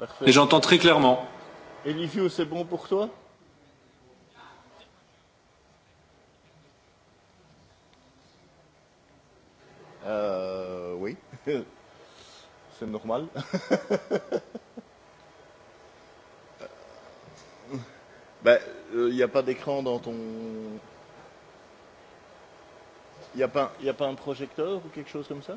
Parfait. Et j'entends très clairement. Et Livio, c'est bon pour toi Euh, oui. c'est normal. Euh, ben, il euh, n'y a pas d'écran dans ton. Il n'y a, a pas un projecteur ou quelque chose comme ça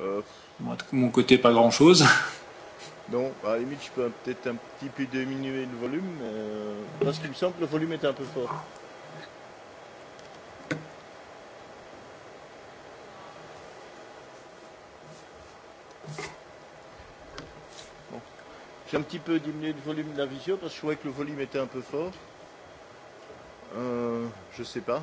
Euh, moi, de mon côté, pas grand chose. Donc, à la limite, je peux peut-être un petit peu diminuer le volume, euh, parce qu'il me semble que le volume est un peu fort. Bon. J'ai un petit peu diminué le volume de la visio, parce que je trouvais que le volume était un peu fort. Euh, je sais pas.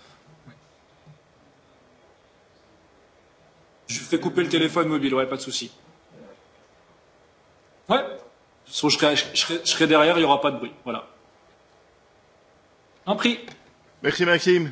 Je fais couper le téléphone mobile, ouais, pas de souci. Ouais. je serai, je, serai, je serai derrière, il n'y aura pas de bruit. Voilà. En prix. Merci Maxime.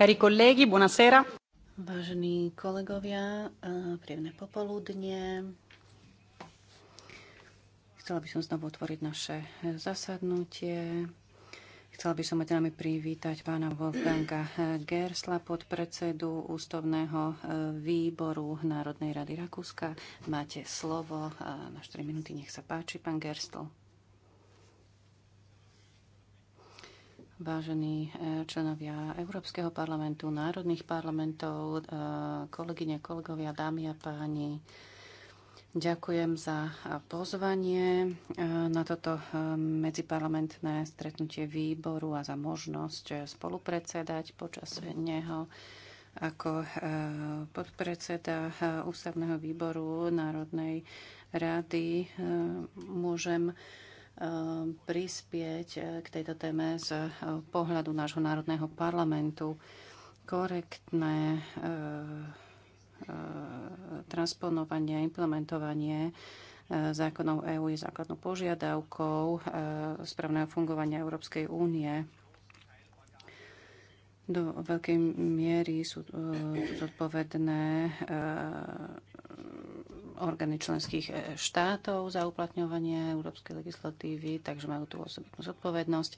Cari colleghi, buonasera. Vážení kolegovia, eh, príjemné popoludne. Chcela by som znovu otvoriť naše zasadnutie. Chcela by som medzi nami privítať pána Wolfganga Gersla, podpredsedu Ústavného eh, výboru Národnej rady Rakúska. Máte slovo eh, na 4 minúty, nech sa páči, pán Gerstl. vážení eh, členovia Európskeho parlamentu, národných parlamentov, eh, kolegyne, kolegovia, dámy a páni. Ďakujem za pozvanie eh, na toto medziparlamentné stretnutie výboru a za možnosť spolupredsedať počas neho ako podpredseda ústavného výboru Národnej rady môžem Um, prispieť eh, k tejto téme z eh, pohľadu nášho národného parlamentu. Korektné eh, transponovanie a implementovanie zákonov EÚ je základnou požiadavkou správneho fungovania Európskej únie. Do veľkej miery sú zodpovedné orgány členských e, štátov za uplatňovanie európskej legislatívy, takže majú tú osobitnú zodpovednosť.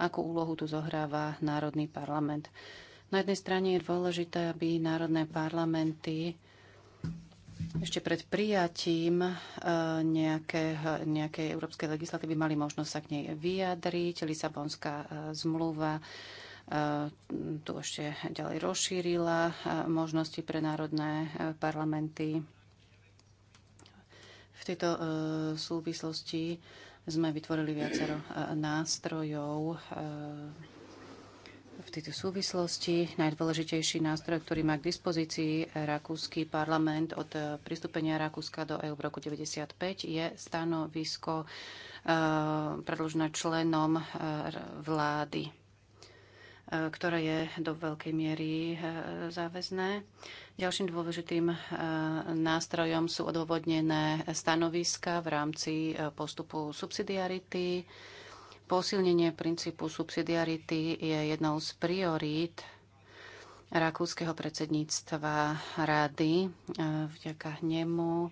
Akú úlohu tu zohráva Národný parlament? Na jednej strane je dôležité, aby národné parlamenty ešte pred prijatím e, nejaké, nejakej európskej legislatívy mali možnosť sa k nej vyjadriť. Lisabonská e, zmluva tu ešte ďalej rozšírila možnosti pre národné parlamenty v tejto e, súvislosti sme vytvorili viacero e, nástrojov e, v tejto súvislosti. Najdôležitejší nástroj, ktorý má k dispozícii Rakúsky parlament od pristúpenia Rakúska do EU v roku 1995, je stanovisko predložené členom vlády ktoré je do veľkej miery eh, záväzné. Ďalším dôležitým eh, nástrojom sú odôvodnené stanoviska v rámci eh, postupu subsidiarity. Posilnenie princípu subsidiarity je jednou z priorít rakúskeho predsedníctva rady. Vďaka nemu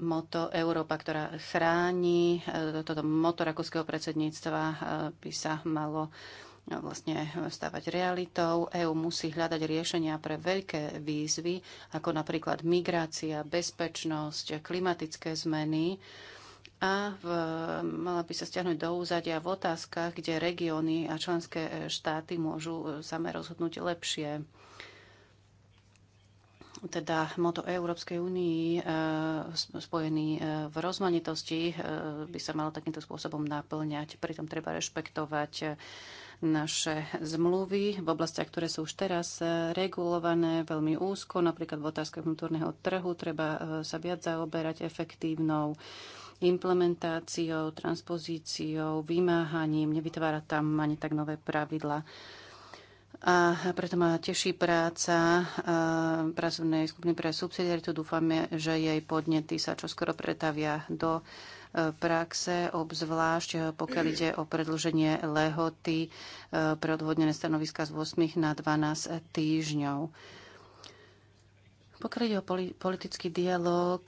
moto Európa, ktorá chráni, e, toto moto rakúskeho predsedníctva e, by sa malo e, vlastne stavať realitou. EÚ musí hľadať riešenia pre veľké výzvy, ako napríklad migrácia, bezpečnosť, klimatické zmeny a v, mala by sa stiahnuť do úzadia v otázkach, kde regióny a členské štáty môžu same rozhodnúť lepšie teda moto Európskej únii e, spojený e, v rozmanitosti e, by sa malo takýmto spôsobom naplňať. Pritom treba rešpektovať naše zmluvy v oblastiach, ktoré sú už teraz regulované veľmi úzko, napríklad v otázke vnútorného trhu treba sa viac zaoberať efektívnou implementáciou, transpozíciou, vymáhaním, nevytvárať tam ani tak nové pravidla. A preto ma teší práca pracovnej skupiny pre subsidiaritu. Dúfame, že jej podnety sa čoskoro pretavia do e, praxe, obzvlášť e, pokiaľ ide o predlženie lehoty e, pre odvodnené stanoviska z 8 na 12 týždňov. Pokiaľ ide o politický dialog,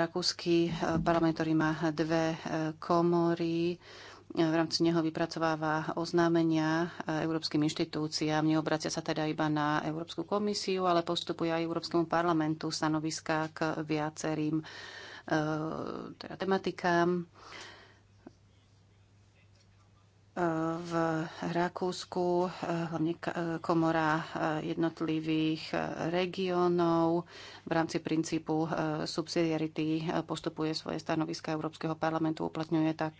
rakúsky parlament, ktorý má dve komory, v rámci neho vypracováva oznámenia európskym inštitúciám. Neobracia sa teda iba na Európsku komisiu, ale postupuje aj Európskemu parlamentu stanoviská k viacerým eh, teda tematikám v Rakúsku, hlavne komora eh, jednotlivých eh, regiónov v rámci princípu eh, subsidiarity postupuje svoje stanoviska Európskeho parlamentu, uplatňuje tak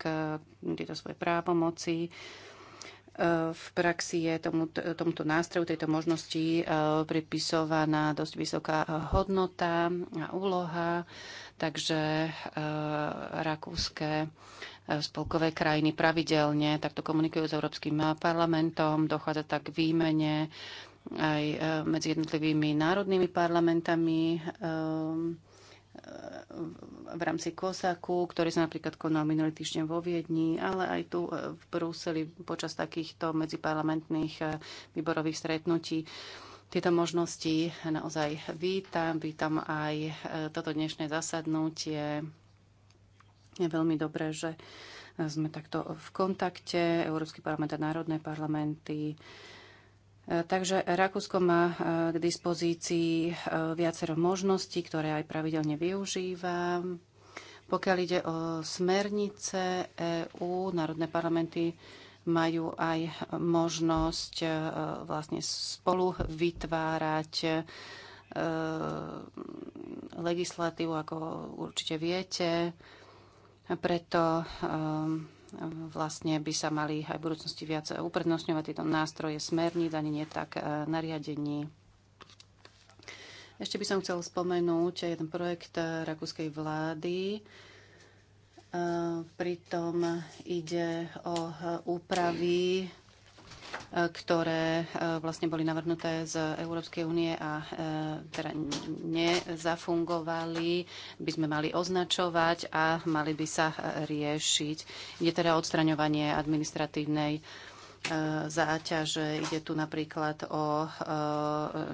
tieto svoje právomoci. V praxi je tomu, tomuto nástroju, tejto možnosti pripisovaná dosť vysoká hodnota a úloha, takže rakúske E, spolkové krajiny pravidelne takto komunikujú s Európskym parlamentom, dochádza tak k výmene aj e, medzi jednotlivými národnými parlamentami e, v rámci Kosaku, ktorý sa napríklad konal minulý týždeň vo Viedni, ale aj tu v Bruseli počas takýchto medziparlamentných výborových stretnutí. Tieto možnosti naozaj vítam. Vítam aj toto dnešné zasadnutie je veľmi dobré, že sme takto v kontakte, Európsky parlament a národné parlamenty. E, takže Rakúsko má e, k dispozícii e, viacero možností, ktoré aj pravidelne využíva. Pokiaľ ide o smernice EÚ, národné parlamenty majú aj možnosť vlastne spolu vytvárať legislatívu, ako určite viete. Preto ehm, vlastne by sa mali aj v budúcnosti viac uprednostňovať tieto nástroje smerníc, ani nie tak e, nariadení. Ešte by som chcel spomenúť jeden projekt e, rakúskej vlády. E, pritom ide o úpravy ktoré e, vlastne boli navrhnuté z Európskej únie a e, teda nezafungovali, by sme mali označovať a mali by sa e, riešiť. Ide teda odstraňovanie administratívnej záťaže. Ide tu napríklad o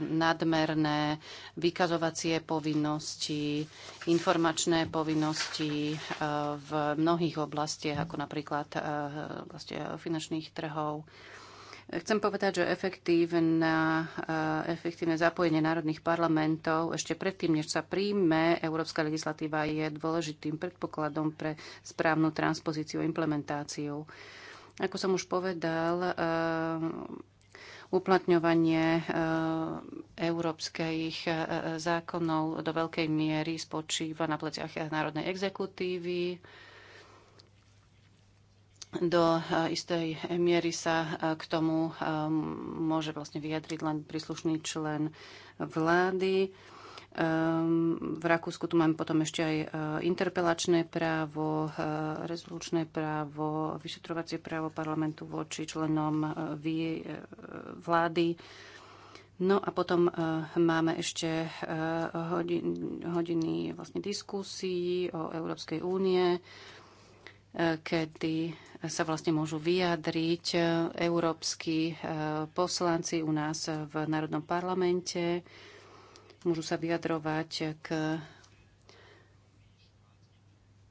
nadmerné vykazovacie povinnosti, informačné povinnosti v mnohých oblastiach, ako napríklad oblasti finančných trhov. Chcem povedať, že efektívne, eh, efektívne zapojenie národných parlamentov ešte predtým, než sa príjme európska legislatíva, je dôležitým predpokladom pre správnu transpozíciu a implementáciu. Ako som už povedal, eh, uplatňovanie eh, európskych zákonov do veľkej miery spočíva na pleciach národnej exekutívy, do e, istej miery sa e, k tomu e, môže vlastne vyjadriť len príslušný člen vlády. Ehm, v Rakúsku tu máme potom ešte aj interpelačné právo, rezolučné právo, vyšetrovacie právo parlamentu voči členom vlády. No a potom máme ešte hodiny, hodiny vlastne diskusí o Európskej únie kedy sa vlastne môžu vyjadriť e, európsky e, poslanci u nás v Národnom parlamente. Môžu sa vyjadrovať k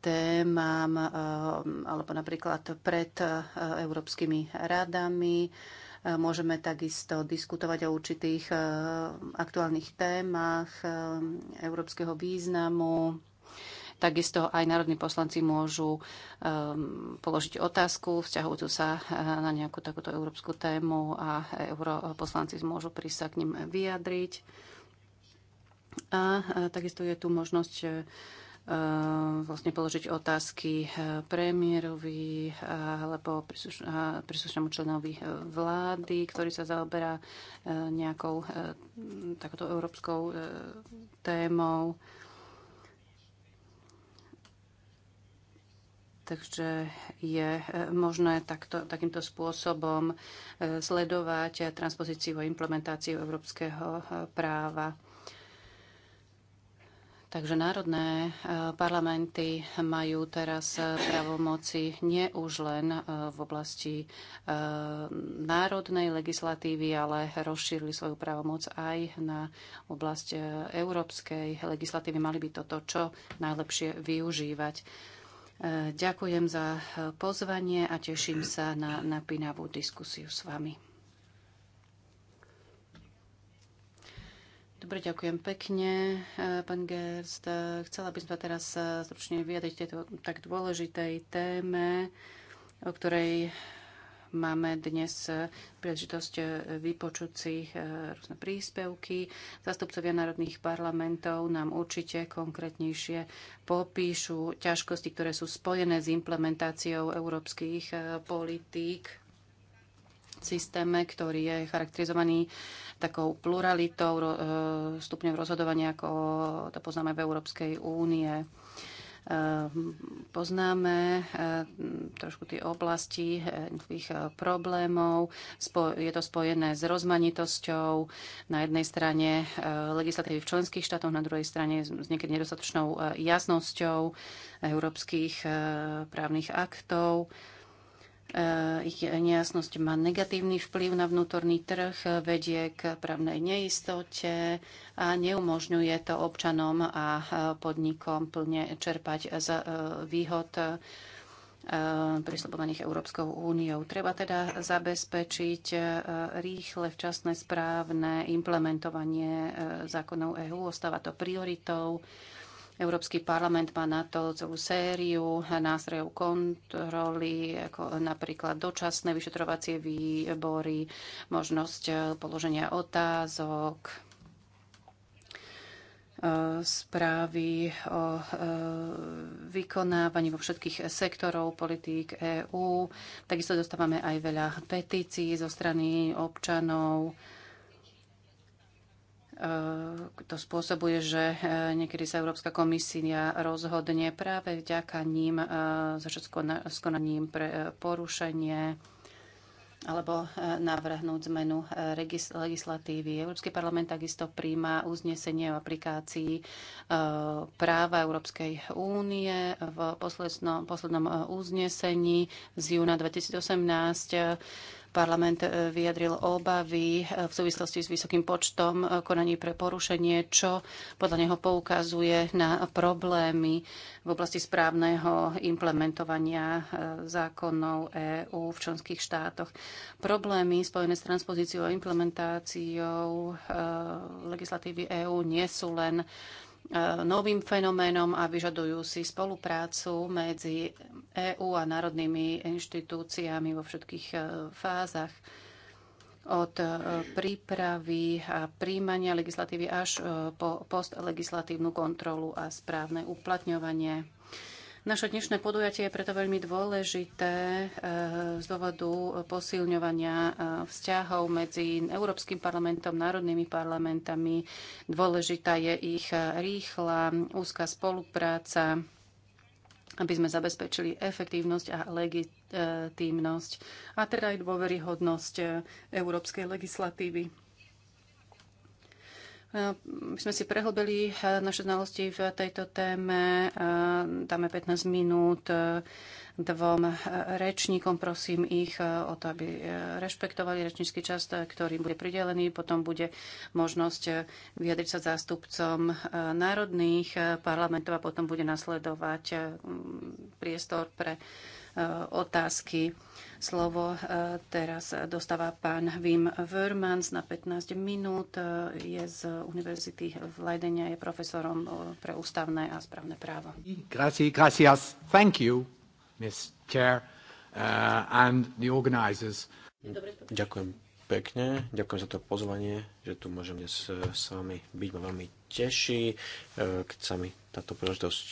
témam e, alebo napríklad pred európskymi radami. Môžeme takisto diskutovať o určitých aktuálnych témach európskeho významu, Takisto aj národní poslanci môžu um, položiť otázku vzťahujúcu sa eh, na nejakú takúto európsku tému a europoslanci môžu prísť sa k ním vyjadriť. A, a eh, takisto je tu možnosť eh, vlastne položiť otázky premiérovi alebo príslušnému členovi vlády, ktorý sa zaoberá nejakou takouto európskou témou. Takže je e, možné takto, takýmto spôsobom e, sledovať e, transpozíciu a implementáciu európskeho práva. Takže národné parlamenty majú teraz pravomoci nie už len v oblasti národnej legislatívy, ale rozšírili svoju pravomoc aj na oblasti európskej legislatívy. Mali by toto čo najlepšie využívať. Ďakujem za pozvanie a teším sa na napínavú diskusiu s vami. Dobre, ďakujem pekne, pán Gerst. Chcela by som sa teraz stručne vyjadriť tejto tak dôležitej téme, o ktorej Máme dnes e, príležitosť e, vypočuť si e, rôzne príspevky. Zastupcovia národných parlamentov nám určite konkrétnejšie popíšu ťažkosti, ktoré sú spojené s implementáciou európskych politík v systéme, ktorý je charakterizovaný takou pluralitou stupňov rozhodovania, ako to poznáme v Európskej únie. Ehm, poznáme ehm, trošku tie oblasti eh, tých eh, problémov. Je to spojené s rozmanitosťou na jednej strane eh, legislatívy v členských štátoch, na druhej strane s niekedy nedostatočnou jasnosťou európskych právnych aktov. Eh, ich nejasnosť má negatívny vplyv na vnútorný trh, vedie k právnej neistote a neumožňuje to občanom a eh, podnikom plne čerpať z eh, výhod prislobovaných Európskou úniou. Treba teda zabezpečiť rýchle, včasné, správne implementovanie zákonov EÚ. Ostáva to prioritou Európsky parlament má na to celú sériu nástrojov kontroly, ako napríklad dočasné vyšetrovacie výbory, možnosť položenia otázok, správy o e, vykonávaní vo všetkých sektorov politík EÚ. Takisto dostávame aj veľa petícií zo strany občanov Eh, to spôsobuje, že eh, niekedy sa Európska komisia rozhodne práve vďaka ním, eh, za skonaním pre porušenie alebo navrhnúť zmenu legislatívy. Európsky parlament takisto príjma uznesenie o aplikácii práva Európskej únie v poslednom, poslednom uznesení z júna 2018 Parlament e, vyjadril obavy e, v súvislosti s vysokým počtom e, konaní pre porušenie, čo podľa neho poukazuje na problémy v oblasti správneho implementovania zákonov EÚ v členských štátoch. Problémy spojené s transpozíciou a implementáciou legislatívy EÚ nie sú len E, novým fenoménom a vyžadujú si spoluprácu medzi EÚ a národnými inštitúciami vo všetkých e, fázach od e, prípravy a príjmania legislatívy až po postlegislatívnu kontrolu a správne uplatňovanie. Naše dnešné podujatie je preto veľmi dôležité e, z dôvodu posilňovania e, vzťahov medzi Európskym parlamentom, národnými parlamentami. Dôležitá je ich rýchla, úzka spolupráca, aby sme zabezpečili efektívnosť a legitimnosť a teda aj dôveryhodnosť e, európskej legislatívy. My ehm, sme si prehlbili eh, naše znalosti v tejto téme. Ehm, dáme 15 minút eh, dvom eh, rečníkom. Prosím ich o to, aby rešpektovali rečnícky čas, ktorý bude pridelený. Potom bude možnosť vyjadriť sa zástupcom národných parlamentov a potom bude nasledovať priestor pre otázky. Slovo e, teraz dostáva pán Wim Wörmans na 15 minút. E, je z Univerzity v Leidene, je profesorom e, pre ústavné a správne právo. Gracias, gracias. Thank you, Miss Chair, uh, and the organizers. Ďakujem pekne, ďakujem za to pozvanie, že tu môžem dnes s vami byť. Ma veľmi teší, keď sa mi táto príležitosť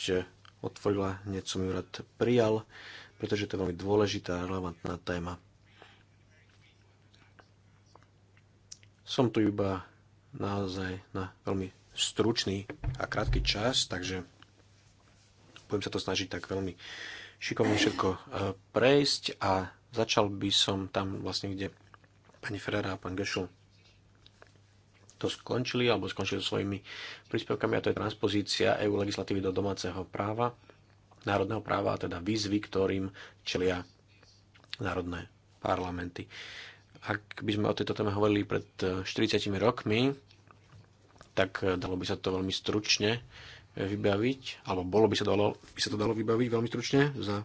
otvorila, niečo som rád prijal. Uh, pretože to je veľmi dôležitá a relevantná téma. Som tu iba naozaj na veľmi stručný a krátky čas, takže budem sa to snažiť tak veľmi šikovne všetko e, prejsť a začal by som tam vlastne, kde pani Ferrara a pán Gešl to skončili alebo skončili svojimi príspevkami a to je transpozícia EU legislatívy do domáceho práva národného práva, a teda výzvy, ktorým čelia národné parlamenty. Ak by sme o tejto téme hovorili pred 40 e, rokmi, tak e, dalo by sa to veľmi stručne e, vybaviť, alebo bolo by sa, dalo, by sa to dalo vybaviť veľmi stručne za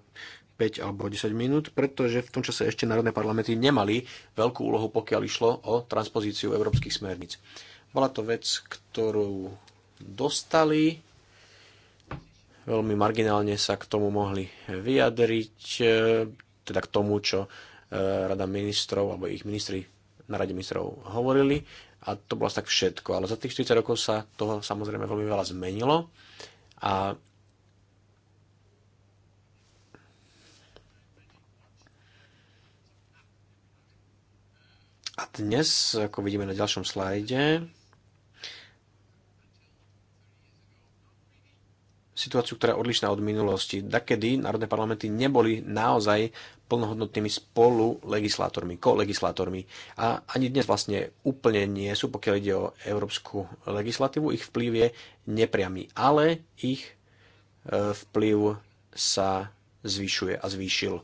5 alebo 10 minút, pretože v tom čase ešte národné parlamenty nemali veľkú úlohu, pokiaľ išlo o transpozíciu európskych smerníc. Bola to vec, ktorú dostali veľmi marginálne sa k tomu mohli vyjadriť, e, teda k tomu, čo e, rada ministrov alebo ich ministri na rade ministrov hovorili a to bolo tak všetko. Ale za tých 40 rokov sa toho samozrejme veľmi veľa zmenilo a A dnes, ako vidíme na ďalšom slajde, situáciu, ktorá je odlišná od minulosti. Dakedy národné parlamenty neboli naozaj plnohodnotnými spolu legislátormi, kolegislátormi. A ani dnes vlastne úplne nie sú, pokiaľ ide o európsku legislatívu. Ich vplyv je nepriamy, ale ich e, vplyv sa zvyšuje a zvýšil.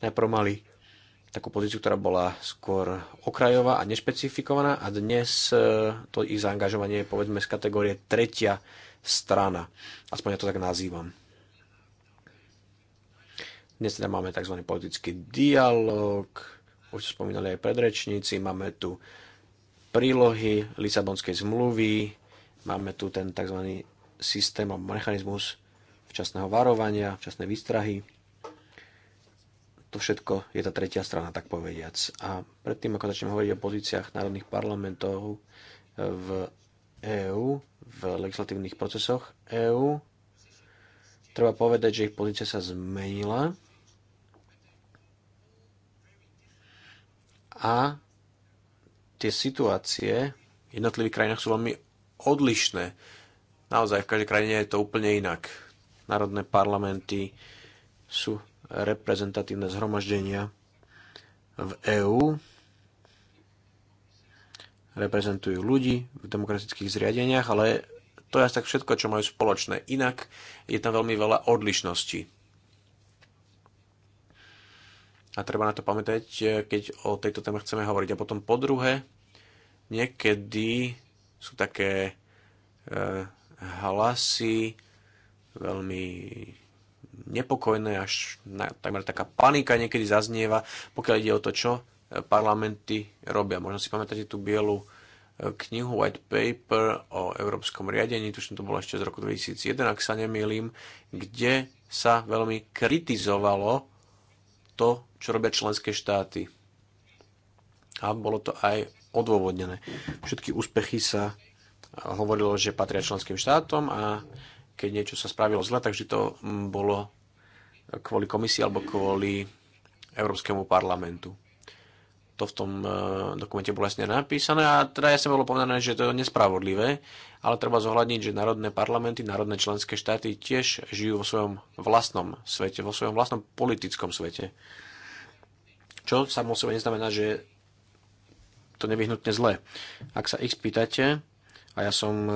Najprv mali takú pozíciu, ktorá bola skôr okrajová a nešpecifikovaná a dnes e, to ich zaangažovanie je povedzme z kategórie tretia strana. Aspoň ja to tak nazývam. Dnes teda máme tzv. politický dialog, už spomínali aj predrečníci, máme tu prílohy Lisabonskej zmluvy, máme tu ten tzv. systém a mechanizmus včasného varovania, včasnej výstrahy. To všetko je tá tretia strana, tak povediac. A predtým, ako začnem hovoriť o pozíciách národných parlamentov v EÚ, v legislatívnych procesoch EÚ. Treba povedať, že ich pozícia sa zmenila a tie situácie v jednotlivých krajinách sú veľmi odlišné. Naozaj v každej krajine je to úplne inak. Národné parlamenty sú reprezentatívne zhromaždenia v EÚ reprezentujú ľudí v demokratických zriadeniach, ale to je asi tak všetko, čo majú spoločné. Inak je tam veľmi veľa odlišností. A treba na to pamätať, keď o tejto téme chceme hovoriť. A potom po druhé, niekedy sú také e, hlasy veľmi nepokojné, až na, takmer taká panika niekedy zaznieva, pokiaľ ide o to, čo parlamenty robia. Možno si pamätáte tú bielu e, knihu White Paper o európskom riadení, tuším to bolo ešte z roku 2001, ak sa nemýlim, kde sa veľmi kritizovalo to, čo robia členské štáty. A bolo to aj odôvodnené. Všetky úspechy sa hovorilo, že patria členským štátom a keď niečo sa spravilo zle, takže to bolo kvôli komisii alebo kvôli Európskemu parlamentu to v tom e, dokumente bolo jasne napísané a teda jasne bolo povedané, že to je nespravodlivé, ale treba zohľadniť, že národné parlamenty, národné členské štáty tiež žijú vo svojom vlastnom svete, vo svojom vlastnom politickom svete. Čo samo sebe neznamená, že to nevyhnutne zlé. Ak sa ich spýtate, a ja som e,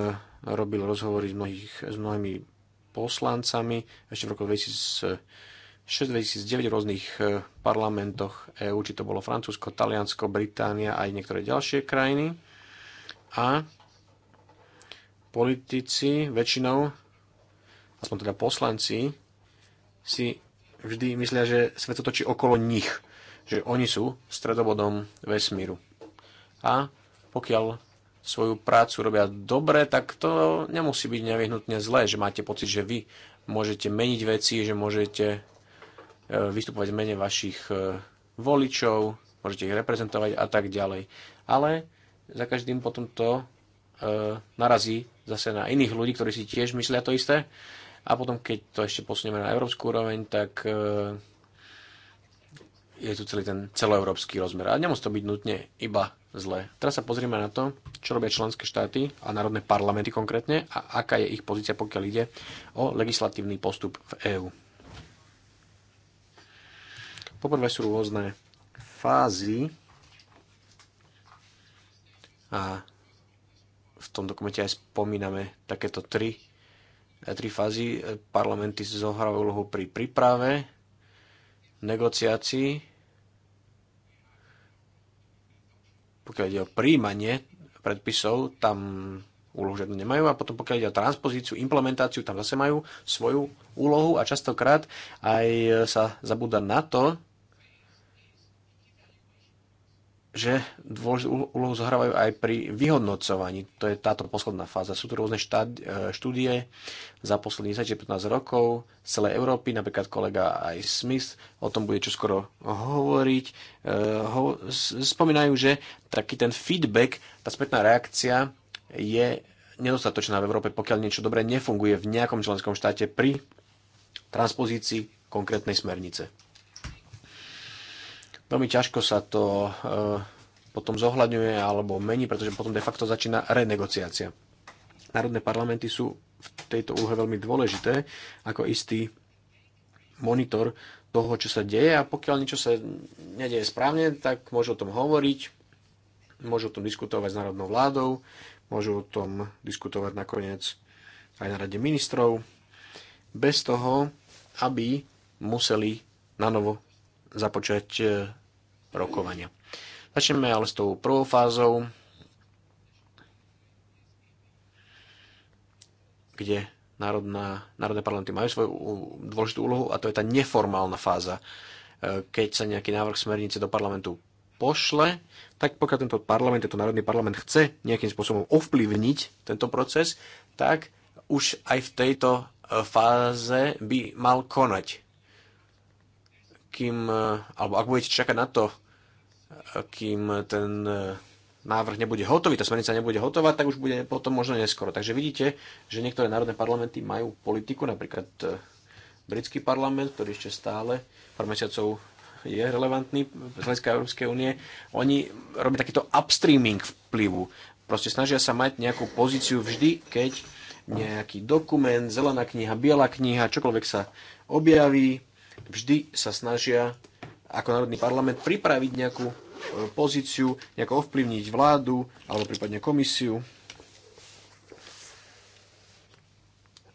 robil rozhovory s, mnohých, s mnohými poslancami ešte v roku 2000 69 rôznych e, parlamentoch EÚ, či to bolo Francúzsko, Taliansko, Británia aj niektoré ďalšie krajiny. A politici väčšinou, aspoň teda poslanci, si vždy myslia, že svet to točí okolo nich, že oni sú stredobodom vesmíru. A pokiaľ svoju prácu robia dobre, tak to nemusí byť nevyhnutne zlé, že máte pocit, že vy môžete meniť veci, že môžete E, vystupovať v mene vašich e, voličov, môžete ich reprezentovať a tak ďalej. Ale za každým potom to e, narazí zase na iných ľudí, ktorí si tiež myslia to isté. A potom, keď to ešte posunieme na európsku úroveň, tak je tu celý ten celoeurópsky rozmer. A nemusí to byť nutne iba zle. Teraz sa pozrieme na to, čo robia členské štáty a národné parlamenty konkrétne a aká je ich pozícia, pokiaľ ide o legislatívny postup v EÚ. Poprvé sú rôzne fázy a v tom dokumente aj spomíname takéto tri, eh, tri fázy. Parlamenty zohrávajú úlohu pri príprave, negociácii, pokiaľ ide o príjmanie predpisov, tam úlohu žiadnu nemajú a potom pokiaľ ide o transpozíciu, implementáciu, tam zase majú svoju úlohu a častokrát aj eh, sa zabúda na to, že dôležitú úlohu zohrávajú aj pri vyhodnocovaní. To je táto posledná fáza. Sú tu rôzne štát, e, štúdie za posledných 10-15 rokov z celej Európy, napríklad kolega aj Smith o tom bude čoskoro hovoriť. E, ho, spomínajú, že taký ten feedback, tá spätná reakcia je nedostatočná v Európe, pokiaľ niečo dobre nefunguje v nejakom členskom štáte pri transpozícii konkrétnej smernice. Veľmi ťažko sa to e, potom zohľadňuje alebo mení, pretože potom de facto začína renegociácia. Národné parlamenty sú v tejto úhe veľmi dôležité ako istý monitor toho, čo sa deje a pokiaľ niečo sa nedieje správne, tak môžu o tom hovoriť, môžu o tom diskutovať s národnou vládou, môžu o tom diskutovať nakoniec aj na rade ministrov, bez toho, aby museli na novo započať e, rokovania. Začneme ale s tou prvou fázou, kde národná, národné parlamenty majú svoju dôležitú úlohu a to je tá neformálna fáza. E, keď sa nejaký návrh smernice do parlamentu pošle, tak pokiaľ tento parlament, tento národný parlament chce nejakým spôsobom ovplyvniť tento proces, tak už aj v tejto e, fáze by mal konať. Kým, e, alebo ak budete čakať na to, kým ten e, návrh nebude hotový, tá smernica nebude hotová, tak už bude potom možno neskoro. Takže vidíte, že niektoré národné parlamenty majú politiku, napríklad e, britský parlament, ktorý ešte stále pár mesiacov je relevantný z hľadiska Európskej únie, oni robia takýto upstreaming vplyvu. Proste snažia sa mať nejakú pozíciu vždy, keď nejaký dokument, zelená kniha, biela kniha, čokoľvek sa objaví, vždy sa snažia ako Národný parlament pripraviť nejakú e, pozíciu, nejako ovplyvniť vládu alebo prípadne komisiu.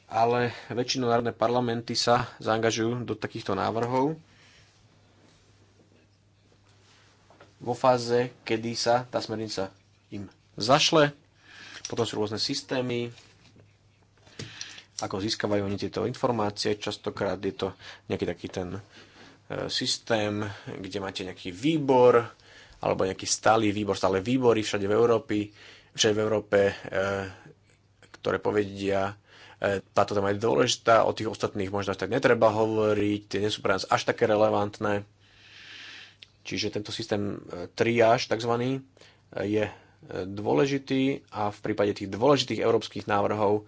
Ale väčšinou národné parlamenty sa zaangažujú do takýchto návrhov vo fáze, kedy sa tá smernica im zašle. Potom sú rôzne systémy, ako získavajú oni tieto informácie. Častokrát je to nejaký taký ten E, systém, kde máte nejaký výbor alebo nejaký stály výbor, stále výbory všade v Európe, všade v Európe, e, ktoré povedia, e, táto téma je dôležitá, o tých ostatných možno až tak netreba hovoriť, tie nie sú pre nás až také relevantné. Čiže tento systém triáž tzv. je dôležitý a v prípade tých dôležitých európskych návrhov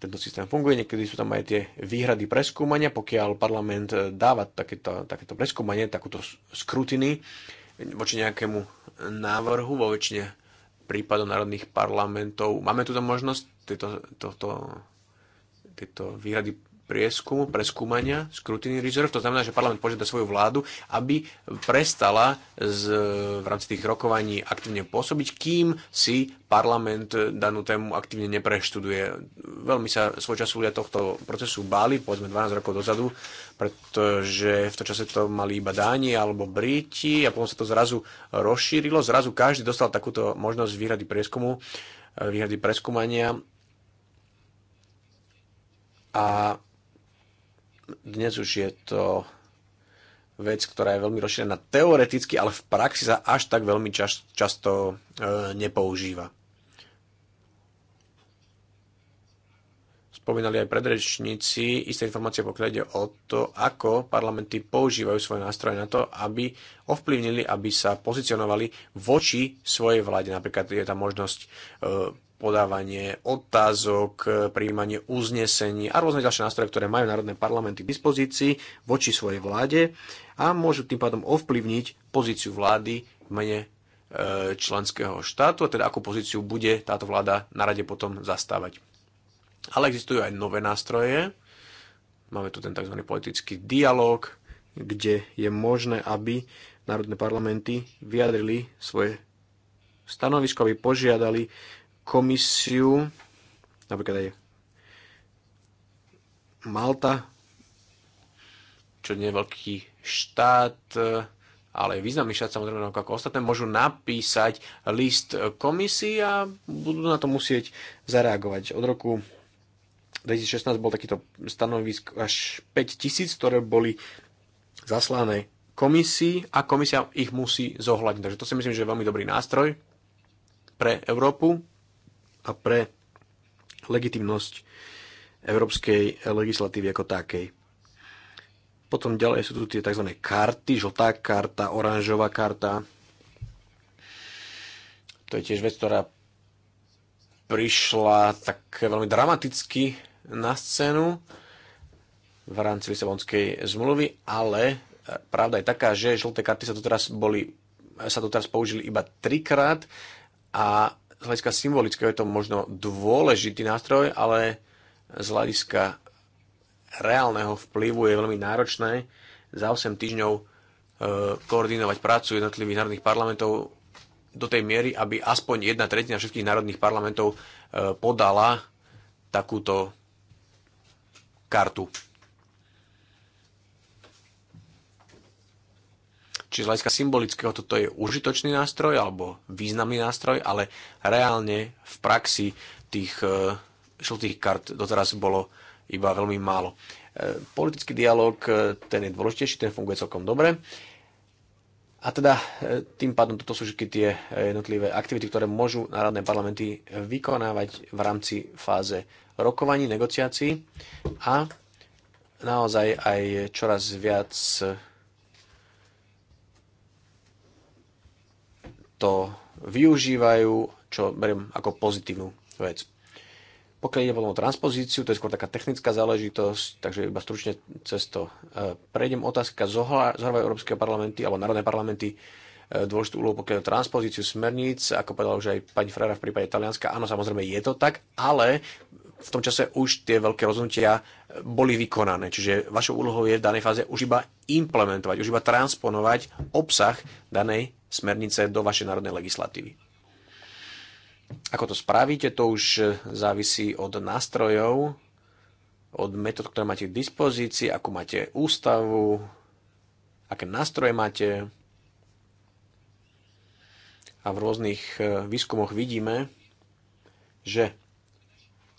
tento systém funguje. Niekedy sú tam aj tie výhrady preskúmania, pokiaľ parlament eh, dáva takéto, takéto preskúmanie, takúto skrutiny voči nejakému návrhu vo väčšine prípadov národných parlamentov. Máme tu možnosť tieto, to, to, tieto výhrady prieskumu, preskúmania, scrutiny reserve. To znamená, že parlament požiada svoju vládu, aby prestala z, v rámci tých rokovaní aktívne pôsobiť, kým si parlament danú tému aktívne nepreštuduje. Veľmi sa svoj času ľudia tohto procesu báli, povedzme 12 rokov dozadu, pretože v tom čase to mali iba Dáni alebo Briti a potom sa to zrazu rozšírilo. Zrazu každý dostal takúto možnosť výhrady prieskumu, eh, výhrady preskúmania a dnes už je to vec, ktorá je veľmi rozšírená teoreticky, ale v praxi sa až tak veľmi čas, často e, nepoužíva. Spomínali aj predrečníci isté informácie, pokiaľ ide o to, ako parlamenty používajú svoje nástroje na to, aby ovplyvnili, aby sa pozicionovali voči svojej vláde. Napríklad je tam možnosť e, podávanie otázok, e, príjmanie uznesení a rôzne ďalšie nástroje, ktoré majú národné parlamenty k dispozícii voči svojej vláde a môžu tým pádom ovplyvniť pozíciu vlády v mene e, členského štátu a teda akú pozíciu bude táto vláda na rade potom zastávať. Ale existujú aj nové nástroje. Máme tu ten tzv. politický dialog, kde je možné, aby národné parlamenty vyjadrili svoje stanovisko, aby požiadali komisiu, napríklad aj Malta, čo nie je veľký štát, ale významný štát samozrejme ako ostatné, môžu napísať list komisii a budú na to musieť zareagovať. Od roku 2016 bol takýto stanovisk až 5000, ktoré boli zaslané komisii a komisia ich musí zohľadniť. Takže to si myslím, že je veľmi dobrý nástroj pre Európu a pre legitimnosť európskej legislatívy ako takej. Potom ďalej sú tu tie tzv. karty, žltá karta, oranžová karta. To je tiež vec, ktorá prišla tak veľmi dramaticky na scénu v rámci Lisabonskej zmluvy, ale pravda je taká, že žlté karty sa tu teraz boli sa teraz použili iba trikrát a z hľadiska symbolického je to možno dôležitý nástroj, ale z hľadiska reálneho vplyvu je veľmi náročné za 8 týždňov e, koordinovať prácu jednotlivých národných parlamentov do tej miery, aby aspoň jedna tretina všetkých národných parlamentov e, podala takúto kartu. Čiže z hľadiska symbolického toto je užitočný nástroj alebo významný nástroj, ale reálne v praxi tých e, žltých kart doteraz bolo iba veľmi málo. E, politický dialog, e, ten je dôležitejší, ten funguje celkom dobre. A teda tým pádom toto sú všetky tie jednotlivé aktivity, ktoré môžu národné parlamenty vykonávať v rámci fáze rokovaní, negociácií a naozaj aj čoraz viac to využívajú, čo beriem ako pozitívnu vec. Pokiaľ ide potom o transpozíciu, to je skôr taká technická záležitosť, takže iba stručne cez to eh, prejdem. Otázka zohľa, zohľavajú Európske parlamenty alebo národné parlamenty E, dôležitú úlohu pokiaľ transpozíciu smerníc, ako povedala už aj pani Frara v prípade Talianska. Áno, samozrejme je to tak, ale v tom čase už tie veľké rozhodnutia e, boli vykonané. Čiže vašou úlohou je v danej fáze už iba implementovať, už iba transponovať obsah danej smernice do vašej národnej legislatívy. Ako to spravíte, to už e, závisí od nástrojov, od metód, ktoré máte k dispozícii, ako máte ústavu, aké nástroje máte, a v rôznych e, výskumoch vidíme, že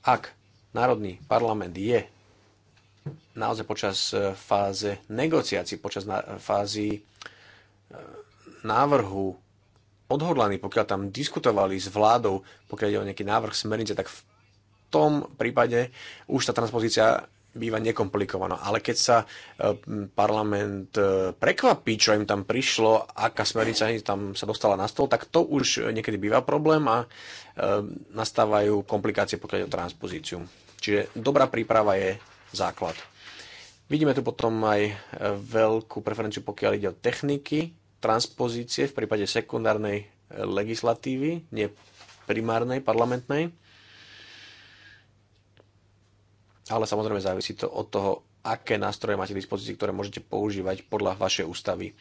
ak Národný parlament je naozaj počas e, fáze negociácií, počas e, fázy návrhu odhodlaný, pokiaľ tam diskutovali s vládou, pokiaľ ide o nejaký návrh smernice, tak v tom prípade už tá transpozícia býva nekomplikovaná. Ale keď sa e, parlament e, prekvapí, čo im tam prišlo, aká smernica tam sa dostala na stôl, tak to už niekedy býva problém a e, nastávajú komplikácie pokiaľ o transpozíciu. Čiže dobrá príprava je základ. Vidíme tu potom aj veľkú preferenciu, pokiaľ ide o techniky transpozície v prípade sekundárnej legislatívy, nie primárnej, parlamentnej ale samozrejme závisí to od toho, aké nástroje máte v dispozícii, ktoré môžete používať podľa vašej ústavy. E,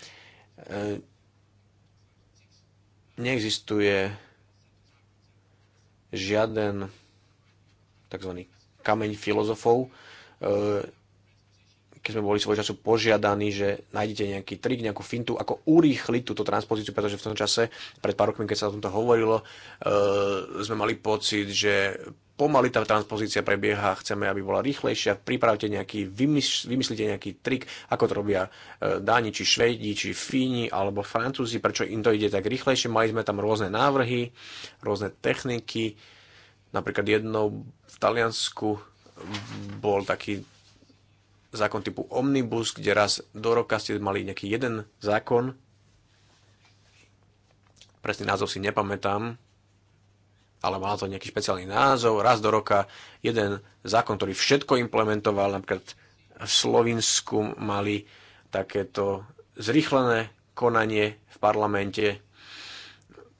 neexistuje žiaden tzv. kameň filozofov. E, keď sme boli svoj času požiadaní, že nájdete nejaký trik, nejakú fintu, ako urýchliť túto transpozíciu, pretože v tom čase, pred pár rokmi, keď sa o tomto hovorilo, e, sme mali pocit, že pomaly tá transpozícia prebieha, chceme, aby bola rýchlejšia, pripravte nejaký, vymyslite nejaký trik, ako to robia e, Dáni, či Švedi, či Fíni, alebo Francúzi, prečo im to ide tak rýchlejšie. Mali sme tam rôzne návrhy, rôzne techniky, napríklad jednou v Taliansku bol taký zákon typu omnibus, kde raz do roka ste mali nejaký jeden zákon, presný názov si nepamätám, ale mal to nejaký špeciálny názov, raz do roka jeden zákon, ktorý všetko implementoval, napríklad v Slovinsku mali takéto zrýchlené konanie v parlamente.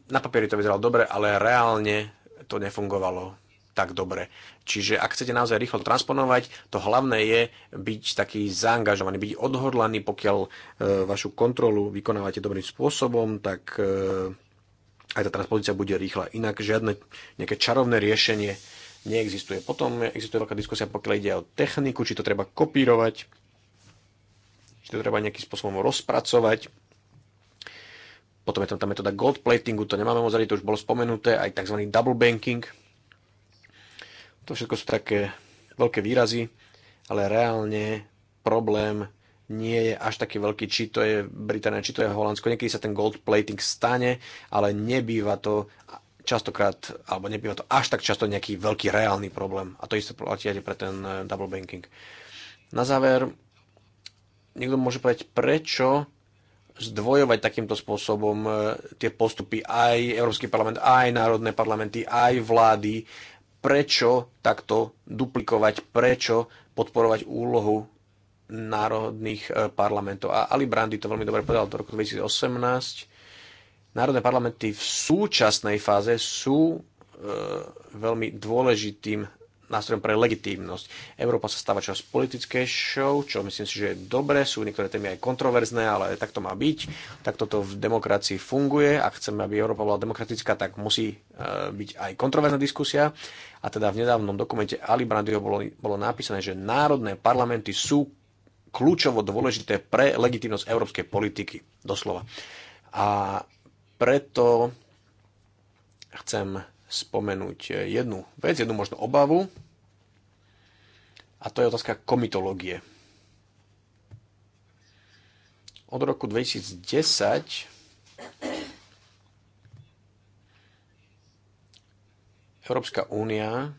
Na papieri to vyzeralo dobre, ale reálne to nefungovalo tak dobre. Čiže ak chcete naozaj rýchlo transponovať, to hlavné je byť taký zaangažovaný, byť odhodlaný, pokiaľ e, vašu kontrolu vykonávate dobrým spôsobom, tak e, aj tá transpozícia bude rýchla. Inak žiadne nejaké čarovné riešenie neexistuje. Potom existuje veľká diskusia, pokiaľ ide o techniku, či to treba kopírovať, či to treba nejakým spôsobom rozpracovať. Potom je tam tá metóda gold platingu, to nemáme moc to už bolo spomenuté, aj tzv. double banking. To všetko sú také veľké výrazy, ale reálne problém nie je až taký veľký, či to je Británia, či to je Holandsko. Niekedy sa ten gold plating stane, ale nebýva to častokrát, alebo nebýva to až tak často nejaký veľký reálny problém. A to isté platí aj pre ten e, double banking. Na záver, niekto môže povedať, prečo zdvojovať takýmto spôsobom e, tie postupy aj Európsky parlament, aj národné parlamenty, aj vlády, prečo takto duplikovať, prečo podporovať úlohu národných e, parlamentov. A Ali Brandy to veľmi dobre povedal do roku 2018. Národné parlamenty v súčasnej fáze sú e, veľmi dôležitým nástrojom pre legitímnosť. Európa sa stáva čas politické show, čo myslím si, že je dobré, sú niektoré témy aj kontroverzné, ale tak to má byť, tak toto v demokracii funguje. Ak chceme, aby Európa bola demokratická, tak musí e, byť aj kontroverzná diskusia. A teda v nedávnom dokumente Ali Brandyho bolo, bolo napísané, že národné parlamenty sú kľúčovo dôležité pre legitimnosť európskej politiky, doslova. A preto chcem spomenúť jednu vec, jednu možno obavu, a to je otázka komitológie. Od roku 2010 Európska únia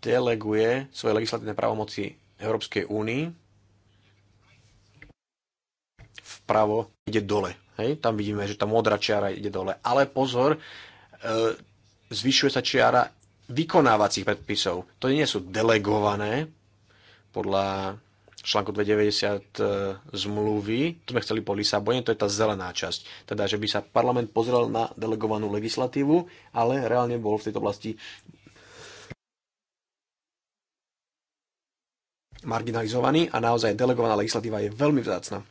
deleguje svoje legislatívne právomoci Európskej únii vpravo ide dole. Hej? Tam vidíme, že tá modrá čiara ide dole. Ale pozor, e, zvyšuje sa čiara vykonávacích predpisov. To nie sú delegované podľa článku 290 e, zmluvy, to sme chceli po Lisabone, to je tá zelená časť. Teda, že by sa parlament pozrel na delegovanú legislatívu, ale reálne bol v tejto oblasti marginalizovaný a naozaj delegovaná legislatíva je veľmi vzácna.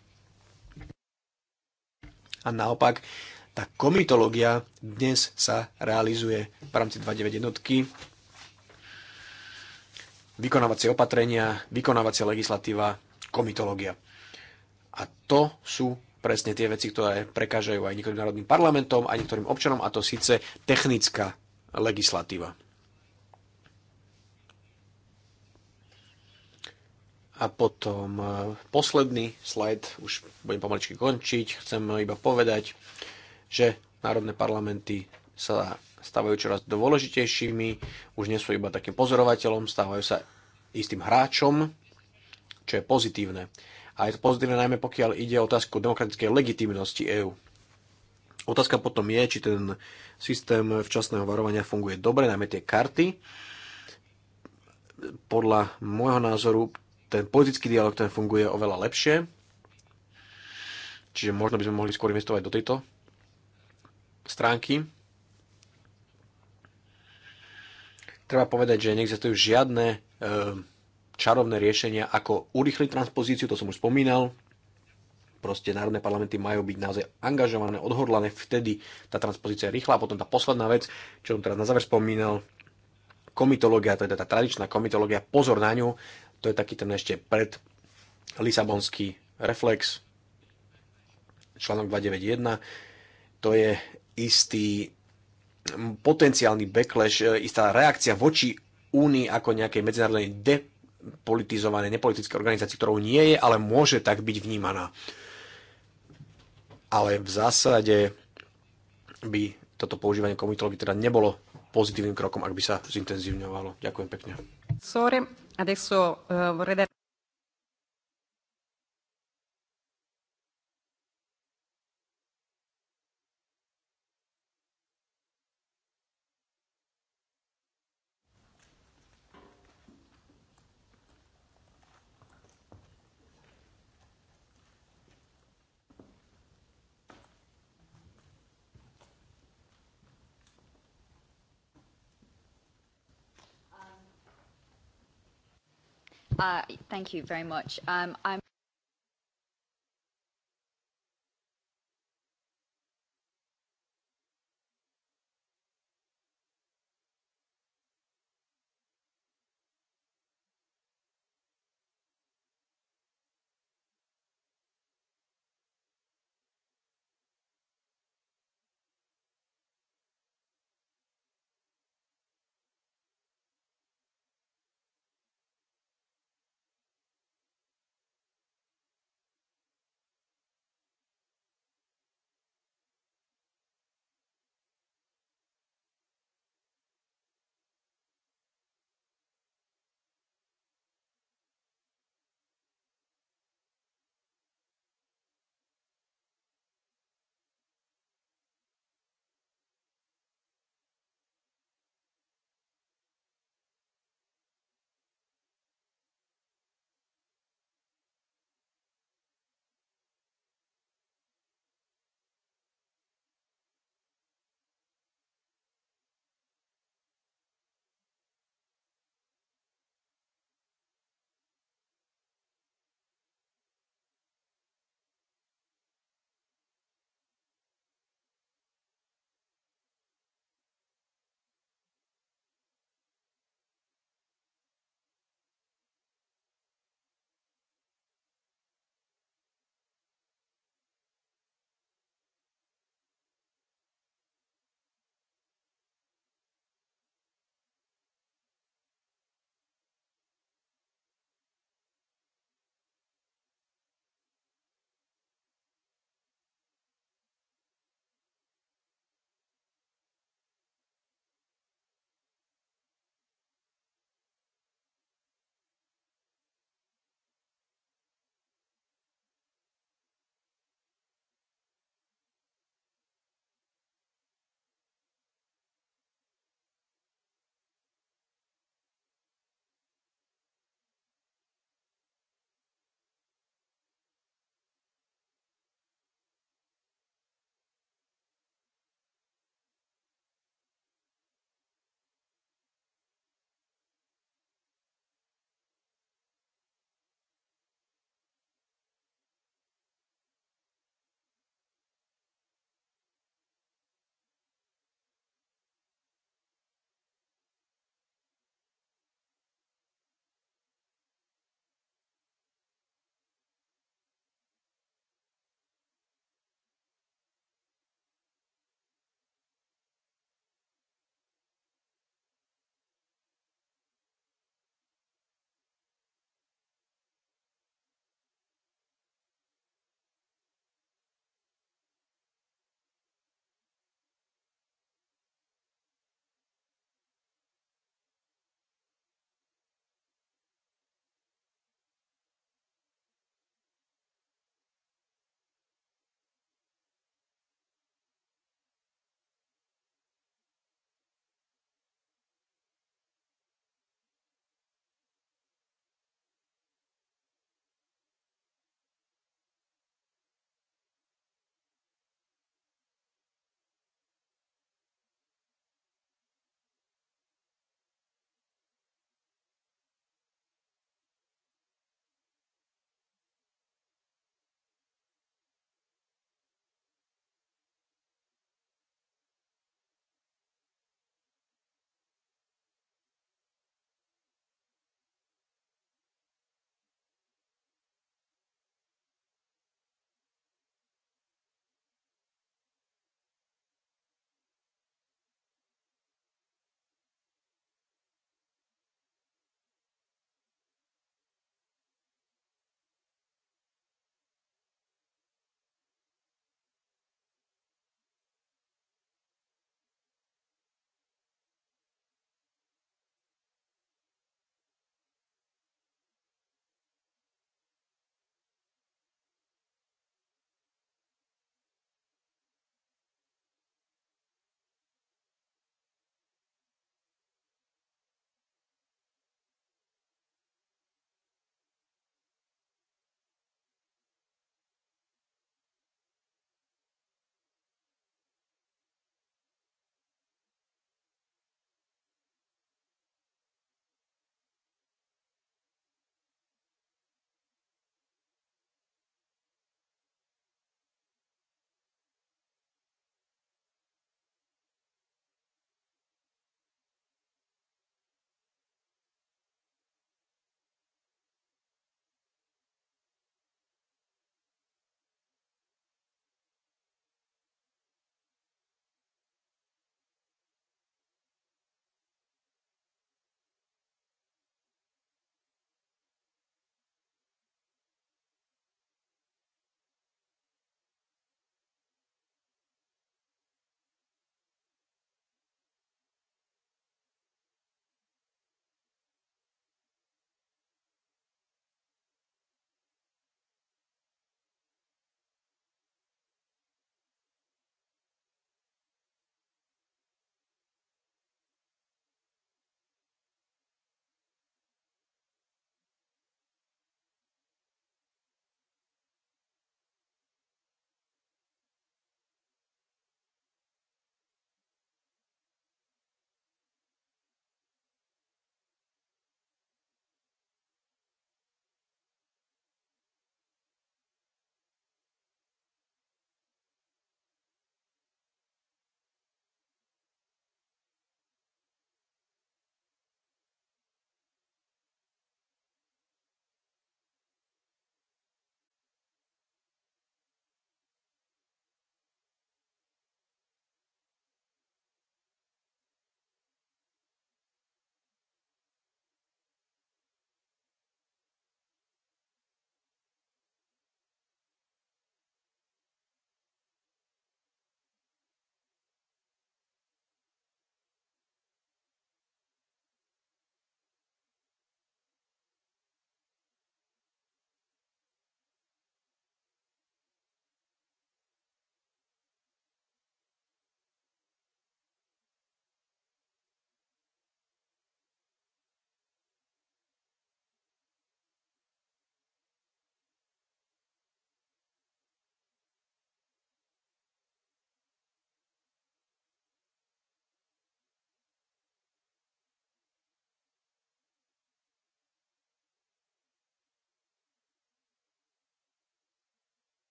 A naopak, tá komitológia dnes sa realizuje v rámci 2.9 jednotky. Vykonávacie opatrenia, vykonávacia legislatíva, komitológia. A to sú presne tie veci, ktoré prekážajú aj niektorým národným parlamentom, aj niektorým občanom, a to síce technická legislatíva. A potom e, posledný slajd, už budem pomaličky končiť, chcem iba povedať, že národné parlamenty sa stávajú čoraz dôležitejšími, už nie sú iba takým pozorovateľom, stávajú sa istým hráčom, čo je pozitívne. A je to pozitívne najmä pokiaľ ide o otázku demokratickej legitimnosti EÚ. Otázka potom je, či ten systém včasného varovania funguje dobre, najmä tie karty. Podľa môjho názoru ten politický dialog ten funguje oveľa lepšie. Čiže možno by sme mohli skôr investovať do tejto stránky. Treba povedať, že neexistujú žiadne e, čarovné riešenia, ako urychliť transpozíciu, to som už spomínal. Proste národné parlamenty majú byť naozaj angažované, odhodlané, vtedy tá transpozícia je rýchla. A potom tá posledná vec, čo som teraz na záver spomínal, komitológia, teda tá tradičná komitológia, pozor na ňu, to je taký ten ešte pred Lisabonský reflex, článok 291. To je istý potenciálny backlash, e, istá reakcia voči Únii ako nejakej medzinárodnej depolitizovanej, nepolitické organizácii, ktorou nie je, ale môže tak byť vnímaná. Ale v zásade by toto používanie komitológie teda nebolo pozitívnym krokom, ak by sa zintenzívňovalo. Ďakujem pekne. Eh, Uh, thank you very much. Um, I'm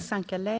Sankelei.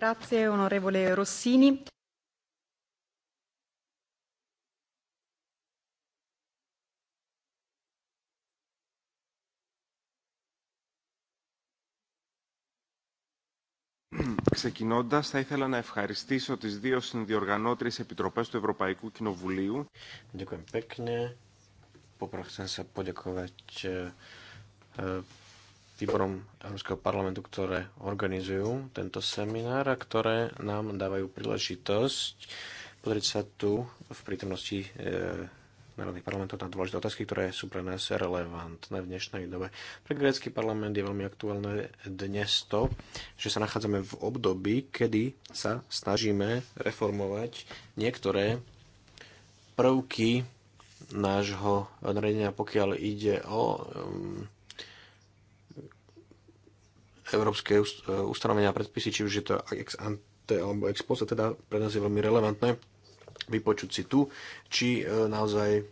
Grazie, onorevole Rossini. Ξεκινώντα, θα ήθελα να ευχαριστήσω τις δύο συνδιοργανώτριε επιτροπές του Ευρωπαϊκού Κοινοβουλίου. Ευχαριστώ πολύ. Poprvé chcem výborom Európskeho parlamentu, ktoré organizujú tento seminár a ktoré nám dávajú príležitosť pozrieť sa tu v prítomnosti e, národných parlamentov na dôležité otázky, ktoré sú pre nás relevantné v dnešnej dobe. Pre grécky parlament je veľmi aktuálne dnes to, že sa nachádzame v období, kedy sa snažíme reformovať niektoré prvky nášho nariadenia, pokiaľ ide o európske e, ustanovenia a predpisy, či už je to ex ante alebo ex post, teda pre nás je veľmi relevantné vypočuť si tu, či e, naozaj,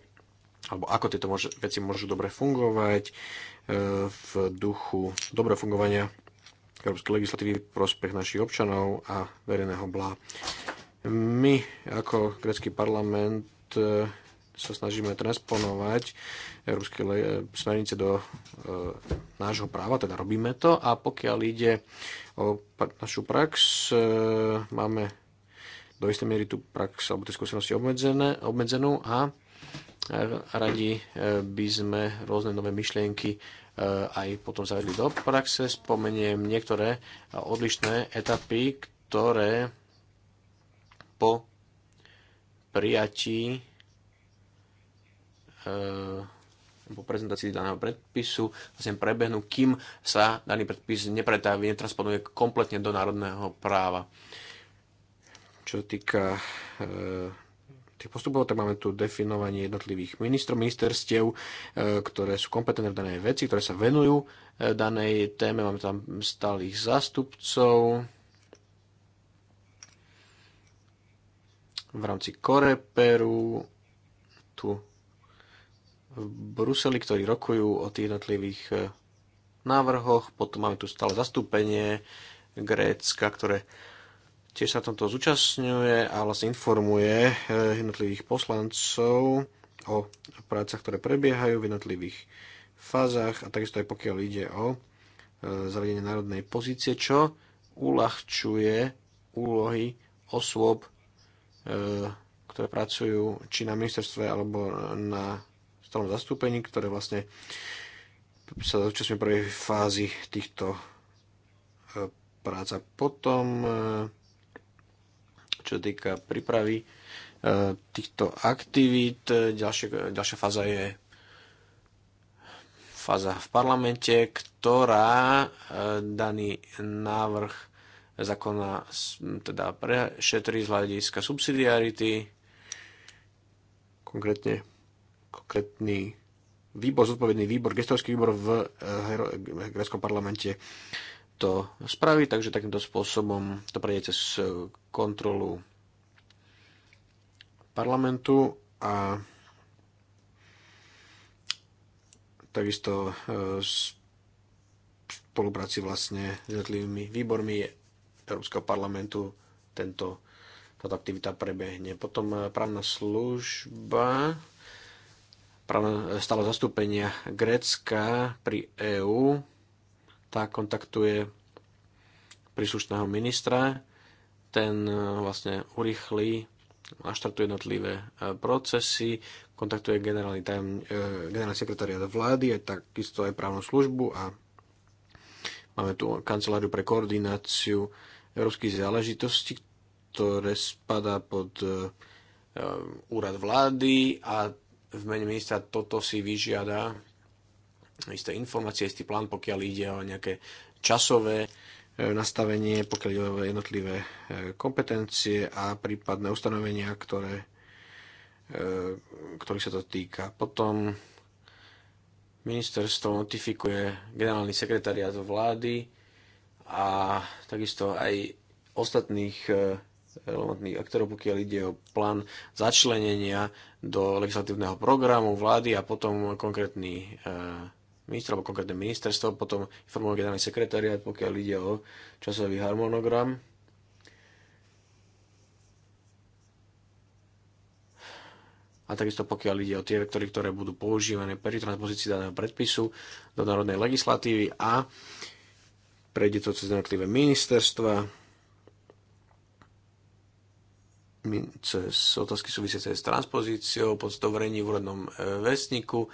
alebo ako tieto veci môžu dobre fungovať e, v duchu dobre fungovania európskej legislatívy v prospech našich občanov a verejného blá. My ako grecký parlament sa snažíme transponovať európske smernice do e, nášho práva, teda robíme to a pokiaľ ide o našu prax, e, máme do istej miery tú prax alebo tie skúsenosti obmedzené, obmedzenú a radi e, by sme rôzne nové myšlienky e, aj potom zavedli do praxe. Spomeniem niektoré odlišné etapy, ktoré po prijatí Eh, po prezentácii daného predpisu vlastne prebehnú, kým sa daný predpis nepretaví, netransponuje kompletne do národného práva. Čo týka eh, tých postupov, tak máme tu definovanie jednotlivých ministrov, ministerstiev, eh, ktoré sú kompetentné v danej veci, ktoré sa venujú danej téme. Máme tam stálych zástupcov v rámci Koreperu, tu v Bruseli, ktorí rokujú o tých jednotlivých e, návrhoch. Potom máme tu stále zastúpenie Grécka, ktoré tiež sa tomto zúčastňuje a vlastne informuje e, jednotlivých poslancov o prácach, ktoré prebiehajú v jednotlivých fázach a takisto aj pokiaľ ide o e, zavedenie národnej pozície, čo uľahčuje úlohy osôb, ktoré pracujú či na ministerstve alebo na stálom zastúpení, ktoré vlastne sa zúčastňujú prvej fázy týchto e, práca. A potom, e, čo týka prípravy e, týchto aktivít, ďalšia, ďalšia fáza je fáza v parlamente, ktorá daný návrh zákona teda prešetrí z hľadiska subsidiarity, konkrétne konkrétny výbor, zodpovedný výbor, gestorský výbor v eh, greckom parlamente to spraví, takže takýmto spôsobom to prejde cez eh, kontrolu parlamentu a takisto eh, spolupráci vlastne s jednotlivými výbormi Európskeho parlamentu tento, táto aktivita prebehne. Potom právna služba Eh, stále zastúpenia Grécka pri EÚ. Tá kontaktuje príslušného ministra. Ten eh, vlastne urychlí a štartuje jednotlivé eh, procesy, kontaktuje generálny, tajem, generálny sekretariat vlády, aj takisto aj právnu službu a máme tu kanceláriu pre koordináciu európskych záležitostí, ktoré spadá pod úrad vlády a v mene ministra toto si vyžiada isté informácie, istý plán, pokiaľ ide o nejaké časové e, nastavenie, pokiaľ ide o jednotlivé e, kompetencie a prípadné ustanovenia, ktoré, e, ktorých sa to týka. Potom ministerstvo notifikuje generálny sekretariat vlády a takisto aj ostatných relevantných aktorov, pokiaľ ide o plán začlenenia do legislatívneho programu vlády a potom konkrétny eh, minister alebo konkrétne ministerstvo, potom informuje generálny sekretariat, pokiaľ ide o časový harmonogram. A takisto pokiaľ ide o tie vektory, ktoré budú používané pri transpozícii daného predpisu do národnej legislatívy a prejde to cez jednotlivé ministerstva, cez otázky súvisiace s transpozíciou, podstovrení v úradnom e, vestniku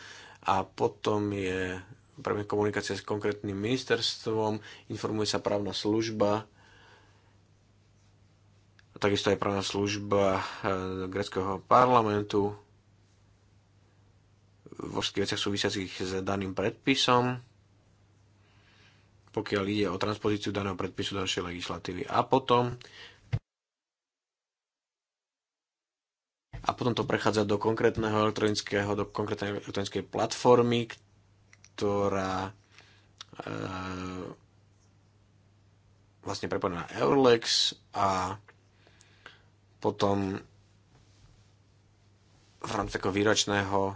a potom je prebieha komunikácia s konkrétnym ministerstvom, informuje sa právna služba, takisto aj právna služba e, greckého parlamentu vo všetkých veciach súvisiacich s daným predpisom, pokiaľ ide o transpozíciu daného predpisu do našej legislatívy. A potom a potom to prechádza do konkrétneho elektronického, do konkrétnej elektronickej platformy, ktorá e, vlastne prepojená na Eurlex a potom v rámci takého výročného e,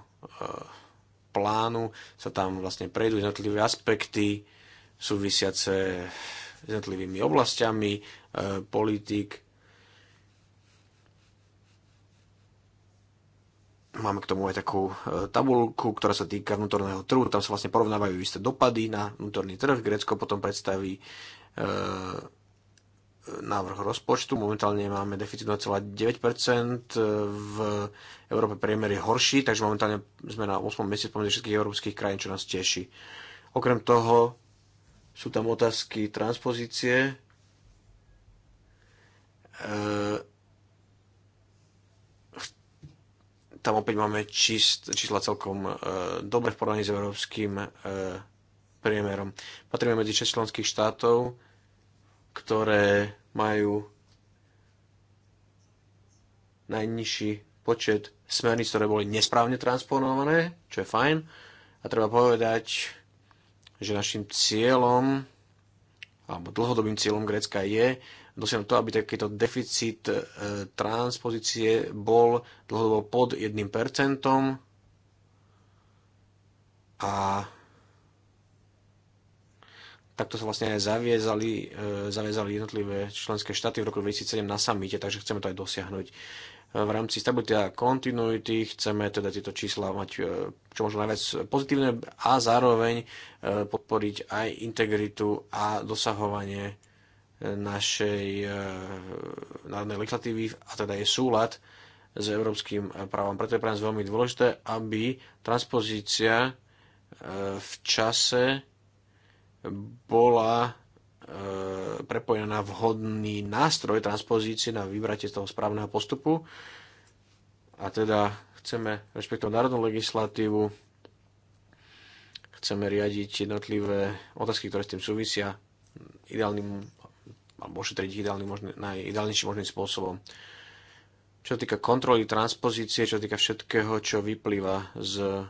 plánu sa tam vlastne prejdú jednotlivé aspekty súvisiace s jednotlivými oblastiami e, politik Máme k tomu aj takú e, tabulku, ktorá sa týka vnútorného trhu. Tam sa vlastne porovnávajú isté dopady na vnútorný trh. Grécko potom predstaví e, návrh rozpočtu. Momentálne máme deficit 0,9%. E, v Európe priemer je horší, takže momentálne sme na 8. mesiac pomedzi všetkých európskych krajín, čo nás teší. Okrem toho sú tam otázky transpozície Tam opäť máme čist, čísla celkom e, dobre v porovnaní s európskym e, priemerom. Patríme medzi 6 členských štátov, ktoré majú najnižší počet smerníc, ktoré boli nesprávne transponované, čo je fajn. A treba povedať, že našim cieľom, alebo dlhodobým cieľom Grécka je dosiahnuť to, aby takýto deficit e, transpozície bol dlhodobo pod 1% a takto sa vlastne aj zaviezali, e, zaviezali jednotlivé členské štáty v roku 2007 na samite, takže chceme to aj dosiahnuť. E, v rámci stability a continuity chceme teda tieto čísla mať čo možno najviac pozitívne a zároveň podporiť aj integritu a dosahovanie našej eh, národnej legislatívy a teda je súlad s európskym právom. Preto je pre nás veľmi dôležité, aby transpozícia eh, v čase bola eh, prepojená na vhodný nástroj transpozície na vybratie z toho správneho postupu. A teda chceme rešpektovať národnú legislatívu, chceme riadiť jednotlivé otázky, ktoré s tým súvisia ideálnym alebo ošetriť ich ideálny, možný, najideálnejším možným spôsobom. Čo sa týka kontroly transpozície, čo sa týka všetkého, čo vyplýva z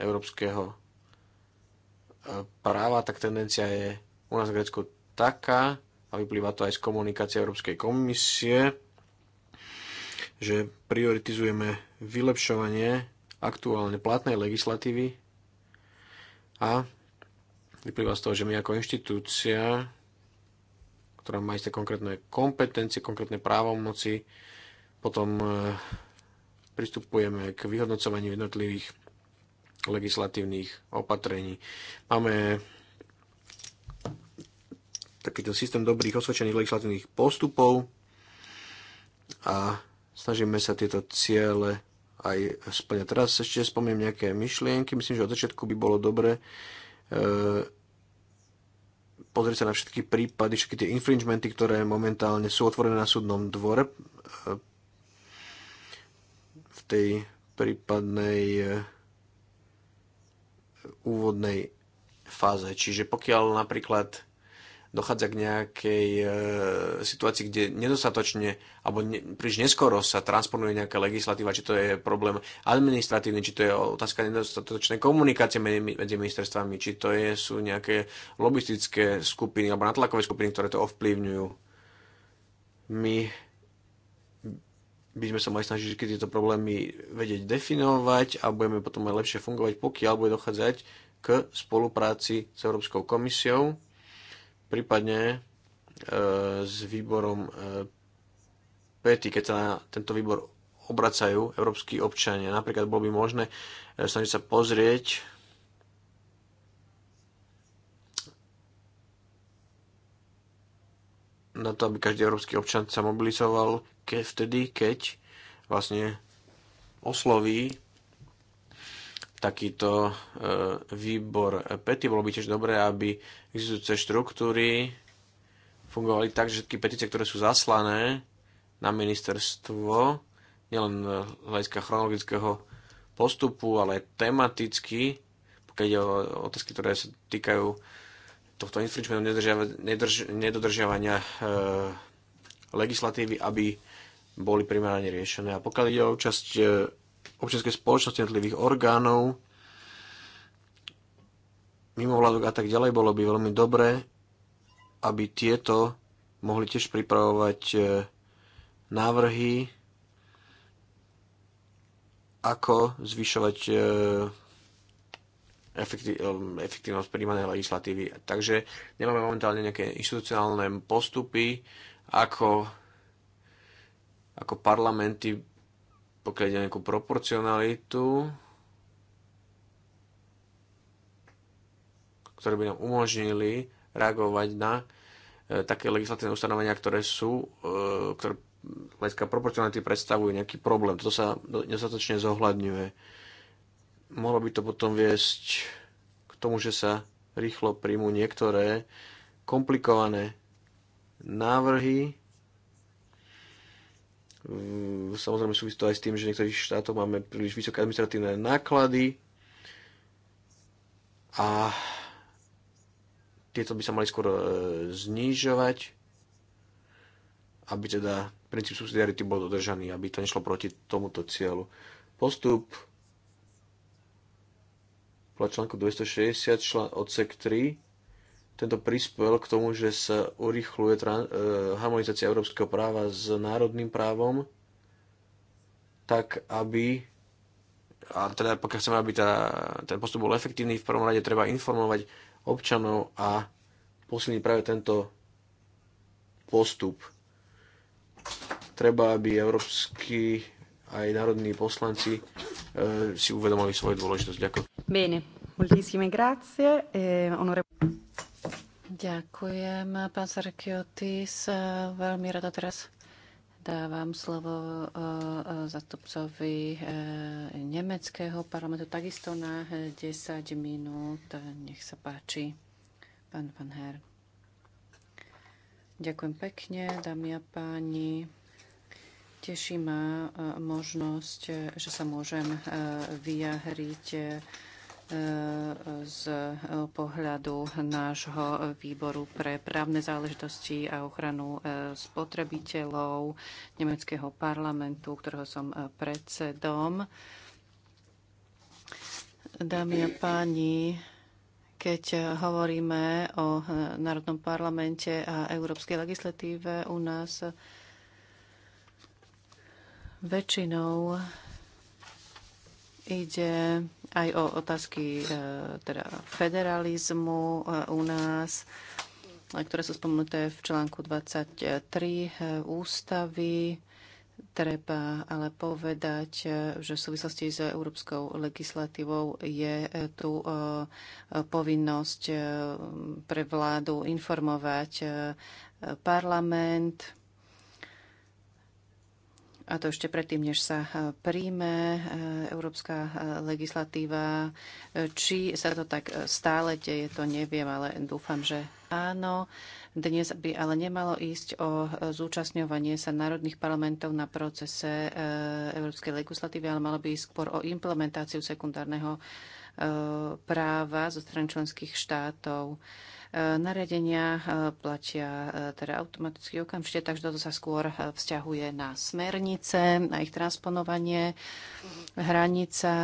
európskeho e, práva, tak tendencia je u nás v Grécku taká, a vyplýva to aj z komunikácie Európskej komisie, že prioritizujeme vylepšovanie aktuálne platnej legislatívy a vyplýva z toho, že my ako inštitúcia ktorá má isté konkrétne kompetencie, konkrétne právomoci. Potom e, pristupujeme k vyhodnocovaniu jednotlivých legislatívnych opatrení. Máme takýto systém dobrých osvedčených legislatívnych postupov a snažíme sa tieto ciele aj splňať. Teraz ešte spomínam nejaké myšlienky. Myslím, že od začiatku by bolo dobre e, pozrieť sa na všetky prípady, všetky tie infringementy, ktoré momentálne sú otvorené na súdnom dvore e, v tej prípadnej e, úvodnej fáze. Čiže pokiaľ napríklad dochádza k nejakej e, situácii, kde nedostatočne alebo ne, príliš neskoro sa transponuje nejaká legislatíva, či to je problém administratívny, či to je otázka nedostatočnej komunikácie medzi ministerstvami, či to je, sú nejaké lobistické skupiny alebo natlakové skupiny, ktoré to ovplyvňujú. My by sme sa mali snažiť všetky tieto problémy vedieť definovať a budeme potom aj lepšie fungovať, pokiaľ bude dochádzať k spolupráci s Európskou komisiou prípadne e, s výborom e, PETI, keď sa na tento výbor obracajú európsky občania. Napríklad bolo by možné e, snažiť sa pozrieť na to, aby každý európsky občan sa mobilizoval ke, vtedy, keď vlastne osloví takýto e, výbor pety. Bolo by tiež dobré, aby existujúce štruktúry fungovali tak, že všetky petície, ktoré sú zaslané na ministerstvo, nielen hľadiska chronologického postupu, ale aj tematicky, pokiaľ ide o otázky, ktoré sa týkajú tohto infringementu nedodržiavania e, legislatívy, aby boli primerane riešené. A pokiaľ ide o účasť e, občianskej spoločnosti, jednotlivých orgánov, mimovládok a tak ďalej, bolo by veľmi dobré, aby tieto mohli tiež pripravovať e, návrhy, ako zvyšovať e, efektívnosť e, príjmanej legislatívy. Takže nemáme momentálne nejaké inštitucionálne postupy, ako, ako parlamenty pokiaľ ide nejakú proporcionalitu, ktoré by nám umožnili reagovať na e, také legislatívne ustanovenia, ktoré sú, e, ktoré hľadiska proporcionality predstavujú nejaký problém. Toto sa nedostatočne zohľadňuje. Mohlo by to potom viesť k tomu, že sa rýchlo príjmú niektoré komplikované návrhy, Mm, samozrejme súvisí to aj s tým, že niektorých štátov máme príliš vysoké administratívne náklady a tieto by sa mali skôr e, znižovať, aby teda princíp subsidiarity bol dodržaný, aby to nešlo proti tomuto cieľu. Postup podľa článku 260 odsek 3 tento prispel k tomu, že sa urychluje e, harmonizácia európskeho práva s národným právom, tak aby a teda pokiaľ chceme, aby tá, ten postup bol efektívny, v prvom rade treba informovať občanov a posilniť práve tento postup. Treba, aby európsky aj národní poslanci e, si uvedomili svoju dôležitosť. Ďakujem. Bene, moltissime grazie. Eh, onore... Ďakujem, pán Sarkiotis. Veľmi rada teraz dávam slovo eh, zastupcovi eh, nemeckého parlamentu takisto na 10 eh, minút. Nech sa páči, pán Van Herr. Ďakujem pekne, dámy a páni. Teší ma možnosť, že sa môžem vyjahriť z e, pohľadu nášho výboru pre právne záležitosti a ochranu e, spotrebiteľov nemeckého parlamentu, ktorého som e, predsedom. Dámy a páni, keď hovoríme o Národnom parlamente a európskej legislatíve, u nás väčšinou Ide aj o otázky e, teda federalizmu e, u nás, e, ktoré sú spomenuté v článku 23 ústavy. Treba ale povedať, že v súvislosti s európskou legislatívou je tu povinnosť pre vládu informovať parlament a to ešte predtým, než sa eh, príjme eh, európska eh, legislatíva. Či sa to tak stále deje, to neviem, ale dúfam, že áno. Dnes by ale nemalo ísť o zúčastňovanie sa národných parlamentov na procese európskej legislatívy, ale malo by ísť skôr o implementáciu sekundárneho Eh, práva zo strany členských štátov. Eh, nariadenia eh, platia teda automaticky okamžite, takže toto sa skôr vzťahuje na smernice, na ich transponovanie. Mhm. Hranica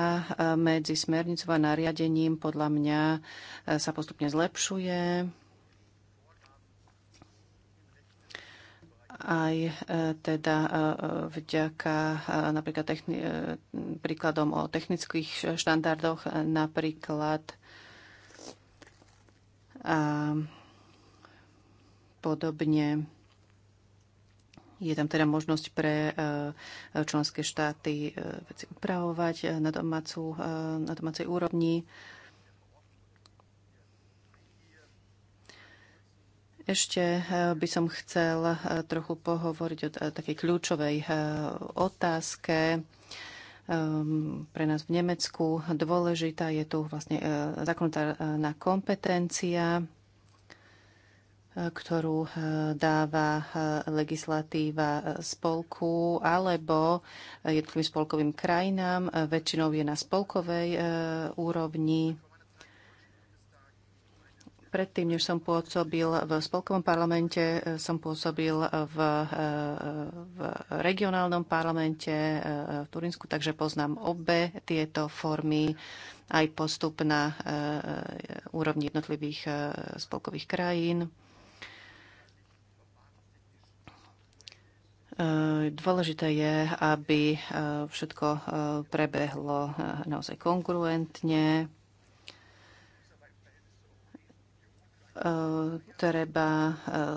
medzi smernicou a nariadením podľa mňa sa postupne zlepšuje aj e, teda e, e, vďaka napríklad techni- príkladom o technických štandardoch napríklad a podobne. Je tam teda možnosť pre členské štáty veci upravovať na, domácu, na domácej úrovni. Ešte eh, by som chcel eh, trochu pohovoriť o eh, takej kľúčovej otázke ehm, pre nás v Nemecku. Dôležitá je tu vlastne zákonodárna kompetencia, ktorú dáva legislatíva spolku alebo jednotlivým spolkovým krajinám. Väčšinou je na spolkovej úrovni Predtým, než som pôsobil v spolkovom parlamente, eh, som pôsobil v, eh, v regionálnom parlamente eh, v Turinsku, takže poznám obe tieto formy aj postup na úrovni jednotlivých spolkových krajín. Dôležité je, aby všetko prebehlo naozaj kongruentne E, treba e,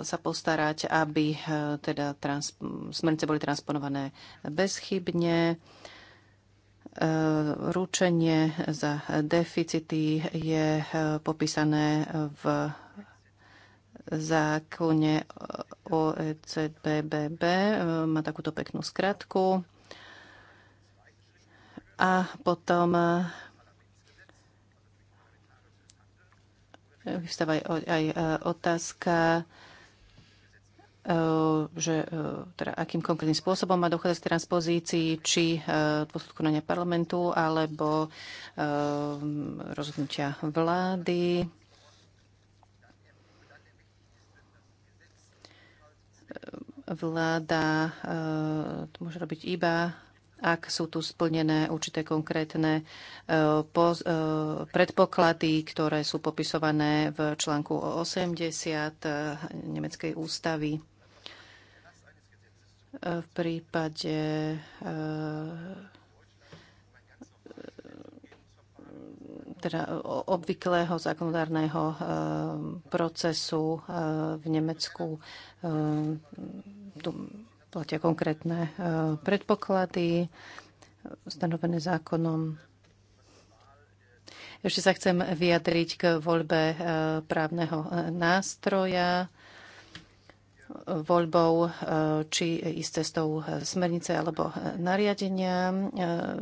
sa postarať, aby e, teda trans- smernice boli transponované bezchybne. Ručenie za deficity je popísané v zákone OECBBB. Má takúto peknú skratku. A potom Vystáva aj, aj e, otázka, e, že e, teda akým konkrétnym spôsobom má dochádzať k transpozícii, či dôsledku na parlamentu alebo rozhodnutia vlády. Vláda to môže robiť iba ak sú tu splnené určité konkrétne e, e, predpoklady, ktoré sú popisované v článku 80 e, Nemeckej ústavy. V prípade teda obvyklého zákonodárneho procesu v Nemecku platia konkrétne e, predpoklady e, stanovené zákonom. Ešte sa chcem vyjadriť k voľbe e, právneho nástroja voľbou, e, či ísť cestou e, smernice alebo e, nariadenia.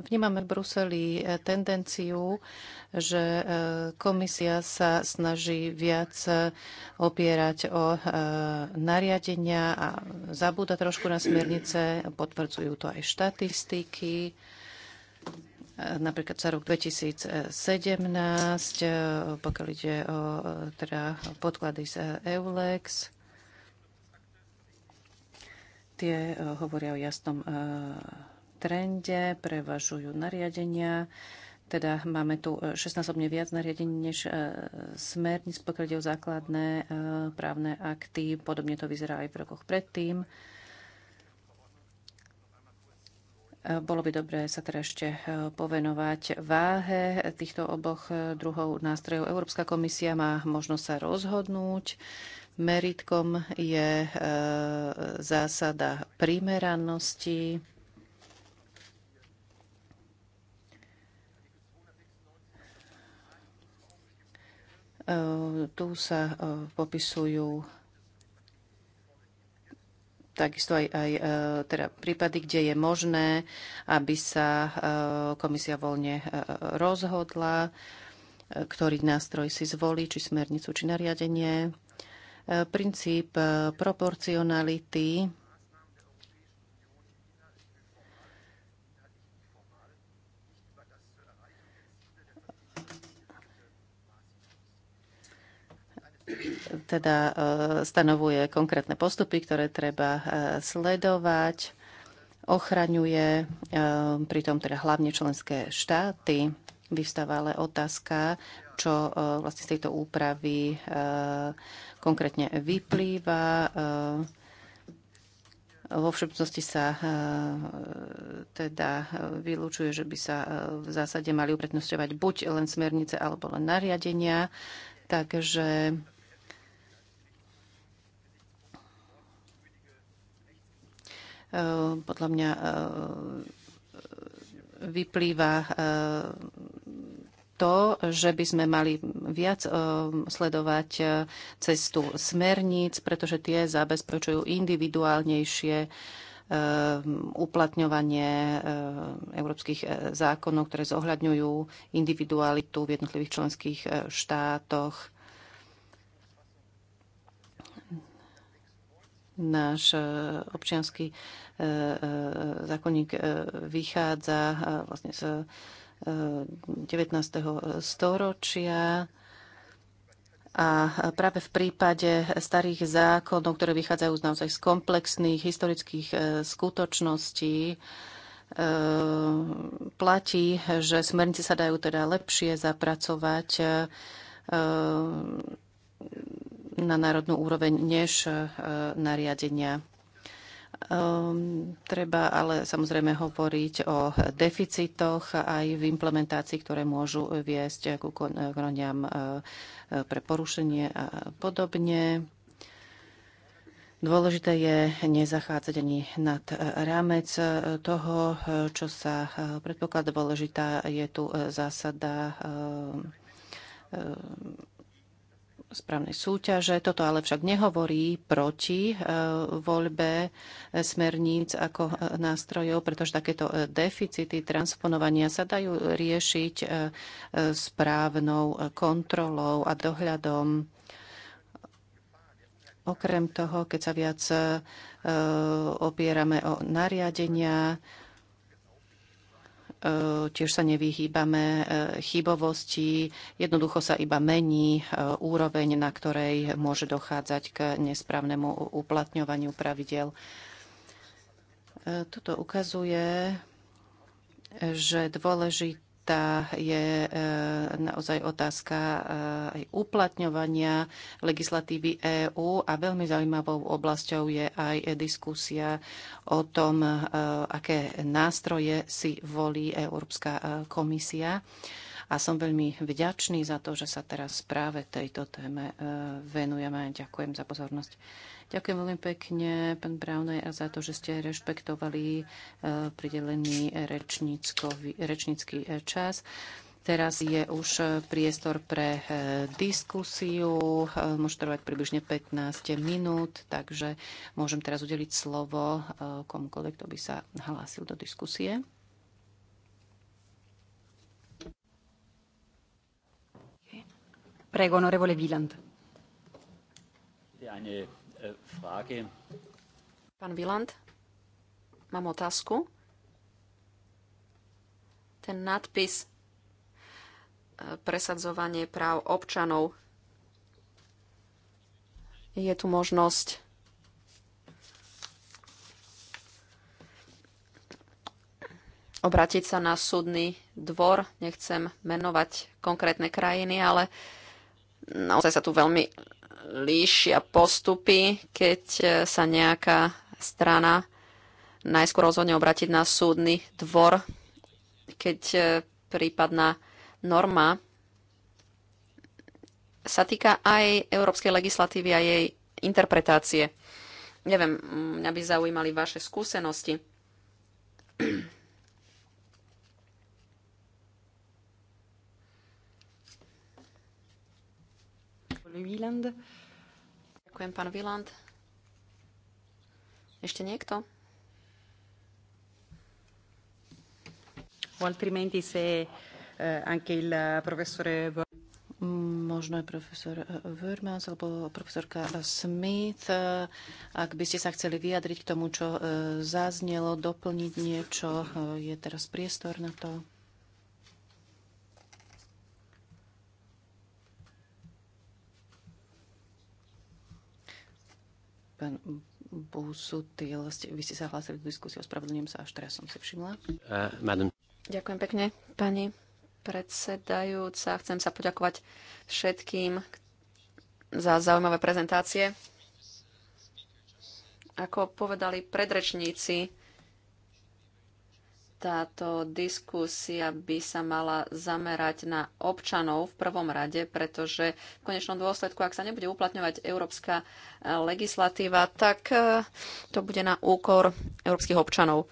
Vnímame v Bruseli tendenciu, že komisia sa snaží viac opierať o nariadenia a zabúda trošku na smernice. Potvrdzujú to aj štatistiky. Napríklad za rok 2017, pokiaľ ide o teda podklady z EULEX, Tie e, hovoria o jasnom e, trende, prevažujú nariadenia. Teda máme tu 16-sobne e, viac nariadení než smerníc, pokiaľ ide o základné právne akty. Podobne to vyzerá aj v rokoch predtým. Bolo by dobré sa teda ešte povenovať váhe týchto oboch druhov nástrojov. Európska komisia má možnosť sa rozhodnúť Meritkom je e, zásada primeranosti. E, tu sa e, popisujú takisto aj, aj teda prípady, kde je možné, aby sa komisia voľne rozhodla, ktorý nástroj si zvolí, či smernicu, či nariadenie. Eh, princíp eh, proporcionality teda eh, stanovuje konkrétne postupy, ktoré treba sledovať, ochraňuje pritom teda hlavne členské štáty. Vystáva ale otázka, čo e, vlastne z tejto úpravy e, konkrétne vyplýva. E, vo všetnosti sa teda vylúčuje, že by sa v zásade mali uprednostňovať buď len smernice alebo len nariadenia. Takže podľa mňa vyplýva to, že by sme mali viac e, sledovať e, cestu smerníc, pretože tie zabezpečujú individuálnejšie e, uplatňovanie európskych zákonov, ktoré zohľadňujú individualitu v jednotlivých členských štátoch. náš občianský zákonník vychádza vlastne z 19. storočia. A práve v prípade starých zákonov, ktoré vychádzajú z naozaj z komplexných historických e, skutočností, e, platí, že smernice sa dajú teda lepšie zapracovať e, na národnú úroveň než nariadenia. Um, treba ale samozrejme hovoriť o deficitoch aj v implementácii, ktoré môžu viesť k ukoniam e, pre porušenie a podobne. Dôležité je nezachádzať ani nad rámec toho, čo sa predpokladá. Dôležitá je tu zásada e, e, správnej súťaže. Toto ale však nehovorí proti e, voľbe smerníc ako e, nástrojov, pretože takéto e, deficity transponovania sa dajú riešiť správnou kontrolou a dohľadom. Okrem toho, keď sa viac opierame o nariadenia, E, tiež sa nevyhýbame e, chybovosti, jednoducho sa iba mení e, úroveň, na ktorej môže dochádzať k nesprávnemu uplatňovaniu pravidel. Toto ukazuje, že dôležité tá je e, naozaj otázka e, aj uplatňovania legislatívy EÚ a veľmi zaujímavou oblasťou je aj diskusia o tom, e, aké nástroje si volí Európska komisia. A som veľmi vďačný za to, že sa teraz práve tejto téme e, venujeme. Ďakujem za pozornosť. Ďakujem veľmi pekne, pán Brownej, a za to, že ste rešpektovali e, pridelený rečnícky e, čas. Teraz je už priestor pre diskusiu. Môže trvať približne 15 minút, takže môžem teraz udeliť slovo komukoľvek, kto by sa hlásil do diskusie. Prego, onorevole eh, Pán Wieland, mám otázku. Ten nadpis eh, presadzovanie práv občanov. Je tu možnosť obrátiť sa na súdny dvor. Nechcem menovať konkrétne krajiny, ale naozaj sa tu veľmi líšia postupy, keď e, sa nejaká strana najskôr rozhodne obratiť na súdny dvor, keď e, prípadná norma sa týka aj európskej legislatívy a jej interpretácie. Neviem, mňa by zaujímali vaše skúsenosti Wieland. Ďakujem, pán Wieland. Ešte niekto? O altrimenti se eh, anche il professore možno aj profesor Wörmans eh, alebo profesorka Smith. Eh, ak by ste sa chceli vyjadriť k tomu, čo eh, zaznelo, doplniť niečo, je teraz priestor na to. Pán Busutil, vy ste sa hlásili do diskusie, ospravedlňujem sa, až teraz som si všimla. Uh, madam. Ďakujem pekne, pani predsedajúca. Chcem sa poďakovať všetkým za zaujímavé prezentácie. Ako povedali predrečníci, táto diskusia by sa mala zamerať na občanov v prvom rade, pretože v konečnom dôsledku, ak sa nebude uplatňovať európska e, legislatíva, tak e, to bude na úkor európskych občanov.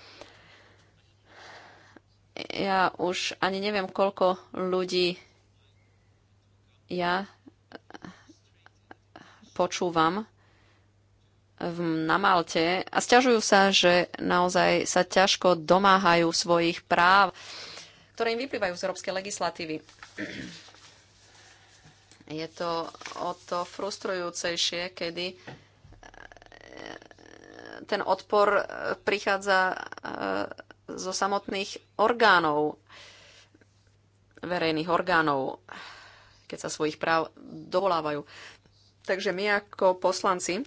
Ja už ani neviem, koľko ľudí ja e, počúvam na Malte a stiažujú sa, že naozaj sa ťažko domáhajú svojich práv, ktoré im vyplývajú z európskej legislatívy. Je to o to frustrujúcejšie, kedy e, ten odpor e, prichádza e, zo samotných orgánov, verejných orgánov, keď sa svojich práv dovolávajú. Takže my ako poslanci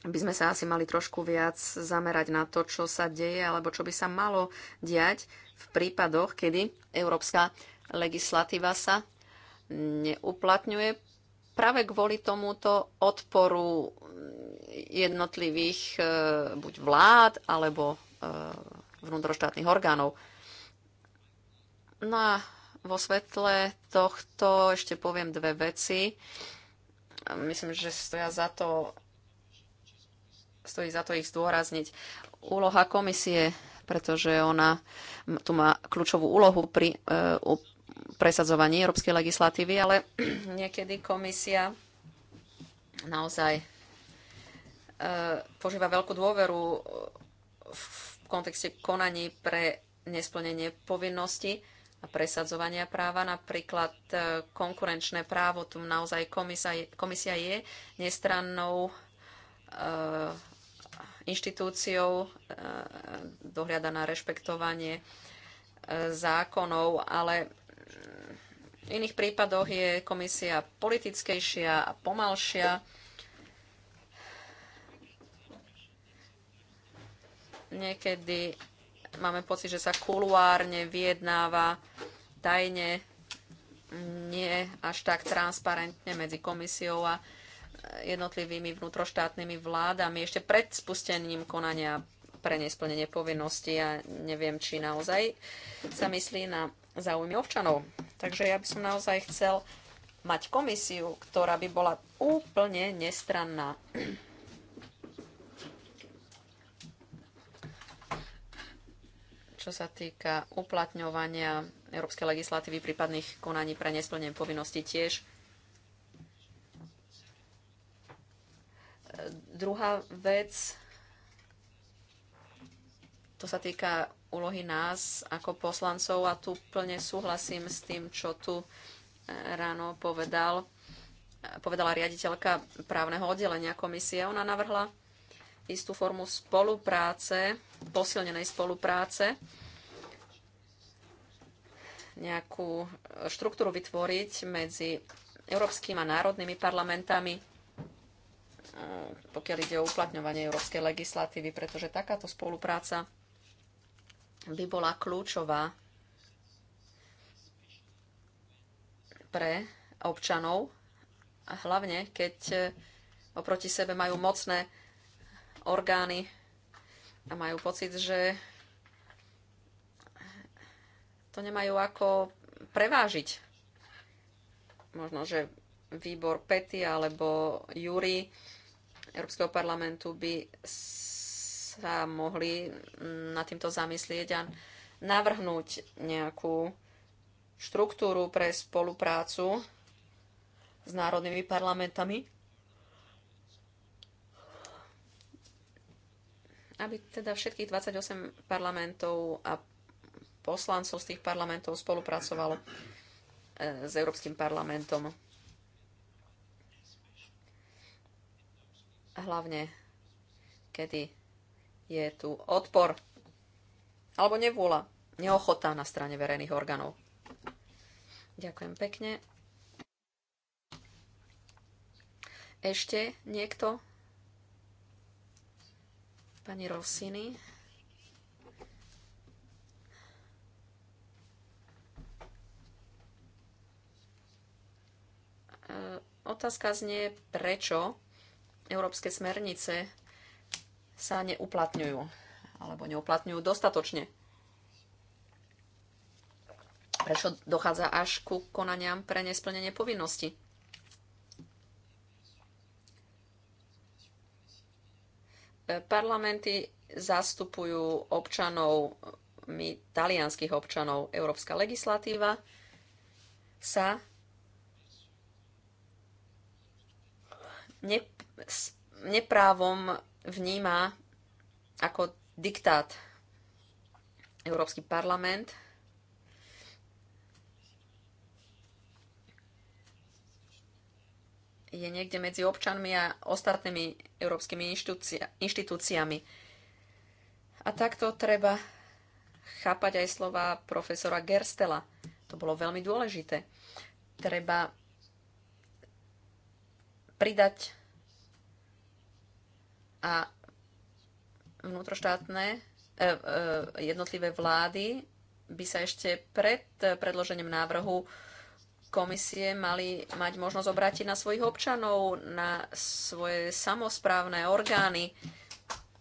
by sme sa asi mali trošku viac zamerať na to, čo sa deje alebo čo by sa malo diať v prípadoch, kedy európska legislatíva sa neuplatňuje práve kvôli tomuto odporu jednotlivých e, buď vlád alebo e, vnútroštátnych orgánov. No a vo svetle tohto ešte poviem dve veci. Myslím, že stoja za to stojí za to ich zdôrazniť. Úloha komisie, pretože ona tu má kľúčovú úlohu pri uh, presadzovaní európskej legislatívy, ale niekedy komisia naozaj uh, požíva veľkú dôveru e, v kontexte konaní pre nesplnenie povinnosti a presadzovania práva, napríklad konkurenčné právo, tu naozaj komisia je nestrannou inštitúciou, e, dohľada na rešpektovanie e, zákonov, ale v iných prípadoch je komisia politickejšia a pomalšia. Niekedy máme pocit, že sa kuluárne vyjednáva tajne, nie až tak transparentne medzi komisiou a jednotlivými vnútroštátnymi vládami ešte pred spustením konania pre nesplnenie povinnosti a ja neviem, či naozaj sa myslí na záujmy občanov. Takže ja by som naozaj chcel mať komisiu, ktorá by bola úplne nestranná. Čo sa týka uplatňovania európskej legislatívy, prípadných konaní pre nesplnenie povinnosti tiež Druhá vec, to sa týka úlohy nás ako poslancov a tu plne súhlasím s tým, čo tu e, ráno povedal, povedala riaditeľka právneho oddelenia komisie. Ona navrhla istú formu spolupráce, posilnenej spolupráce, nejakú štruktúru vytvoriť medzi európskymi a národnými parlamentami E, pokiaľ ide o uplatňovanie európskej legislatívy, pretože takáto spolupráca by bola kľúčová pre občanov, hlavne keď e, oproti sebe majú mocné orgány a majú pocit, že to nemajú ako prevážiť. Možno, že výbor Pety alebo Júri Európskeho parlamentu by sa mohli na týmto zamyslieť a navrhnúť nejakú štruktúru pre spoluprácu s národnými parlamentami, aby teda všetkých 28 parlamentov a poslancov z tých parlamentov spolupracovalo eh, s Európskym parlamentom. hlavne kedy je tu odpor alebo nevôľa, neochota na strane verejných orgánov. Ďakujem pekne. Ešte niekto? Pani Rosiny. E, otázka znie, prečo európske smernice sa neuplatňujú alebo neuplatňujú dostatočne. Prečo dochádza až ku konaniam pre nesplnenie povinnosti? Parlamenty zastupujú občanov, my talianských občanov, európska legislatíva sa ne, neprávom vníma ako diktát. Európsky parlament je niekde medzi občanmi a ostatnými európskymi inštitúciami. A takto treba chápať aj slova profesora Gerstela. To bolo veľmi dôležité. Treba pridať a vnútroštátne e, e, jednotlivé vlády by sa ešte pred predložením návrhu komisie mali mať možnosť obrátiť na svojich občanov, na svoje samozprávne orgány,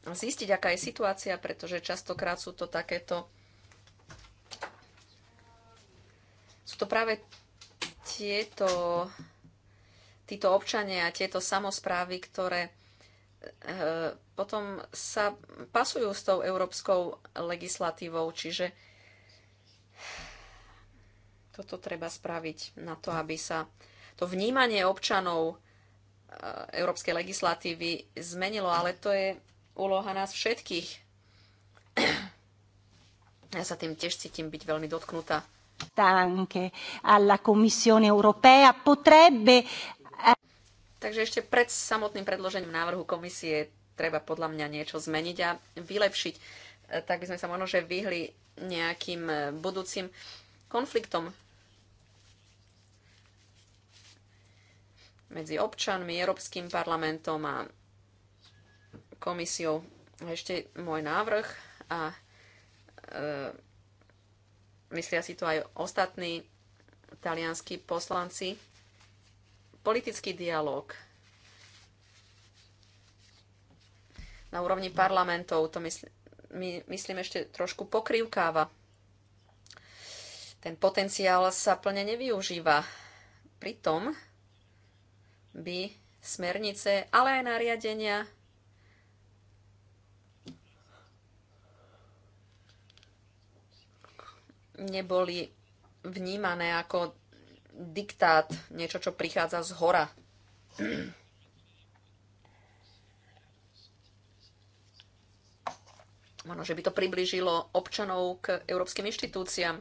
zistiť, aká je situácia, pretože častokrát sú to takéto. Sú to práve tieto, títo občania a tieto samozprávy, ktoré E, potom sa pasujú s tou európskou legislatívou, čiže toto treba spraviť na to, aby sa to vnímanie občanov e, európskej legislatívy zmenilo, ale to je úloha nás všetkých. Ja sa tým tiež cítim byť veľmi dotknutá. Anche alla Commissione europea potrebbe Takže ešte pred samotným predložením návrhu komisie treba podľa mňa niečo zmeniť a vylepšiť. E, tak by sme sa možno že vyhli nejakým e, budúcim konfliktom medzi občanmi, Európskym parlamentom a komisiou. Ešte môj návrh a e, myslia si to aj ostatní talianskí poslanci politický dialog na úrovni parlamentov. To mysl- my, myslím ešte trošku pokrývkáva. Ten potenciál sa plne nevyužíva. Pritom by smernice, ale aj nariadenia neboli vnímané ako diktát, niečo, čo prichádza z hora. Možno, že by to priblížilo občanov k európskym inštitúciám.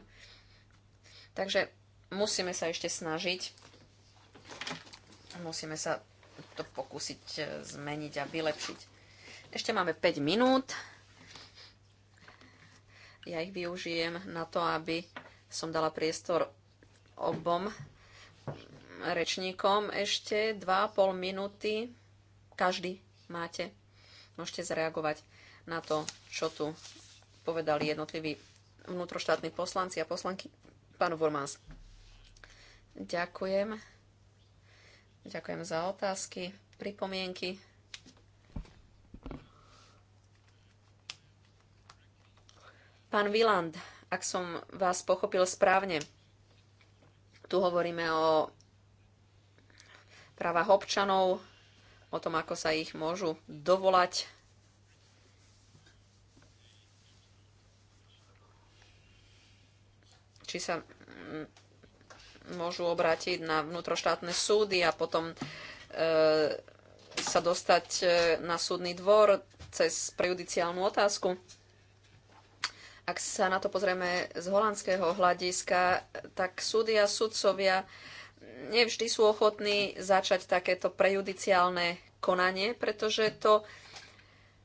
Takže musíme sa ešte snažiť. Musíme sa to pokúsiť e, zmeniť a vylepšiť. Ešte máme 5 minút. Ja ich využijem na to, aby som dala priestor obom rečníkom ešte 2,5 minúty. Každý máte. Môžete zareagovať na to, čo tu povedali jednotliví vnútroštátni poslanci a poslanky. Pán Vormans. Ďakujem. Ďakujem za otázky, pripomienky. Pán Viland, ak som vás pochopil správne, tu hovoríme o právach občanov, o tom, ako sa ich môžu dovolať. Či sa mm, môžu obrátiť na vnútroštátne súdy a potom e, sa dostať e, na súdny dvor cez prejudiciálnu otázku. Ak sa na to pozrieme z holandského hľadiska, tak súdy a sudcovia nevždy sú ochotní začať takéto prejudiciálne konanie, pretože to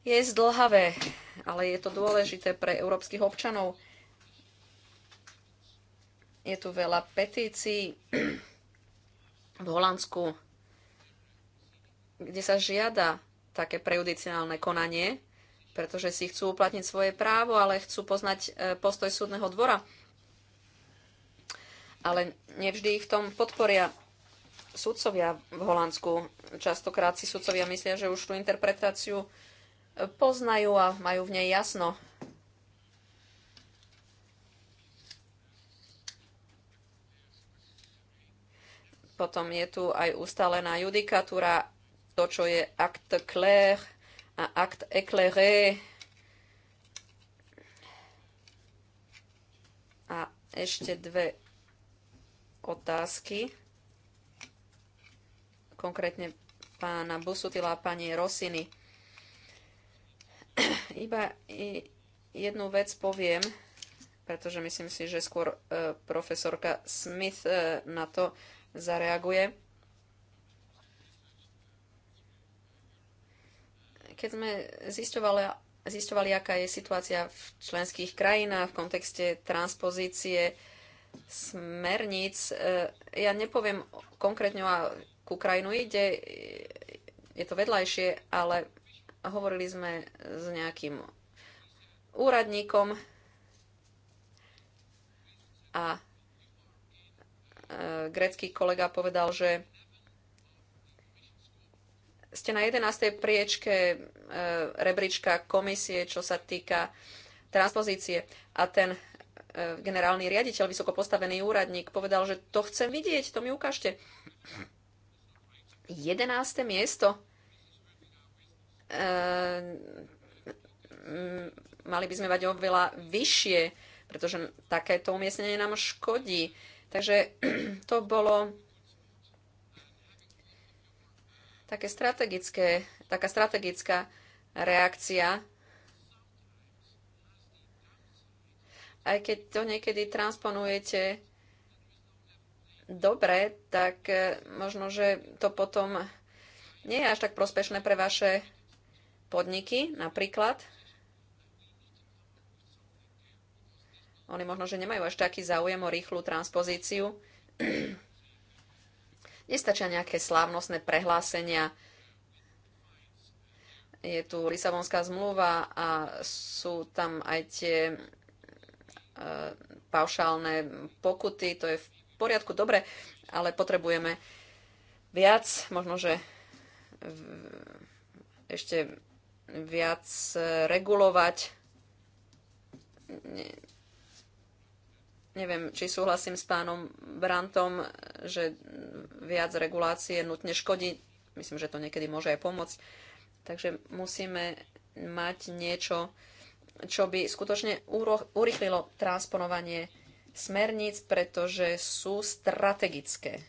je zdlhavé, ale je to dôležité pre európskych občanov. Je tu veľa petícií v Holandsku, kde sa žiada také prejudiciálne konanie pretože si chcú uplatniť svoje právo, ale chcú poznať e, postoj súdneho dvora. Ale nevždy ich v tom podporia sudcovia v Holandsku. Častokrát si sudcovia myslia, že už tú interpretáciu e, poznajú a majú v nej jasno. Potom je tu aj ustalená judikatúra, to, čo je akt clair, a akt éclairé a ešte dve otázky. Konkrétne pána Busutila a pani Rosiny. Iba jednu vec poviem, pretože myslím si, že skôr e, profesorka Smith e, na to zareaguje. keď sme zistovali, zistovali, aká je situácia v členských krajinách v kontexte transpozície smerníc, e, ja nepoviem konkrétne, akú krajinu ide, je to vedľajšie, ale hovorili sme s nejakým úradníkom a e, grecký kolega povedal, že ste na 11. priečke e, rebríčka komisie, čo sa týka transpozície. A ten e, generálny riaditeľ, vysoko postavený úradník, povedal, že to chcem vidieť, to mi ukážte. 11. miesto. E, mali by sme mať oveľa vyššie, pretože takéto umiestnenie nám škodí. Takže to bolo také strategické, taká strategická reakcia. Aj keď to niekedy transponujete dobre, tak e, možno, že to potom nie je až tak prospešné pre vaše podniky napríklad. Oni možno, že nemajú až taký záujem o rýchlu transpozíciu Nestačia nejaké slávnostné prehlásenia. Je tu Lisabonská zmluva a sú tam aj tie e, paušálne pokuty. To je v poriadku, dobre, ale potrebujeme viac, možno, že ešte viac regulovať Neviem, či súhlasím s pánom Brantom, že viac regulácie nutne škodí. Myslím, že to niekedy môže aj pomôcť. Takže musíme mať niečo, čo by skutočne urychlilo transponovanie smerníc, pretože sú strategické.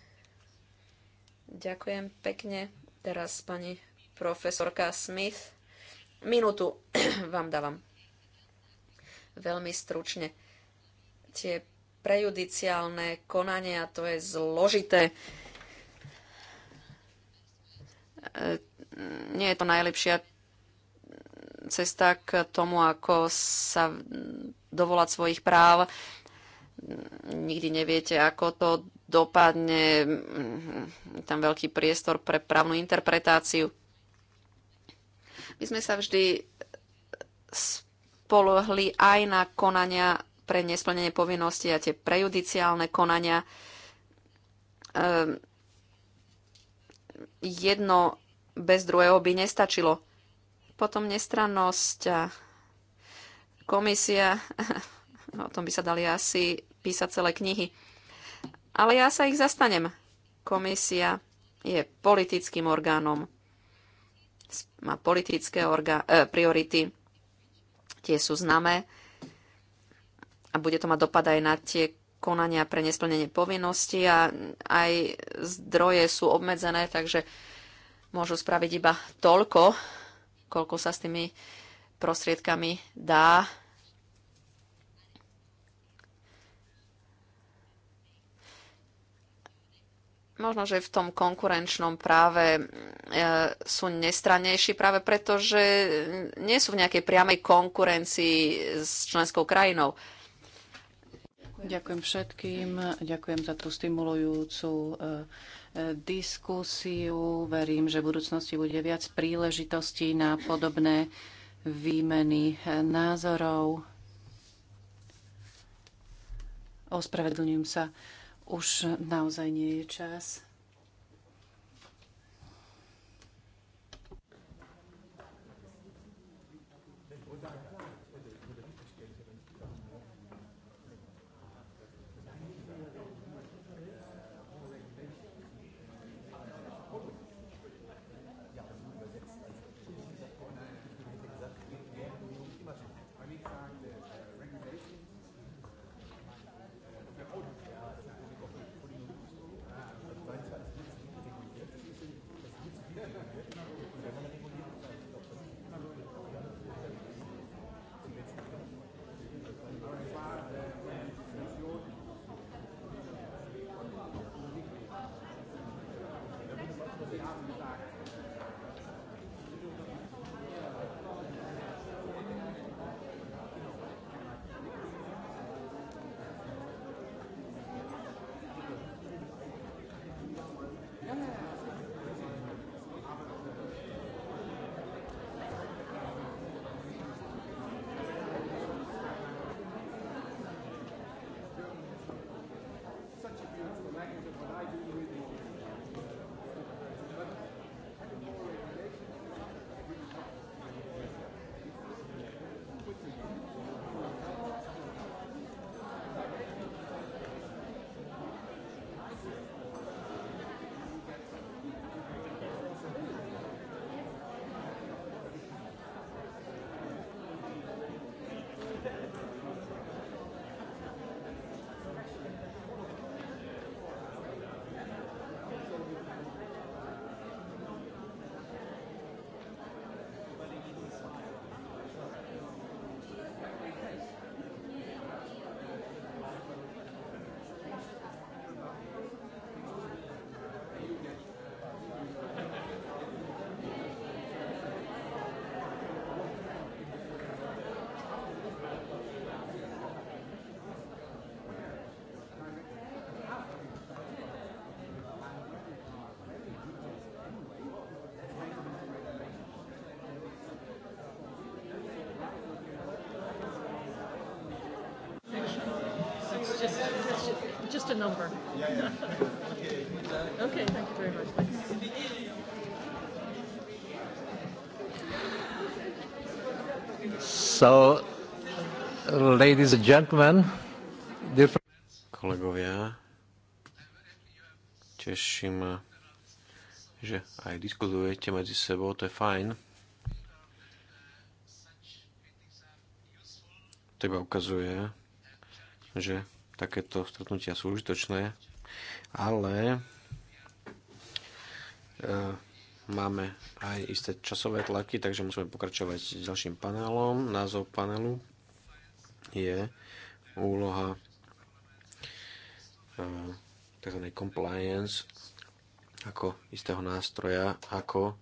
Ďakujem pekne. Teraz pani profesorka Smith. Minútu vám dávam. Veľmi stručne. Tie prejudiciálne konanie a to je zložité. E, nie je to najlepšia cesta k tomu, ako sa dovolať svojich práv. Nikdy neviete, ako to dopadne. Tam veľký priestor pre právnu interpretáciu. My sme sa vždy spolohli aj na konania pre nesplnenie povinnosti a tie prejudiciálne konania. Ehm, jedno bez druhého by nestačilo. Potom nestrannosť a komisia, o tom by sa dali asi písať celé knihy. Ale ja sa ich zastanem. Komisia je politickým orgánom, má politické eh, priority, tie sú známe a bude to mať dopad aj na tie konania pre nesplnenie povinnosti a aj zdroje sú obmedzené, takže môžu spraviť iba toľko, koľko sa s tými prostriedkami dá. Možno, že v tom konkurenčnom práve e, sú nestranejší práve preto, že nie sú v nejakej priamej konkurencii s členskou krajinou. Ďakujem všetkým. Ďakujem za tú stimulujúcu e, e, diskusiu. Verím, že v budúcnosti bude viac príležitostí na podobné výmeny e, názorov. Ospravedlňujem sa, už naozaj nie je čas. just a number. Yeah, yeah. okay, thank you very much. Thanks. So, ladies and gentlemen, dear kolegovia, teším ma, že aj diskutujete medzi sebou, to je fajn. Teba ukazuje, že takéto stretnutia sú užitočné, ale e, máme aj isté časové tlaky, takže musíme pokračovať s ďalším panelom. Názov panelu je úloha e, tzv. compliance ako istého nástroja, ako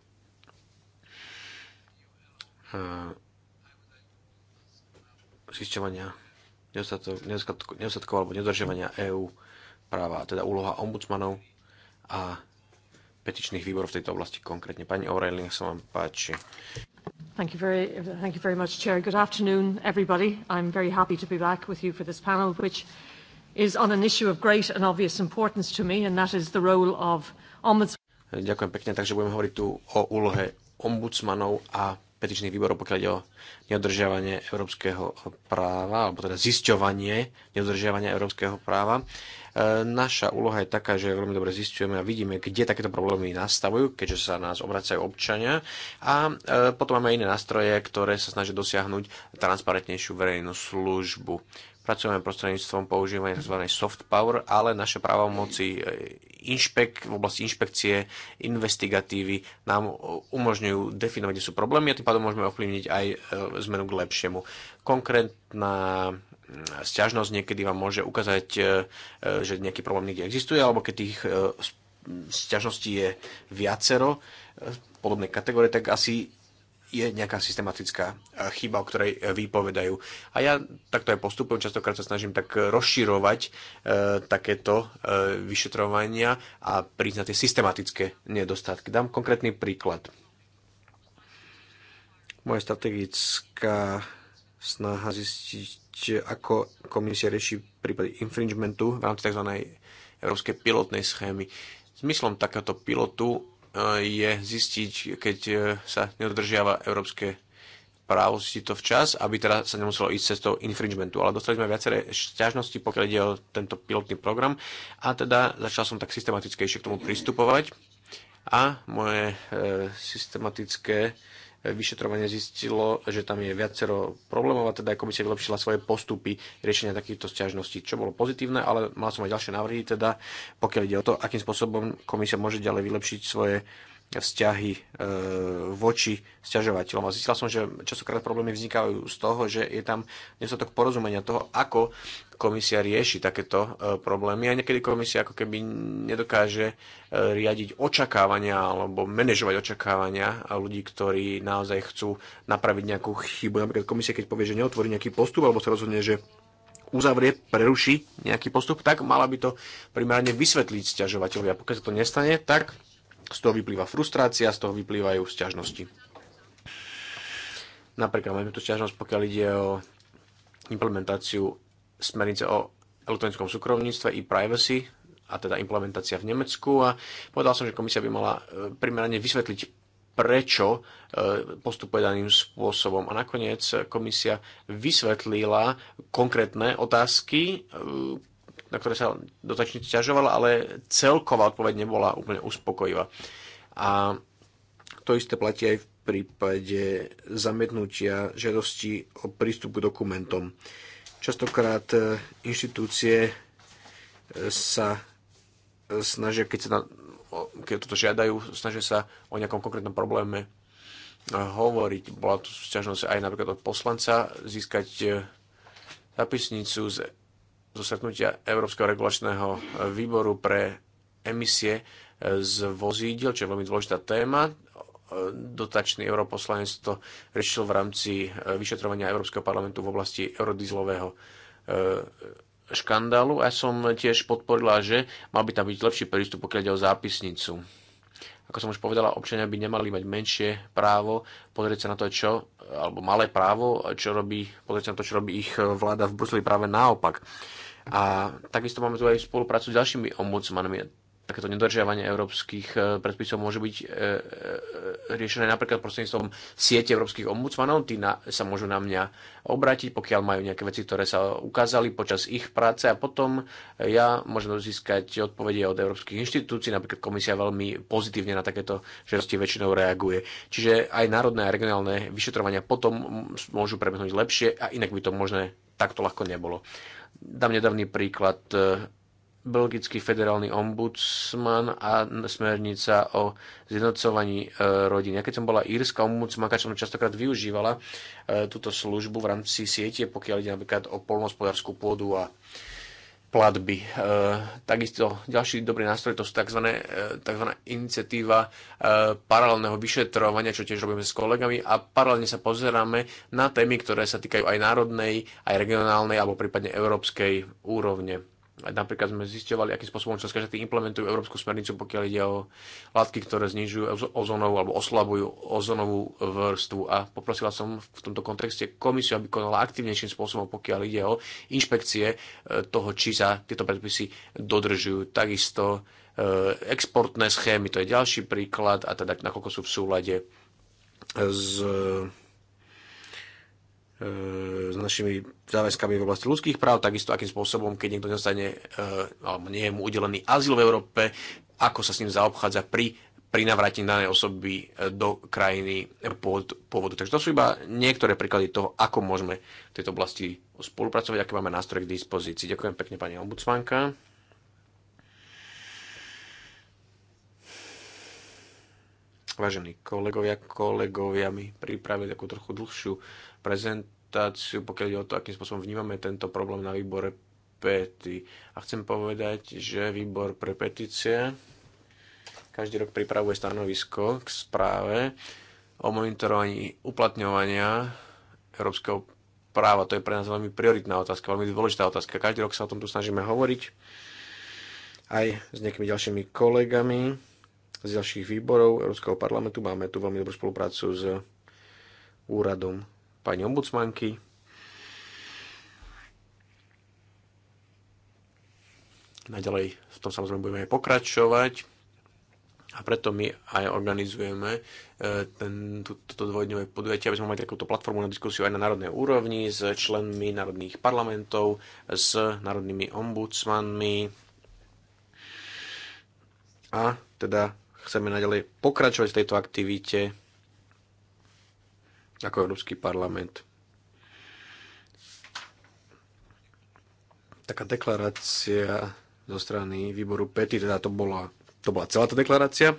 e, zisťovania nedostatkov, alebo nedržiavania EÚ práva, teda úloha ombudsmanov a petičných výborov v tejto oblasti konkrétne. Pani O'Reilly, nech sa vám páči. Thank you, very, thank you very much, Chair. Good afternoon, everybody. I'm very happy to be back with you for this panel, which is on an issue of great and obvious importance to me, and that is the role of ombudsman. Ďakujem pekne, takže budeme hovoriť tu o úlohe ombudsmanov a petičných výborov, pokiaľ ide o neodržiavanie európskeho práva, alebo teda zisťovanie neodržiavania európskeho práva. Naša úloha je taká, že veľmi dobre zistujeme a vidíme, kde takéto problémy nastavujú, keďže sa nás obracajú občania. A e, potom máme iné nástroje, ktoré sa snažia dosiahnuť transparentnejšiu verejnú službu pracujeme prostredníctvom používania tzv. soft power, ale naše právomoci e, inšpek, v oblasti inšpekcie, investigatívy nám umožňujú definovať, kde sú problémy a tým pádom môžeme ovplyvniť aj e, zmenu k lepšiemu. Konkrétna Mm, sťažnosť niekedy vám môže ukázať, e, e, že nejaký problém niekde existuje, alebo keď tých e, sťažností je viacero podobnej kategórie, tak asi je nejaká systematická chyba, o ktorej vypovedajú. A ja takto aj postupujem, častokrát sa snažím tak rozširovať e, takéto e, vyšetrovania a priznať tie systematické nedostatky. Dám konkrétny príklad. Moja strategická snaha zistiť, ako komisia rieši prípady infringementu v rámci tzv. európskej pilotnej schémy. Zmyslom takéto pilotu e, je zistiť, keď e, sa nedodržiava európske právo si to včas, aby teda sa nemuselo ísť toho infringementu. Ale dostali sme viaceré šťažnosti, pokiaľ ide o tento pilotný program a teda začal som tak systematickejšie k tomu pristupovať a moje e, systematické e, vyšetrovanie zistilo, že tam je viacero problémov a teda komisia vylepšila svoje postupy riešenia takýchto sťažností, čo bolo pozitívne, ale mal som aj ďalšie návrhy, teda pokiaľ ide o to, akým spôsobom komisia môže ďalej vylepšiť svoje vzťahy e, voči sťažovateľom. A zistila som, že časokrát problémy vznikajú z toho, že je tam nedostatok porozumenia toho, ako komisia rieši takéto e, problémy. A niekedy komisia ako keby nedokáže e, riadiť očakávania alebo manažovať očakávania ľudí, ktorí naozaj chcú napraviť nejakú chybu. Napríklad komisia, keď povie, že neotvorí nejaký postup alebo sa rozhodne, že uzavrie, preruší nejaký postup, tak mala by to primárne vysvetliť sťažovateľovi. A pokiaľ sa to nestane, tak z toho vyplýva frustrácia, z toho vyplývajú sťažnosti. Napríklad máme tu sťažnosť, pokiaľ ide o implementáciu smernice o elektronickom súkromníctve i privacy, a teda implementácia v Nemecku. A povedal som, že komisia by mala e, primerane vysvetliť, prečo e, postupuje daným spôsobom. A nakoniec komisia vysvetlila konkrétne otázky, e, na ktoré sa dotačne ťažovala, ale celková odpoveď nebola úplne uspokojivá. A to isté platí aj v prípade zamietnutia žiadosti o prístup k dokumentom. Častokrát e, inštitúcie e, sa e, snažia, keď, sa na, keď toto žiadajú, snažia sa o nejakom konkrétnom probléme hovoriť. Bola tu sťažnosť aj napríklad od poslanca získať zapisnicu z zo stretnutia Európskeho regulačného výboru pre emisie z vozidiel, čo je veľmi dôležitá téma. Dotačný europoslanec to riešil v rámci eh, vyšetrovania Európskeho parlamentu v oblasti eurodizlového eh, škandálu. A ja som tiež podporila, že mal by tam byť lepší prístup, pokiaľ ide o zápisnicu. Ako som už povedala, občania by nemali mať menšie právo pozrieť sa na to, čo, alebo malé právo, čo robí, pozrieť sa na to, čo robí ich eh, vláda v Bruseli práve naopak. Uh, a takisto máme tu aj spoluprácu s ďalšími ombudsmanmi. Takéto nedržiavanie európskych e, predpisov môže byť e, e, riešené napríklad prostredníctvom siete európskych ombudsmanov. Tí na, sa môžu na mňa obrátiť, pokiaľ majú nejaké veci, ktoré sa ukázali počas ich práce a potom e, ja môžem získať odpovede od európskych inštitúcií. Napríklad komisia veľmi pozitívne na takéto žiadosti väčšinou reaguje. Čiže aj národné a regionálne vyšetrovania potom môžu prebehnúť lepšie a inak by to možné takto ľahko nebolo. Dám nedávny príklad. E, belgický federálny ombudsman a smernica o zjednocovaní e, rodiny. keď som bola írska ombudsmanka, som častokrát využívala e, túto službu v rámci siete, pokiaľ ide napríklad o polnohospodárskú pôdu a platby. E, takisto ďalší dobrý nástroj to sú tzv. E, tzv. iniciatíva e, paralelného vyšetrovania, čo tiež robíme s kolegami a paralelne sa pozeráme na témy, ktoré sa týkajú aj národnej, aj regionálnej alebo prípadne európskej úrovne. Napríklad sme zistovali, akým spôsobom členské štáty implementujú európsku smernicu, pokiaľ ide o látky, ktoré znižujú ozonovú alebo oslabujú ozonovú vrstvu. A poprosila som v tomto kontexte komisiu, aby konala aktívnejším spôsobom, pokiaľ ide o inšpekcie e, toho, či sa tieto predpisy dodržujú. Takisto e, exportné schémy, to je ďalší príklad, a teda nakoľko sú v súlade s s našimi záväzkami v oblasti ľudských práv, takisto akým spôsobom, keď niekto nezostane, eh, alebo nie je mu udelený azyl v Európe, ako sa s ním zaobchádza pri pri navrátení danej osoby eh, do krajiny pôvod, pôvodu. Takže to sú iba niektoré príklady toho, ako môžeme v tejto oblasti spolupracovať, aké máme nástroje k dispozícii. Ďakujem pekne, pani ombudsmanka. Vážení kolegovia, kolegovia mi pripravili takú trochu dlhšiu prezentáciu, pokiaľ ide o to, akým spôsobom vnímame tento problém na výbore pety. A chcem povedať, že výbor pre petície každý rok pripravuje stanovisko k správe o monitorovaní uplatňovania európskeho práva. To je pre nás veľmi prioritná otázka, veľmi dôležitá otázka. Každý rok sa o tom tu snažíme hovoriť aj s nejakými ďalšími kolegami z ďalších výborov Európskeho parlamentu. Máme tu veľmi dobrú spoluprácu s úradom pani ombudsmanky. Naďalej v tom samozrejme budeme pokračovať a preto my aj organizujeme e, ten, toto dvojdňové podujatie, aby sme mali takúto platformu na diskusiu aj na národnej úrovni s členmi národných parlamentov, s národnými ombudsmanmi a teda chceme naďalej pokračovať v tejto aktivite ako Európsky parlament. Taká deklarácia zo strany výboru PETI, teda to bola, to bola celá tá deklarácia,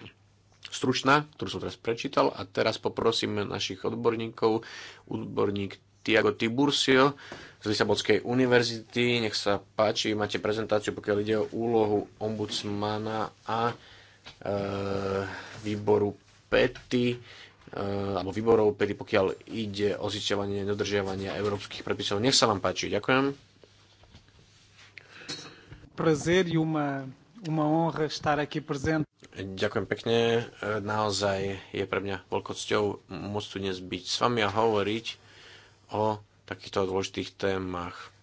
stručná, ktorú som teraz prečítal a teraz poprosím našich odborníkov, odborník Tiago Tibursio z Lisabonskej univerzity. Nech sa páči, máte prezentáciu, pokiaľ ide o úlohu ombudsmana a e, výboru PETI Eh, alebo výborov, pedy pokiaľ ide o zisťovanie nedodržiavania európskych predpisov. Nech sa vám páči. Ďakujem. Prazer e uma, honra estar Ďakujem pekne. Eh, naozaj je pre mňa veľkosťou môcť tu dnes byť s vami a hovoriť o takýchto dôležitých témach.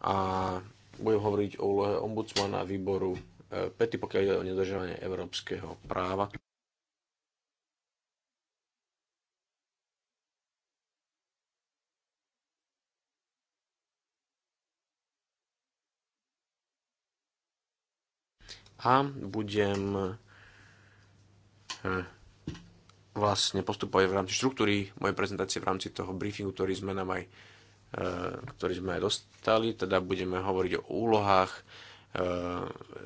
A budem hovoriť o úlohe ombudsmana výboru eh, pety, pokiaľ ide o nedržanie európskeho práva. a budem eh, vlastne postupovať v rámci štruktúry mojej prezentácie, v rámci toho briefingu, ktorý sme nám aj eh, ktorý sme aj dostali, teda budeme hovoriť o úlohách eh,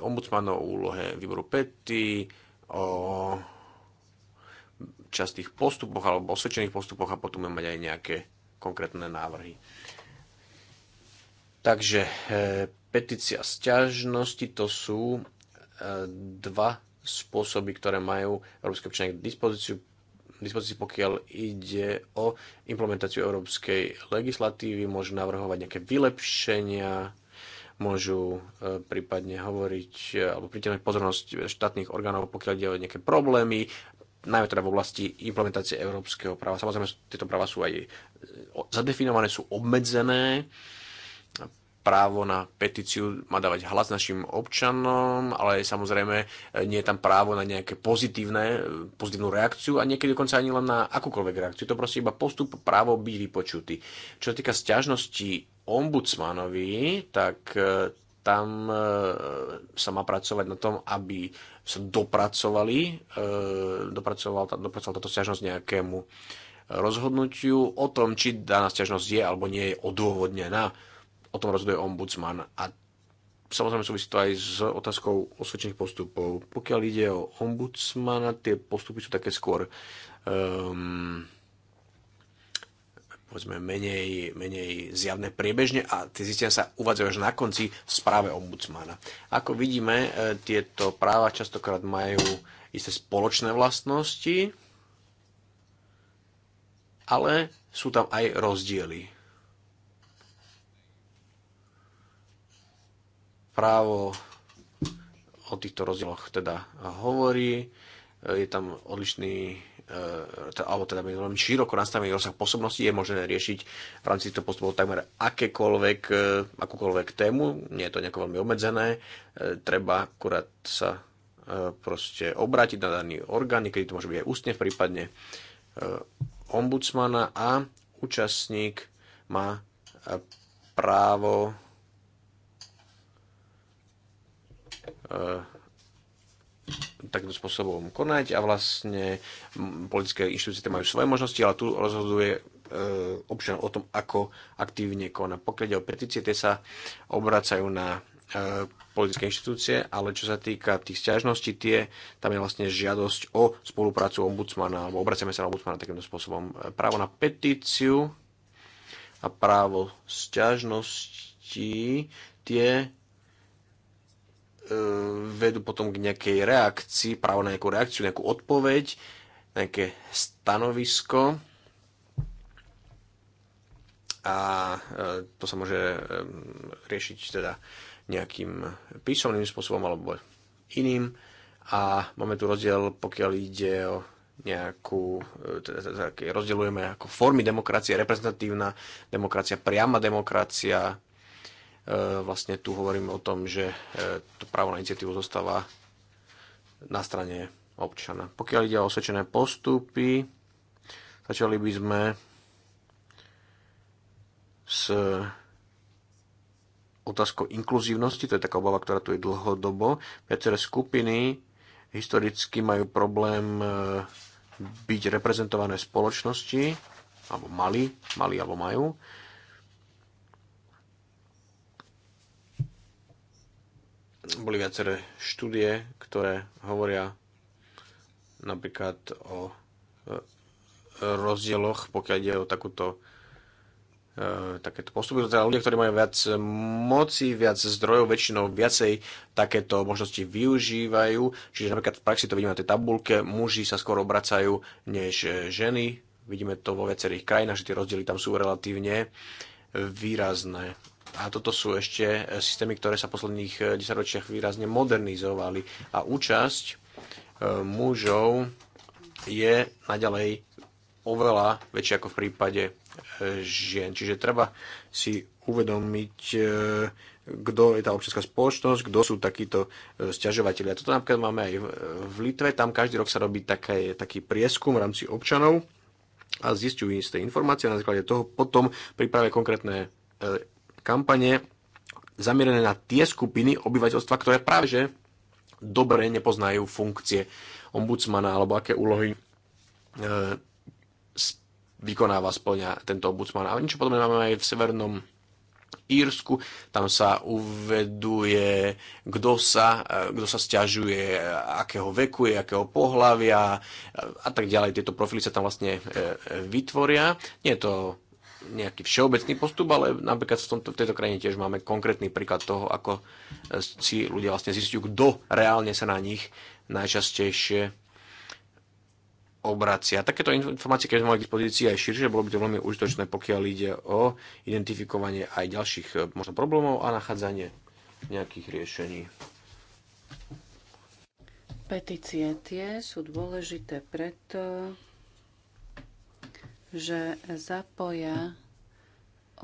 ombudsmanov, o úlohe výboru PETI, o častých postupoch alebo osvedčených postupoch a potom budeme mať aj nejaké konkrétne návrhy. Takže petícia sťažnosti to sú dva spôsoby, ktoré majú európske občania k dispozíciu, dispozícii, pokiaľ ide o implementáciu európskej legislatívy, môžu navrhovať nejaké vylepšenia, môžu e, prípadne hovoriť e, alebo pritiahnuť pozornosť štátnych orgánov, pokiaľ ide o nejaké problémy, najmä teda v oblasti implementácie európskeho práva. Samozrejme, tieto práva sú aj e, zadefinované, sú obmedzené, právo na petíciu má dávať hlas našim občanom, ale samozrejme e, nie je tam právo na nejaké pozitívne, e, pozitívnu reakciu a niekedy dokonca ani len na akúkoľvek reakciu. To proste iba postup právo byť vypočutý. Čo sa týka sťažnosti ombudsmanovi, tak e, tam sa má pracovať na tom, aby sa dopracovali, Dopracoval dopracoval táto sťažnosť nejakému rozhodnutiu o tom, či daná sťažnosť je alebo nie je odôvodnená o tom rozhoduje ombudsman a samozrejme súvisí to aj s otázkou osvedčených postupov. Pokiaľ ide o ombudsmana, tie postupy sú také skôr um, povedzme menej, menej zjavné priebežne a tie zistenia sa uvádzajú až na konci v správe ombudsmana. Ako vidíme, e, tieto práva častokrát majú isté spoločné vlastnosti, ale sú tam aj rozdiely. právo o týchto rozdieloch teda hovorí. Je tam odlišný e, teda, alebo teda veľmi široko nastavený rozsah pôsobnosti, je možné riešiť v rámci týchto postupov takmer akékoľvek, e, akúkoľvek tému, nie je to nejako veľmi obmedzené, e, treba akurát sa proste obrátiť na daný orgán, niekedy to môže byť aj ústne v prípadne ombudsmana a účastník má právo E, takýmto spôsobom konať a vlastne politické inštitúcie majú svoje možnosti, ale tu rozhoduje e, občan o tom, ako aktívne koná. Pokiaľ ide o petície, tie sa obracajú na e, politické inštitúcie, ale čo sa týka tých stiažností, tie, tam je vlastne žiadosť o spoluprácu ombudsmana, alebo obraciame sa na ombudsmana takýmto spôsobom. Právo na petíciu a právo stiažnosti, tie E, vedú potom k nejakej reakcii, právo na nejakú reakciu, nejakú odpoveď, nejaké stanovisko. A e, to sa môže e, riešiť teda nejakým písomným spôsobom alebo iným. A máme tu rozdiel, pokiaľ ide o nejakú, teda, teda, rozdeľujeme ako formy demokracie, reprezentatívna demokracia, priama demokracia, E, vlastne tu hovorím o tom, že e, to právo na iniciatívu zostáva na strane občana. Pokiaľ ide o osvedčené postupy, začali by sme s otázkou inkluzívnosti, to je taká obava, ktorá tu je dlhodobo. Viaceré skupiny historicky majú problém e, byť reprezentované v spoločnosti, alebo mali, mali alebo majú. Boli viaceré štúdie, ktoré hovoria napríklad o e, rozdieloch, pokiaľ ide o takúto e, takéto postupy. Teda ľudia, ktorí majú viac moci, viac zdrojov, väčšinou viacej takéto možnosti využívajú. Čiže napríklad v praxi to vidíme na tej tabulke, muži sa skôr obracajú než ženy. Vidíme to vo viacerých krajinách, že tie rozdiely tam sú relatívne výrazné. A toto sú ešte eh, systémy, ktoré sa v posledných eh, desaťročiach výrazne modernizovali. A účasť eh, mužov je naďalej oveľa väčšia ako v prípade žien. Čiže treba si uvedomiť, kto je tá občianská spoločnosť, kto sú takíto stiažovateľi. A toto napríklad máme aj v Litve, tam každý rok sa robí také, taký prieskum v rámci občanov a zistujú isté informácie, na základe toho potom pripravia konkrétne kampane zamierené na tie skupiny obyvateľstva, ktoré práve že dobre nepoznajú funkcie ombudsmana alebo aké úlohy e, vykonáva, splňa tento ombudsman. A niečo podobné máme aj v Severnom Írsku, tam sa uveduje, kto sa, e, kto sa stiažuje, akého veku je, akého pohľavia e, a tak ďalej. Tieto profily sa tam vlastne e, vytvoria. Nie je to nejaký všeobecný postup, ale napríklad v, tomto, v tejto krajine tiež máme konkrétny príklad toho, ako e, si ľudia vlastne zistujú, kto reálne sa na nich najčastejšie obracia. Takéto informácie, keď sme mali k dispozícii aj širšie, bolo by to veľmi užitočné, pokiaľ ide o identifikovanie aj ďalších e, možno problémov a nachádzanie nejakých riešení. Petície tie sú dôležité preto, že zapoja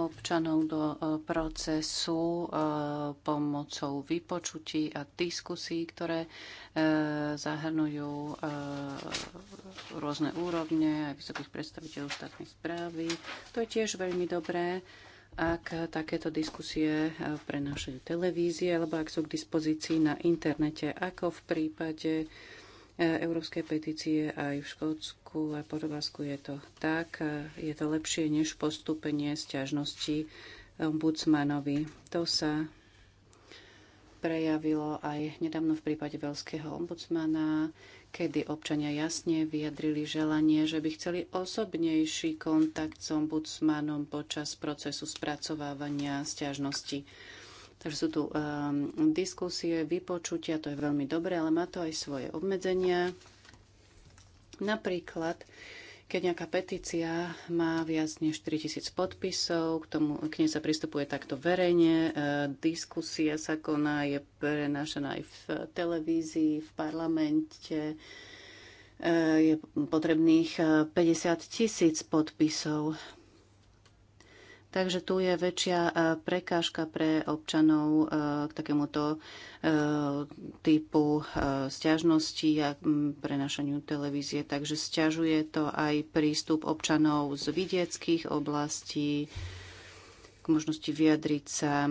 občanov do e, procesu e, pomocou vypočutí a diskusí, ktoré e, zahrnujú rôzne úrovne aj vysokých predstaviteľov štátnej správy. To je tiež veľmi dobré, ak takéto diskusie prenášajú televízie alebo ak sú k dispozícii na internete, ako v prípade E, európskej petície aj v Škótsku a Portugalsku je to tak. E, je to lepšie než postúpenie sťažnosti ombudsmanovi. To sa prejavilo aj nedávno v prípade veľského ombudsmana, kedy občania jasne vyjadrili želanie, že by chceli osobnejší kontakt s ombudsmanom počas procesu spracovávania stiažnosti. Takže sú tu um, diskusie, vypočutia, to je veľmi dobré, ale má to aj svoje obmedzenia. Napríklad, keď nejaká petícia má viac než 4000 podpisov, k, tomu, k nej sa pristupuje takto verejne, e, diskusia sa koná, je prenášaná aj v televízii, v parlamente, e, je potrebných 50 tisíc podpisov Takže tu je väčšia e, prekážka pre občanov e, k takémuto e, typu stiažnosti a prenašaniu televízie. Takže stiažuje to aj prístup občanov z vidieckých oblastí k možnosti vyjadriť sa.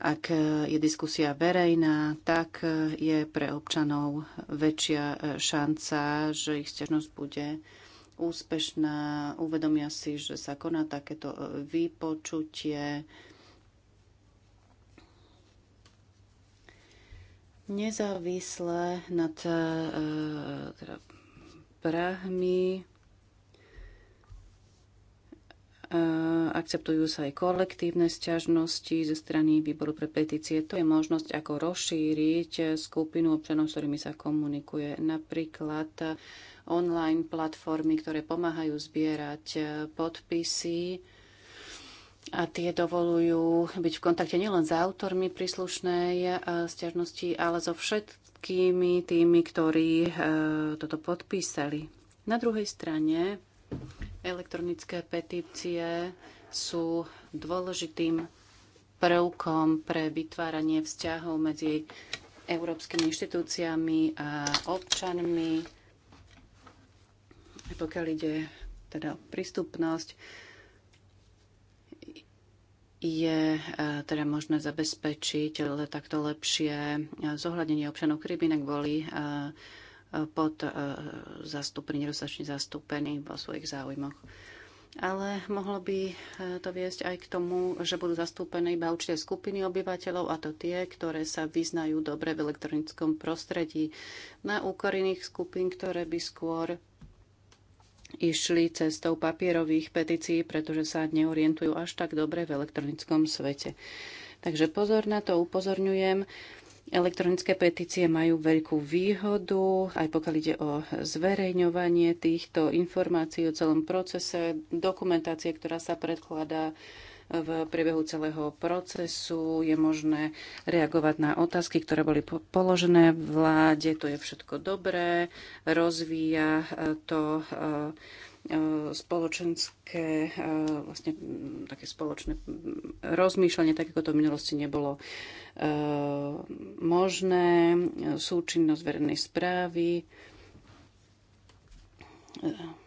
Ak je diskusia verejná, tak je pre občanov väčšia šanca, že ich stiažnosť bude úspešná, uvedomia si, že sa koná takéto e, vypočutie. Nezávisle nad e, e, teda, prahmi akceptujú sa aj kolektívne sťažnosti ze strany výboru pre petície. To je možnosť, ako rozšíriť skupinu občanov, s ktorými sa komunikuje. Napríklad online platformy, ktoré pomáhajú zbierať podpisy a tie dovolujú byť v kontakte nielen s autormi príslušnej e, sťažnosti, ale so všetkými tými, ktorí e, toto podpísali. Na druhej strane Elektronické petície sú dôležitým prvkom pre vytváranie vzťahov medzi európskymi inštitúciami a občanmi, pokiaľ ide teda o prístupnosť, je e, teda možné zabezpečiť takto lepšie e, zohľadenie občanov, ktorí by inak boli e, pod e, zastúpení, nedostačne zastúpení vo svojich záujmoch. Ale mohlo by e, to viesť aj k tomu, že budú zastúpené iba určité skupiny obyvateľov, a to tie, ktoré sa vyznajú dobre v elektronickom prostredí, na úkor iných skupín, ktoré by skôr išli cestou papierových petícií, pretože sa neorientujú až tak dobre v elektronickom svete. Takže pozor na to upozorňujem. Elektronické petície majú veľkú výhodu, aj pokiaľ ide o zverejňovanie týchto informácií o celom procese, dokumentácie, ktorá sa predkladá v priebehu celého procesu. Je možné reagovať na otázky, ktoré boli položené vláde. To je všetko dobré. Rozvíja to eh, spoločenské, e, vlastne také spoločné rozmýšľanie, tak ako to v minulosti nebolo e, možné, súčinnosť verejnej správy, e,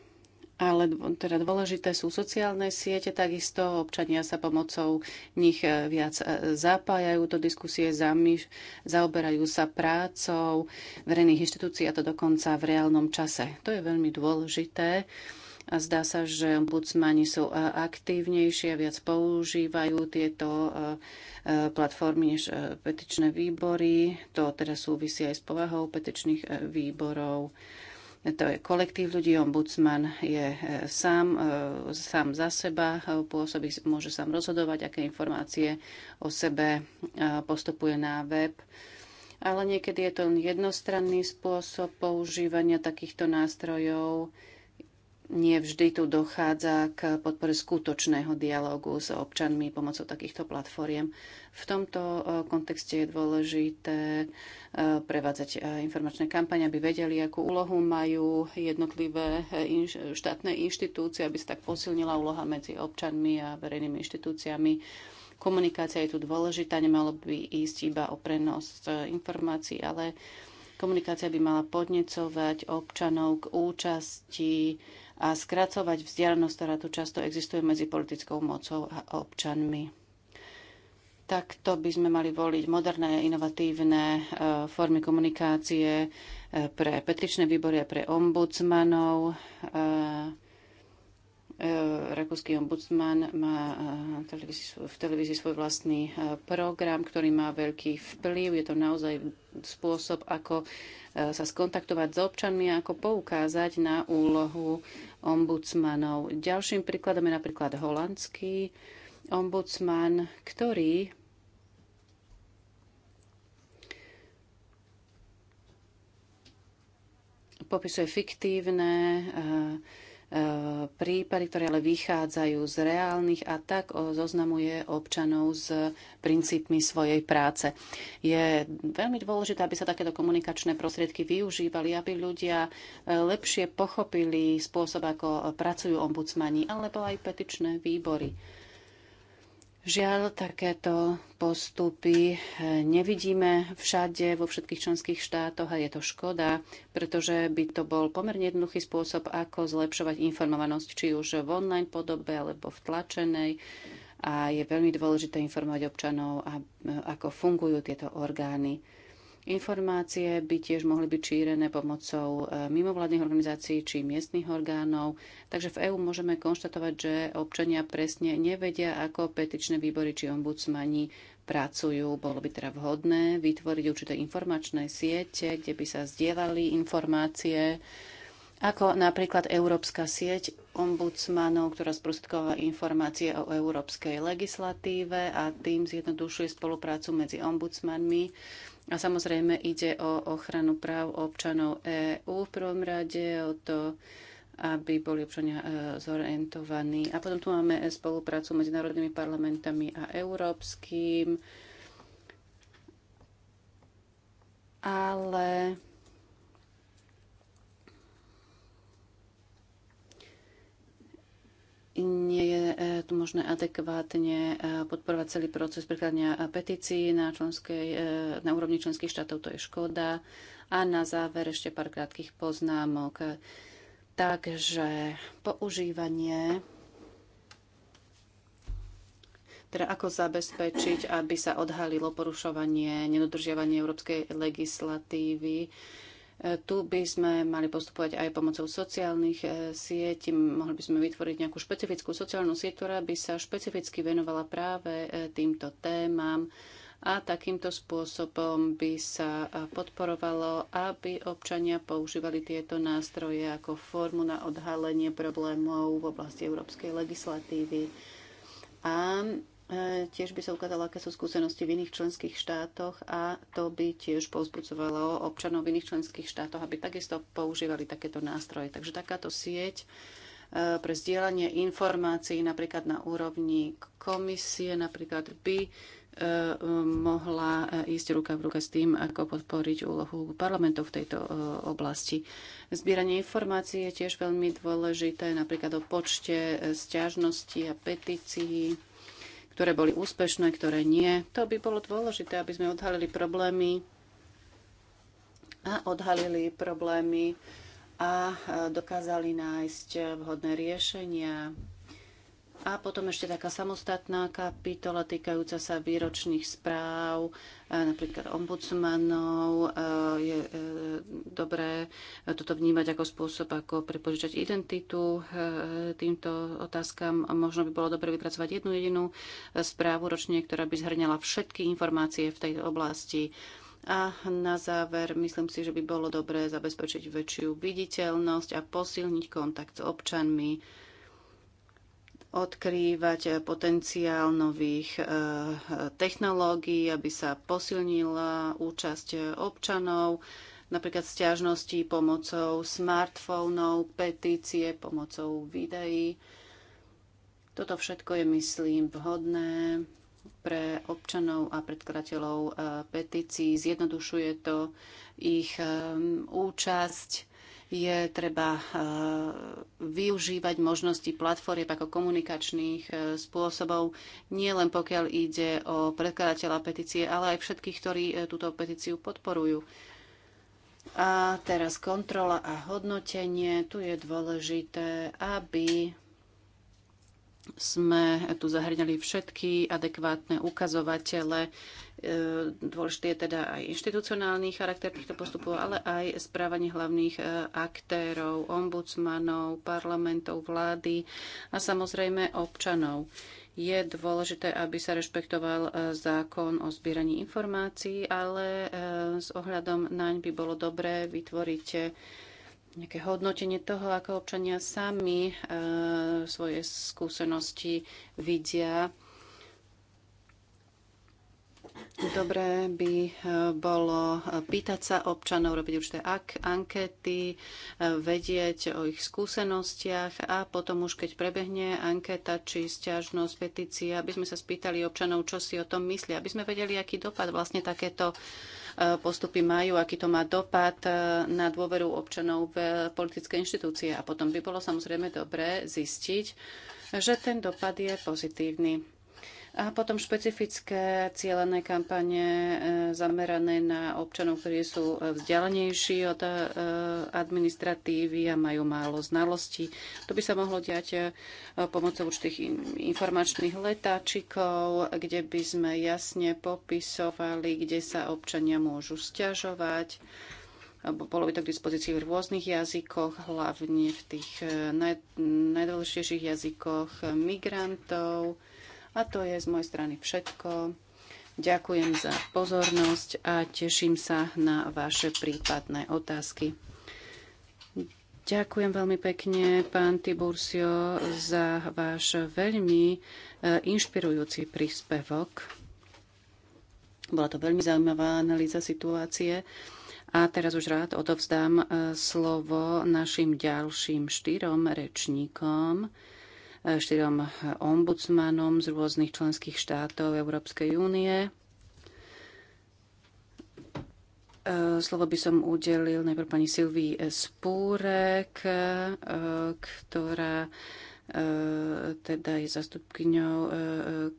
ale teda dôležité sú sociálne siete, takisto občania sa pomocou nich viac zapájajú do diskusie, zamýš, zaoberajú sa prácou verejných inštitúcií a to dokonca v reálnom čase. To je veľmi dôležité a Zdá sa, že ombudsmani sú e, aktívnejšie, viac používajú tieto e, e, platformy než petičné výbory. To teda súvisí aj s povahou petičných výborov. To je kolektív ľudí, ombudsman je sám, sám za seba, pôsobí, môže sám rozhodovať, aké informácie o sebe postupuje na web ale niekedy je to len jednostranný spôsob používania takýchto nástrojov nie vždy tu dochádza k podpore skutočného dialogu s občanmi pomocou takýchto platformiem. V tomto e, kontexte je dôležité e, prevádzať e, informačné kampane, aby vedeli, akú úlohu majú jednotlivé inš štátne inštitúcie, aby sa tak posilnila úloha medzi občanmi a verejnými inštitúciami. Komunikácia je tu dôležitá, nemalo by ísť iba o prenos informácií, ale komunikácia by mala podnecovať občanov k účasti a skracovať vzdialenosť, ktorá tu často existuje medzi politickou mocou a občanmi. Takto by sme mali voliť moderné, inovatívne e, formy komunikácie e, pre petričné výbory a pre ombudsmanov. E, rakúsky ombudsman má v televízii svoj vlastný program, ktorý má veľký vplyv. Je to naozaj spôsob, ako sa skontaktovať s občanmi a ako poukázať na úlohu ombudsmanov. Ďalším príkladom je napríklad holandský ombudsman, ktorý popisuje fiktívne eh, prípady, ktoré ale vychádzajú z reálnych a tak zoznamuje občanov s princípmi svojej práce. Je veľmi dôležité, aby sa takéto komunikačné prostriedky využívali, aby ľudia e, lepšie pochopili spôsob, ako pracujú ombudsmani alebo aj petičné výbory Žiaľ, takéto postupy eh, nevidíme všade, vo všetkých členských štátoch a je to škoda, pretože by to bol pomerne jednoduchý spôsob, ako zlepšovať informovanosť, či už v online podobe alebo v tlačenej. A je veľmi dôležité informovať občanov, eh, ako fungujú tieto orgány. Informácie by tiež mohli byť šírené pomocou eh, mimovládnych organizácií či miestnych orgánov. Takže v EÚ môžeme konštatovať, že občania presne nevedia, ako petičné výbory či ombudsmani pracujú. Bolo by teda vhodné vytvoriť určité informačné siete, kde by sa zdieľali informácie, ako napríklad Európska sieť ombudsmanov, ktorá sprostkovala informácie o európskej legislatíve a tým zjednodušuje spoluprácu medzi ombudsmanmi a samozrejme ide o ochranu práv občanov EÚ v prvom rade, o to, aby boli občania e, zorientovaní. A potom tu máme spoluprácu medzi národnými parlamentami a európskym. Ale nie je e, tu možné adekvátne e, podporovať celý proces prekladania e, petícií na, členskej, na úrovni členských štátov, to je škoda. A na záver ešte pár krátkých poznámok. Takže používanie teda ako zabezpečiť, aby sa odhalilo porušovanie, nedodržiavanie európskej legislatívy tu by sme mali postupovať aj pomocou sociálnych eh, sietí. Mohli by sme vytvoriť nejakú špecifickú sociálnu sieť, ktorá by sa špecificky venovala práve eh, týmto témam a takýmto spôsobom by sa eh, podporovalo, aby občania používali tieto nástroje ako formu na odhalenie problémov v oblasti európskej legislatívy. A E, tiež by sa ukázalo, aké sú skúsenosti v iných členských štátoch a to by tiež povzbudzovalo občanov v iných členských štátoch, aby takisto používali takéto nástroje. Takže takáto sieť e, pre zdieľanie informácií napríklad na úrovni komisie napríklad by e, mohla ísť ruka v ruka s tým, ako podporiť úlohu parlamentov v tejto oblasti. Zbieranie informácií je tiež veľmi dôležité, napríklad o počte sťažností a petícií ktoré boli úspešné, ktoré nie. To by bolo dôležité, aby sme odhalili problémy a odhalili problémy a dokázali nájsť vhodné riešenia. A potom ešte taká samostatná kapitola týkajúca sa výročných správ, e, napríklad ombudsmanov. E, je e, dobré toto vnímať ako spôsob, ako prepožičať identitu týmto otázkam. Možno by bolo dobre vypracovať jednu jedinú správu ročne, ktorá by zhrňala všetky informácie v tej oblasti. A na záver, myslím si, že by bolo dobré zabezpečiť väčšiu viditeľnosť a posilniť kontakt s občanmi odkrývať potenciál nových eh, technológií, aby sa posilnila účasť občanov, napríklad stiažnosti pomocou smartfónov, petície, pomocou videí. Toto všetko je, myslím, vhodné pre občanov a predkladateľov eh, petícií. Zjednodušuje to ich eh, účasť je treba e, využívať možnosti platform ako komunikačných e, spôsobov, nie len pokiaľ ide o predkladateľa petície, ale aj všetkých, ktorí e, túto petíciu podporujú. A teraz kontrola a hodnotenie. Tu je dôležité, aby sme tu zahrňali všetky adekvátne ukazovatele. E, dôležitý je teda aj inštitucionálny charakter týchto postupov, ale aj správanie hlavných e, aktérov, ombudsmanov, parlamentov, vlády a samozrejme občanov. Je dôležité, aby sa rešpektoval e, zákon o zbieraní informácií, ale s ohľadom naň by bolo dobré vytvoriť nejaké hodnotenie toho, ako občania sami e, svoje skúsenosti vidia. Dobré by e, bolo pýtať sa občanov, robiť určité ak- ankety, e, vedieť o ich skúsenostiach a potom už, keď prebehne anketa či stiažnosť, petícia, aby sme sa spýtali občanov, čo si o tom myslia, aby sme vedeli, aký dopad vlastne takéto E, postupy majú, aký to má dopad e, na dôveru občanov v politické inštitúcie. A potom by bolo samozrejme dobré zistiť, že ten dopad je pozitívny. A potom špecifické cieľené kampane e, zamerané na občanov, ktorí sú e, vzdialenejší od e, administratívy a majú málo znalostí. To by sa mohlo diať pomocou určitých informačných letáčikov, kde by sme jasne popisovali, kde sa občania môžu stiažovať bolo by to k dispozícii v rôznych jazykoch, hlavne v tých naj, najdôležitejších jazykoch migrantov. A to je z mojej strany všetko. Ďakujem za pozornosť a teším sa na vaše prípadné otázky. Ďakujem veľmi pekne, pán Tibursio, za váš veľmi eh, inšpirujúci príspevok. Bola to veľmi zaujímavá analýza situácie. A teraz už rád odovzdám eh, slovo našim ďalším štyrom rečníkom štyrom ombudsmanom z rôznych členských štátov Európskej únie. E, slovo by som udelil najprv pani Silvii Spúrek, e, ktorá e, teda je zastupkyňou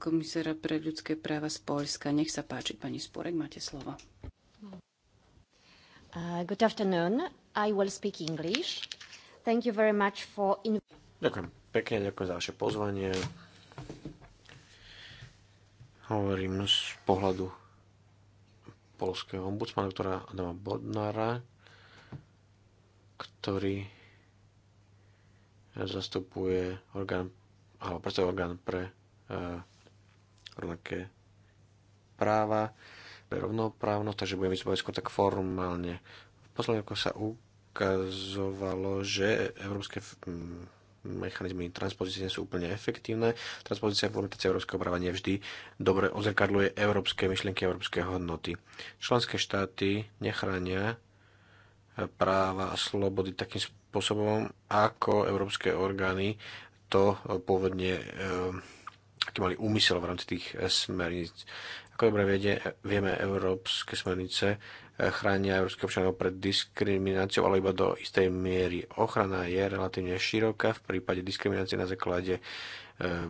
komisera pre ľudské práva z Polska. Nech sa páči, pani Spúrek, máte slovo. Uh, good afternoon. I will speak English. Thank you very much for... Ďakujem pekne, ďakujem za vaše pozvanie. Hovorím z pohľadu polského ombudsmana, ktorá Adama Bodnára, ktorý zastupuje orgán, alebo predstavuje orgán pre uh, rovnaké práva, pre rovnoprávnosť, takže budem vystupovať skôr tak formálne. V poslednom sa ukazovalo, že európske mechanizmy transpozície sú úplne efektívne. Transpozícia v politice európskeho práva nevždy dobre ozrkadluje európske myšlienky, európske hodnoty. Členské štáty nechránia eh, práva a slobody takým spôsobom, ako európske orgány to eh, pôvodne eh, aký mali úmysel v rámci tých smerníc. Ako dobre viede, vieme, európske smernice eh, chránia európske občanov pred diskrimináciou, ale iba do istej miery. Ochrana je relatívne široká v prípade diskriminácie na základe eh,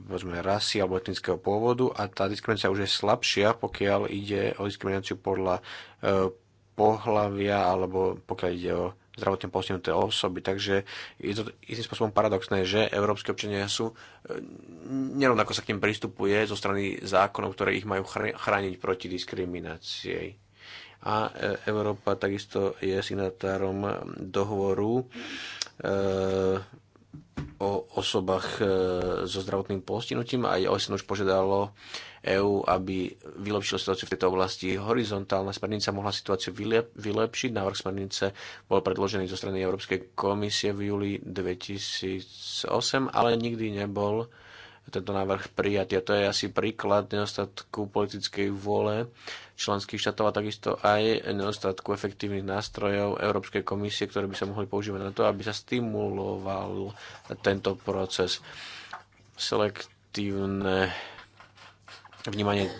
povedzme, rasy alebo etnického pôvodu a tá diskriminácia už je slabšia, pokiaľ ide o diskrimináciu podľa eh, pohlavia alebo pokiaľ ide o zdravotne postihnuté osoby. Takže je to istým spôsobom paradoxné, že európske občania sú, e, nerovnako sa k ním pristupuje zo strany zákonov, ktoré ich majú chrániť proti diskriminácii. A e, Európa takisto je signatárom dohovoru e, o osobách so zdravotným postihnutím a aj OSN už požiadalo EÚ, aby vylepšila situáciu v tejto oblasti. Horizontálna smernica mohla situáciu vylepšiť. Návrh smernice bol predložený zo strany Európskej komisie v júli 2008, ale nikdy nebol tento návrh prijatý. A to je asi príklad nedostatku politickej vôle členských štátov a takisto aj nedostatku efektívnych nástrojov Európskej komisie, ktoré by sa mohli používať na to, aby sa stimuloval tento proces. Selektívne vnímanie e,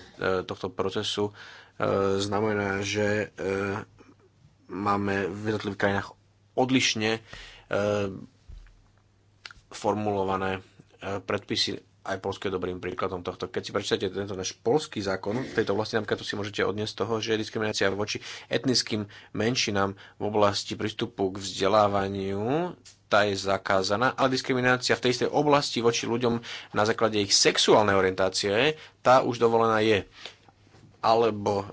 tohto procesu e, znamená, že e, máme v jednotlivých krajinách odlišne formulované predpisy. Aj Polsko je dobrým príkladom tohto. Keď si prečítate tento náš polský zákon v tejto oblasti, napríklad tu si môžete odniesť toho, že diskriminácia voči etnickým menšinám v oblasti prístupu k vzdelávaniu tá je zakázaná, ale diskriminácia v tej istej oblasti voči ľuďom na základe ich sexuálnej orientácie, tá už dovolená je. Alebo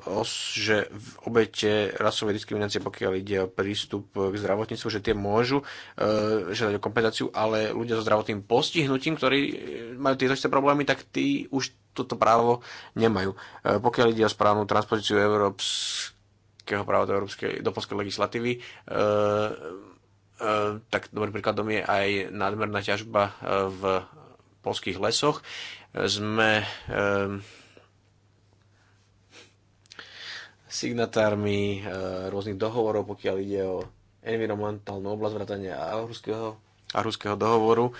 že v obete rasovej diskriminácie, pokiaľ ide o prístup k zdravotníctvu, že tie môžu e, žiadať o kompenzáciu, ale ľudia so zdravotným postihnutím, ktorí e, majú tieto isté problémy, tak tí už toto právo nemajú. E, pokiaľ ide o správnu transpozíciu európskeho práva do, európskej, do polskej legislatívy, e, Eh, tak dobrým príkladom je aj nadmerná ťažba eh, v polských lesoch. Eh, sme signatármi rôznych dohovorov, pokiaľ ide o environmentálnu oblasť vrátania Aarhuského a ruského dohovoru.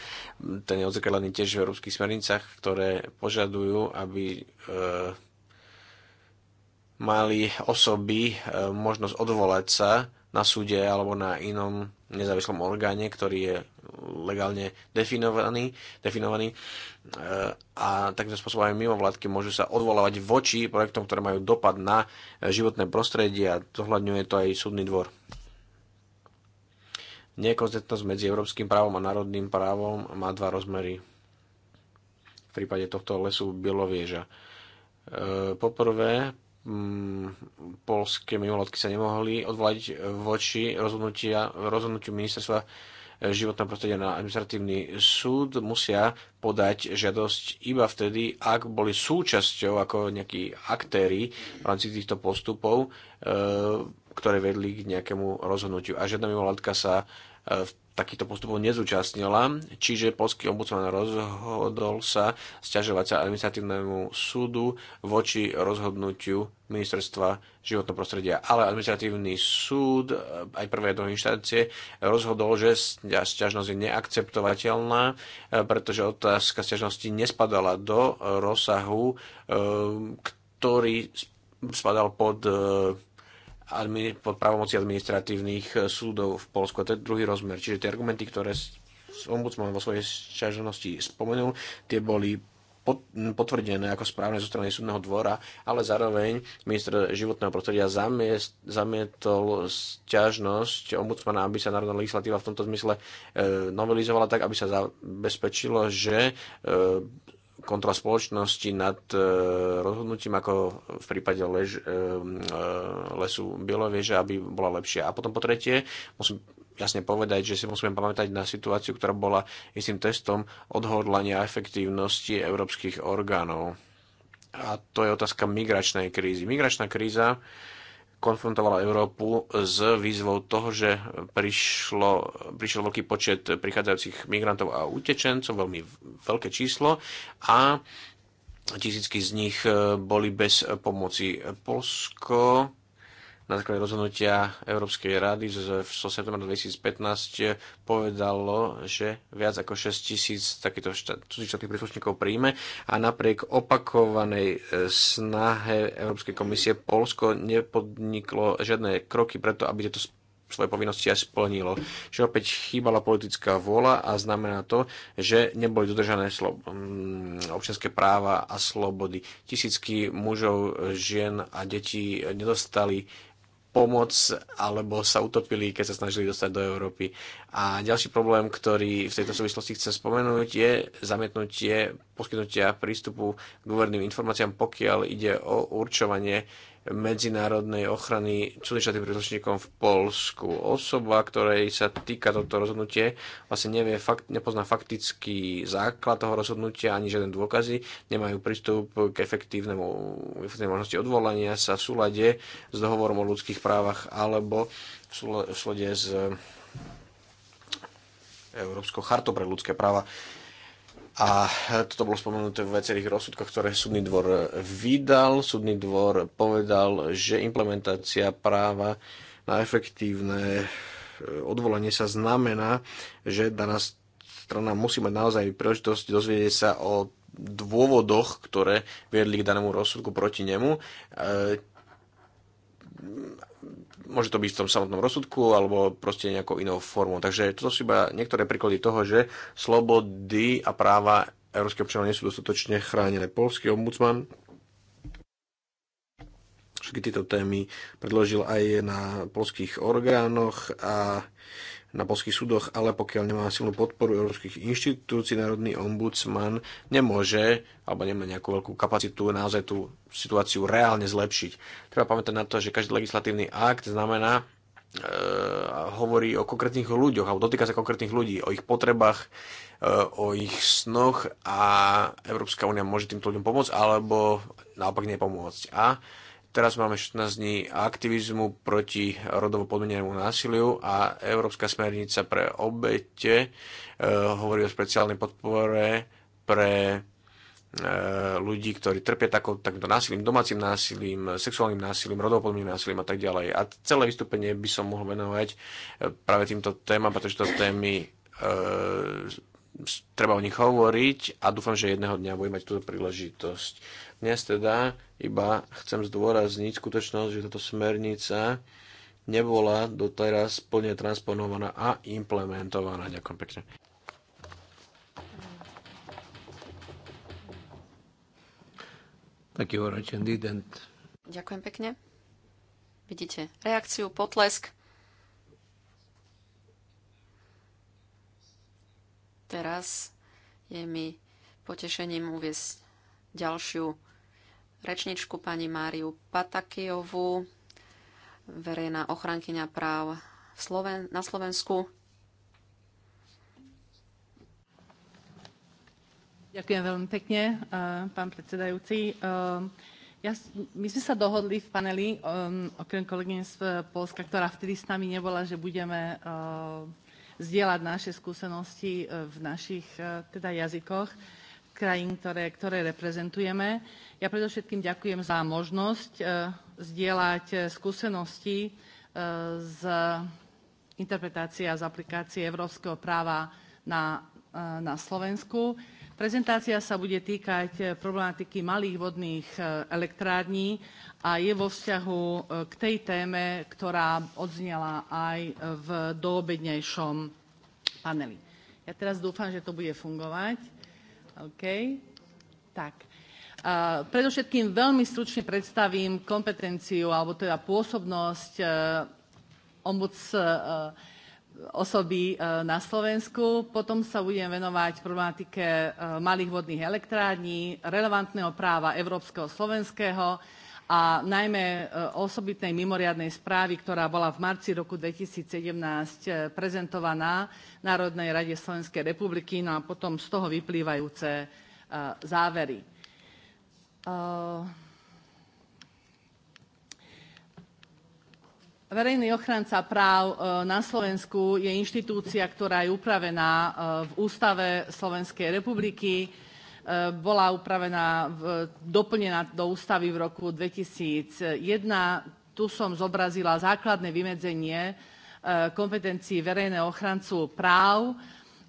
Ten je odzrkadlený tiež v ruských smernicách, ktoré požadujú, aby e, mali osoby e, možnosť odvolať sa na súde alebo na inom nezávislom orgáne, ktorý je legálne definovaný, definovaný. E, a takýmto spôsobom aj vládky môžu sa odvolávať voči projektom, ktoré majú dopad na životné prostredie a zohľadňuje to aj súdny dvor. Nekonzistentnosť medzi európskym právom a národným právom má dva rozmery. V prípade tohto lesu Bielovieža. E, poprvé, Mm, polské mimovládky sa nemohli odvolať voči rozhodnutia, rozhodnutiu ministerstva eh, životného prostredia na administratívny súd musia podať žiadosť iba vtedy, ak boli súčasťou ako nejakí aktéry v rámci týchto postupov, eh, ktoré vedli k nejakému rozhodnutiu. A žiadna mimovládka sa eh, v takýchto postupov nezúčastnila, čiže polský ombudsman rozhodol sa stiažovať sa administratívnemu súdu voči rozhodnutiu ministerstva životného prostredia. Ale administratívny súd, eh, aj prvé do inštancie, rozhodol, že stiažnosť je neakceptovateľná, eh, pretože otázka stiažnosti nespadala do eh, rozsahu, ktorý spadal pod pod pravomoci administratívnych eh, súdov v Polsku. A to je druhý rozmer. Čiže tie argumenty, ktoré ombudsman vo svojej sťažnosti spomenul, tie boli potvrdené ako správne zo strany súdneho dvora, ale zároveň minister životného prostredia zamietol sťažnosť ombudsmana, aby sa národná legislatíva v tomto zmysle eh, novelizovala tak, aby sa zabezpečilo, že eh, kontrola spoločnosti nad e, rozhodnutím, ako v prípade lež, e, e, lesu Bielovieže, aby bola lepšia. A potom po tretie, musím jasne povedať, že si musíme pamätať na situáciu, ktorá bola istým testom odhodlania efektívnosti európskych orgánov. A to je otázka migračnej krízy. Migračná kríza konfrontovala Európu s výzvou toho, že prišlo, prišiel veľký počet prichádzajúcich migrantov a utečencov, veľmi veľké číslo a tisícky z nich eh, boli bez pomoci. Polsko na základe rozhodnutia Európskej rady z, z septembra 2015 povedalo, že viac ako 6 tisíc takýchto cudzích štátnych príslušníkov príjme a napriek opakovanej e, snahe Európskej komisie Polsko nepodniklo žiadne kroky preto, aby tieto svoje povinnosti aj splnilo. Čiže opäť chýbala politická vôľa a znamená to, že neboli dodržané slob- občianské práva a slobody. Tisícky mužov, žien a detí nedostali pomoc alebo sa utopili, keď sa snažili dostať do Európy. A ďalší problém, ktorý v tejto súvislosti chcem spomenúť, je zamietnutie poskytnutia prístupu k úverným informáciám, pokiaľ ide o určovanie medzinárodnej ochrany cudzišatých príslušníkom v Polsku. Osoba, ktorej sa týka toto rozhodnutie, vlastne nevie, fakt, nepozná faktický základ toho rozhodnutia ani žiaden dôkazy, nemajú prístup k efektívnemu, efektívnej možnosti odvolania sa v súlade s dohovorom o ľudských právach alebo v súlade s Európskou chartou pre ľudské práva. A e, toto bolo spomenuté v viacerých rozsudkoch, ktoré súdny dvor e, vydal. Súdny dvor povedal, že implementácia práva na efektívne e, odvolanie sa znamená, že daná strana musí mať naozaj príležitosť dozvedieť sa o dôvodoch, ktoré viedli k danému rozsudku proti nemu môže to byť v tom samotnom rozsudku alebo proste nejakou inou formou. Takže toto sú iba niektoré príklady toho, že slobody a práva európskeho občana nie sú dostatočne chránené. Polský ombudsman všetky tieto témy predložil aj na polských orgánoch a na polských súdoch, ale pokiaľ nemá silnú podporu európskych inštitúcií, národný ombudsman nemôže alebo nemá nejakú veľkú kapacitu naozaj tú situáciu reálne zlepšiť. Treba pamätať na to, že každý legislatívny akt znamená, e, hovorí o konkrétnych ľuďoch alebo dotýka sa konkrétnych ľudí, o ich potrebách, e, o ich snoch a Európska únia môže týmto ľuďom pomôcť alebo naopak nepomôcť. A Teraz máme 14 dní aktivizmu proti rodovo podmienenému násiliu a Európska smernica pre obete e, hovorí o špeciálnej podpore pre e, ľudí, ktorí trpia tako, takýmto násilím, domácim násilím, sexuálnym násilím, rodovo podmieneným násilím a tak ďalej. A celé vystúpenie by som mohol venovať e, práve týmto témam, pretože to témy treba o nich hovoriť a dúfam, že jedného dňa budem mať túto príležitosť. Dnes teda iba chcem zdôrazniť skutočnosť, že táto smernica nebola doteraz plne transponovaná a implementovaná. Ďakujem pekne. Ďakujem pekne. Vidíte reakciu, potlesk. Teraz je mi potešením uviesť ďalšiu rečničku pani Máriu Patakijovú, verejná ochrankyňa práv Sloven- na Slovensku. Ďakujem veľmi pekne, eh, pán predsedajúci. Eh, ja, my sme sa dohodli v paneli, eh, okrem kolegyne z Polska, ktorá vtedy s nami nebola, že budeme zdieľať naše skúsenosti v našich teda jazykoch krajín, ktoré, ktoré reprezentujeme. Ja predovšetkým ďakujem za možnosť e, zdieľať e, skúsenosti e, z interpretácie a z aplikácie európskeho práva na, na Slovensku. Prezentácia sa bude týkať problematiky malých vodných elektrární a je vo vzťahu k tej téme, ktorá odznela aj v doobednejšom paneli. Ja teraz dúfam, že to bude fungovať. OK. Tak. Uh, predovšetkým veľmi stručne predstavím kompetenciu alebo teda pôsobnosť uh, ombuds uh, osoby e, na Slovensku. Potom sa budem venovať problematike malých vodných elektrární, relevantného práva európskeho, slovenského, a najmä e, osobitnej mimoriadnej správy, ktorá bola v marci roku 2017 e, prezentovaná Národnej rade Slovenskej republiky, no a potom z toho vyplývajúce e, závery. Verejný ochranca práv na Slovensku je inštitúcia, ktorá je upravená v Ústave Slovenskej republiky, Eh, bola upravená, doplnená do ústavy v roku 2001. Tu som zobrazila základné vymedzenie eh, kompetencií verejného ochrancu práv. Eh,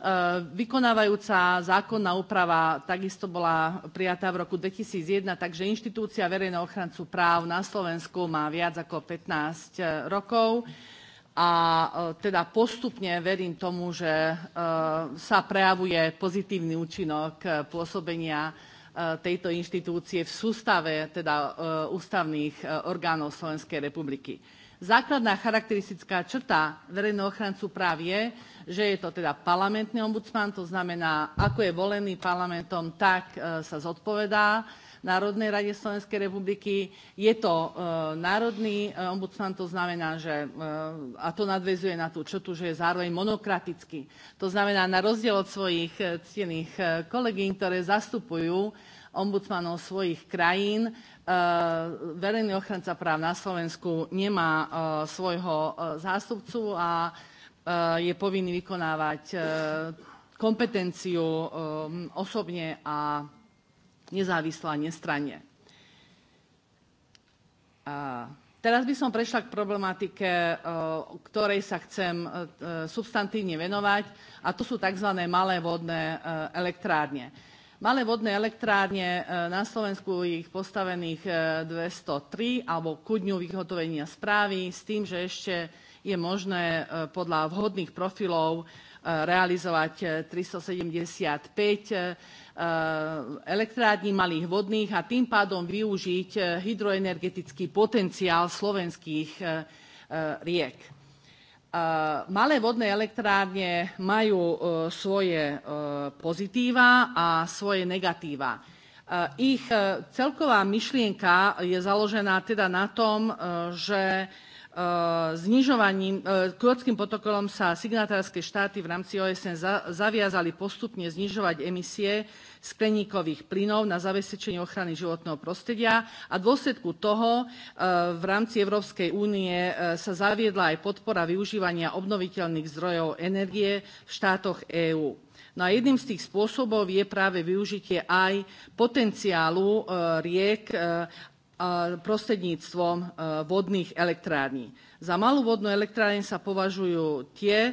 vykonávajúca zákonná úprava takisto bola prijatá v roku 2001, takže inštitúcia verejného ochrancu práv na Slovensku má viac ako 15 rokov a e, teda postupne verím tomu, že e, sa prejavuje pozitívny účinok e, pôsobenia tejto inštitúcie v sústave teda ústavných orgánov Slovenskej republiky. Základná charakteristická črta verejného ochrancu práv je, že je to teda parlamentný ombudsman, to znamená, ako je volený parlamentom, tak sa zodpovedá Národnej rade Slovenskej republiky. Je to e, národný e, ombudsman, to znamená, že, e, a to nadvezuje na tú črtu, že je zároveň monokratický. To znamená, na rozdiel od svojich ctených kolegyň, ktoré zastupujú ombudsmanov svojich krajín. Verejný ochranca práv na Slovensku nemá svojho zástupcu a je povinný vykonávať kompetenciu osobne a nezávislá a nestranne. A teraz by som prešla k problematike, e, ktorej sa chcem e, substantívne venovať, a to sú tzv. malé vodné e, elektrárne. Malé vodné elektrárne, na Slovensku je ich postavených 203, alebo ku dňu vyhotovenia správy, s tým, že ešte je možné podľa vhodných profilov realizovať 375 eh, eh, eh, elektrární malých vodných a tým pádom využiť hydroenergetický potenciál slovenských riek. Malé vodné elektrárne majú svoje pozitíva a svoje negatíva. Ich celková myšlienka je založená teda na tom, že E, znižovaním, e, kurdským protokolom sa signatárske štáty v rámci OSN zaviazali postupne znižovať emisie skleníkových plynov na zabezpečenie ochrany životného prostredia a v dôsledku toho e, v rámci Európskej únie sa zaviedla aj podpora využívania obnoviteľných zdrojov energie v štátoch EÚ. No a jedným z tých spôsobov je práve využitie aj potenciálu riek prostredníctvom e, vodných elektrární. Za malú vodnú elektráreň sa považujú tie, e,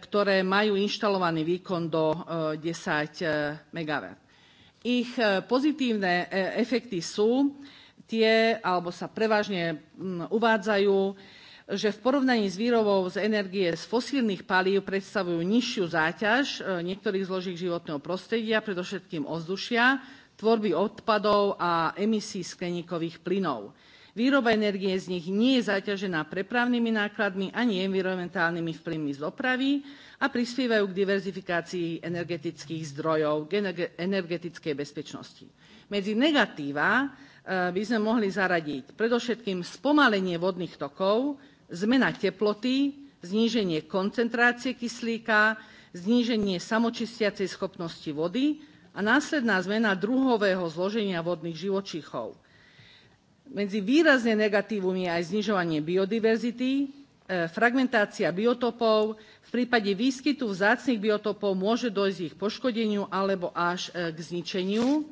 ktoré majú inštalovaný výkon do 10 e, MW. Ich pozitívne efekty sú tie, alebo sa prevažne uvádzajú, že v porovnaní s výrobou z energie z fosílnych palív predstavujú nižšiu záťaž niektorých zložiek životného prostredia, predovšetkým ozdušia, tvorby odpadov a emisí skleníkových plynov. Výroba energie z nich nie je zaťažená prepravnými nákladmi ani environmentálnymi vplyvmi z dopravy a prispievajú k diverzifikácii energetických zdrojov, k energetickej bezpečnosti. Medzi negatíva e, by sme mohli zaradiť predovšetkým spomalenie vodných tokov, zmena teploty, zníženie koncentrácie kyslíka, zníženie samočistiacej schopnosti vody a následná zmena druhového zloženia vodných živočíchov. Medzi výrazne negatívum je aj znižovanie biodiverzity, e, fragmentácia biotopov, v prípade výskytu vzácnych biotopov môže dojsť k ich poškodeniu alebo až e, k zničeniu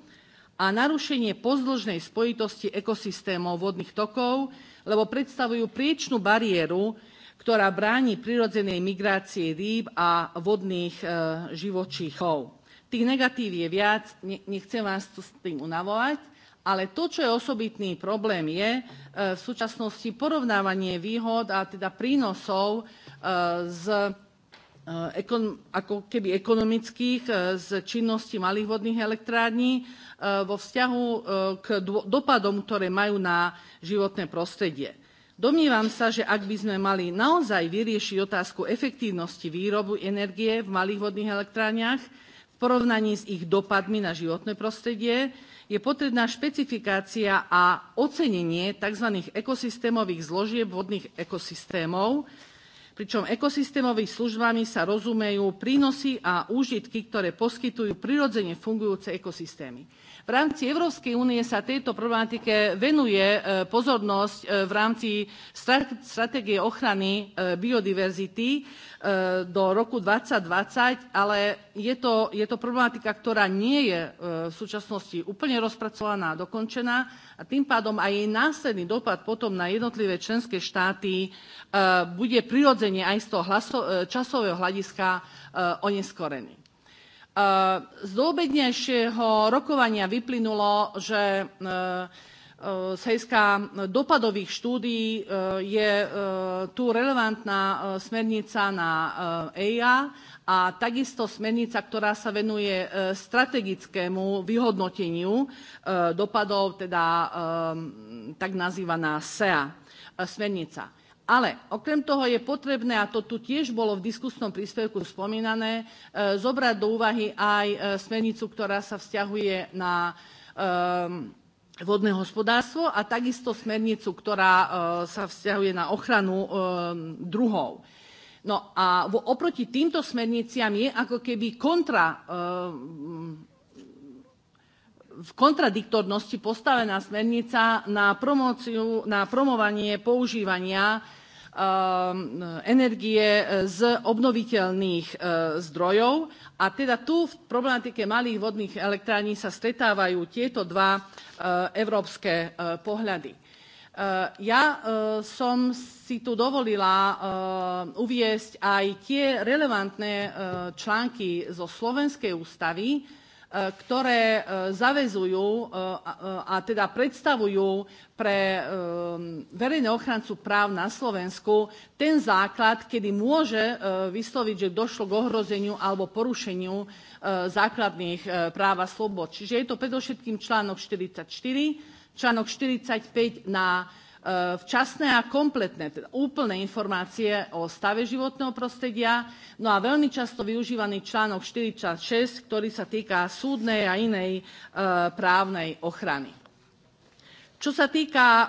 a narušenie pozdĺžnej spojitosti ekosystémov vodných tokov, lebo predstavujú priečnú bariéru, ktorá bráni prirodzenej migrácii rýb a vodných e, živočíchov. Tých negatív je viac, nechcem vás tu s tým unavovať, ale to, čo je osobitný problém, je e, v súčasnosti porovnávanie výhod a teda prínosov e, z e, ako keby ekonomických z činnosti malých vodných elektrární vo vzťahu k dopadom, ktoré majú na životné prostredie. Domnívam sa, že ak by sme mali naozaj vyriešiť otázku efektívnosti výrobu energie v malých vodných elektrániach, porovnaní s ich dopadmi na životné prostredie je potrebná špecifikácia a ocenenie tzv. ekosystémových zložieb vodných ekosystémov, pričom ekosystémovými službami sa rozumejú prínosy a úžitky, ktoré poskytujú prirodzene fungujúce ekosystémy. V rámci Európskej únie sa tejto problematike venuje e, pozornosť e, v rámci stratégie ochrany e, biodiverzity do roku 2020, ale je to, je to problematika, ktorá nie je v súčasnosti úplne rozpracovaná a dokončená a tým pádom aj jej následný dopad potom na jednotlivé členské štáty bude prirodzene aj z toho časového hľadiska oneskorený. Eh, z dôbednejšieho rokovania vyplynulo, že eh, eh, z dopadových štúdí je tu relevantná smernica na EIA a takisto smernica, ktorá sa venuje strategickému vyhodnoteniu dopadov, teda tak nazývaná SEA smernica. Ale okrem toho je potrebné, a to tu tiež bolo v diskusnom príspevku spomínané, e, zobrať do úvahy aj e, smernicu, ktorá sa vzťahuje na e, vodné hospodárstvo a takisto smernicu, ktorá sa vzťahuje na ochranu druhov. No a oproti týmto smerniciam je ako keby kontra v kontradiktornosti postavená smernica na, na promovanie používania Um, energie eh, z obnoviteľných eh, zdrojov. A teda tu v problematike malých vodných elektrární sa stretávajú tieto dva eh, európske pohľady. Ja som si tu dovolila uviesť aj tie relevantné články zo Slovenskej ústavy, ktoré e, zavezujú e, e, a teda predstavujú pre verejného ochrancu práv na Slovensku ten základ, kedy môže vysloviť, že došlo k ohrozeniu alebo porušeniu základných práv a slobod. Čiže je to predovšetkým článok 44, článok 45 na Eh, včasné a kompletné, teda úplné informácie o stave životného prostredia. No a veľmi často využívaný článok 46, ktorý sa týka súdnej a inej eh, právnej ochrany. Čo sa týka eh,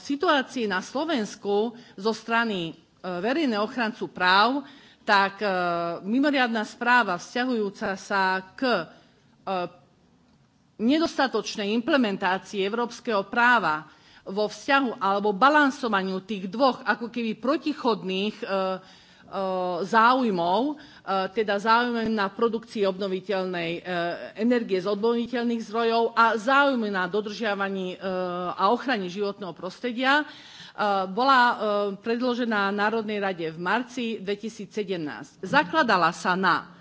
situácií na Slovensku zo strany verejného ochrancu práv, tak mimoriadná správa vzťahujúca sa k nedostatočnej implementácii európskeho práva vo vzťahu alebo balansovaniu tých dvoch ako keby protichodných e, e, záujmov, e, teda záujmem na produkcii obnoviteľnej energie z obnoviteľných zdrojov a záujme na dodržiavaní a ochrane životného prostredia, bola predložená Národnej rade v marci 2017. Zakladala sa na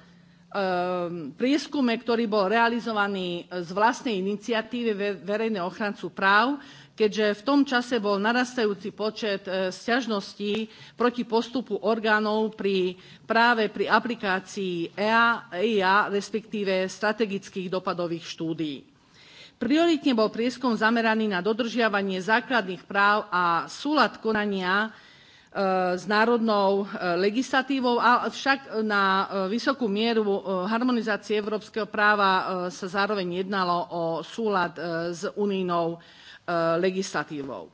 prieskume, ktorý bol realizovaný z vlastnej iniciatívy verejného ochrancu práv keďže v tom čase bol narastajúci počet e, sťažností proti postupu orgánov pri, práve pri aplikácii EIA, EIA respektíve strategických dopadových štúdií. Prioritne bol prieskum zameraný na dodržiavanie základných práv a súlad konania e, s národnou e, legislatívou, avšak na vysokú mieru harmonizácie európskeho práva sa zároveň jednalo o súlad s unijnou Eh, legislatívou.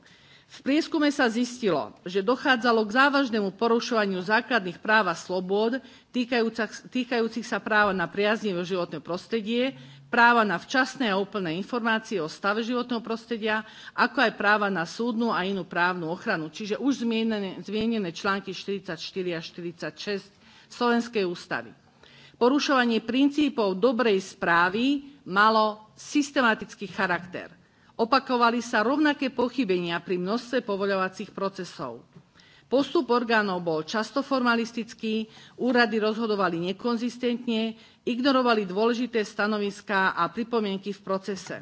V prieskume sa zistilo, že dochádzalo k závažnému porušovaniu základných práv a slobôd týkajúcich sa práva na priaznivé životné prostredie, práva na včasné a úplné informácie o stave životného prostredia, ako aj práva na súdnu a inú právnu ochranu, čiže už zmienené, zmienené články 44 a 46 Slovenskej ústavy. Porušovanie princípov dobrej správy malo systematický charakter Opakovali sa rovnaké pochybenia pri množstve povoľovacích procesov. Postup orgánov bol často formalistický, úrady rozhodovali nekonzistentne, ignorovali dôležité stanoviská a pripomienky v procese.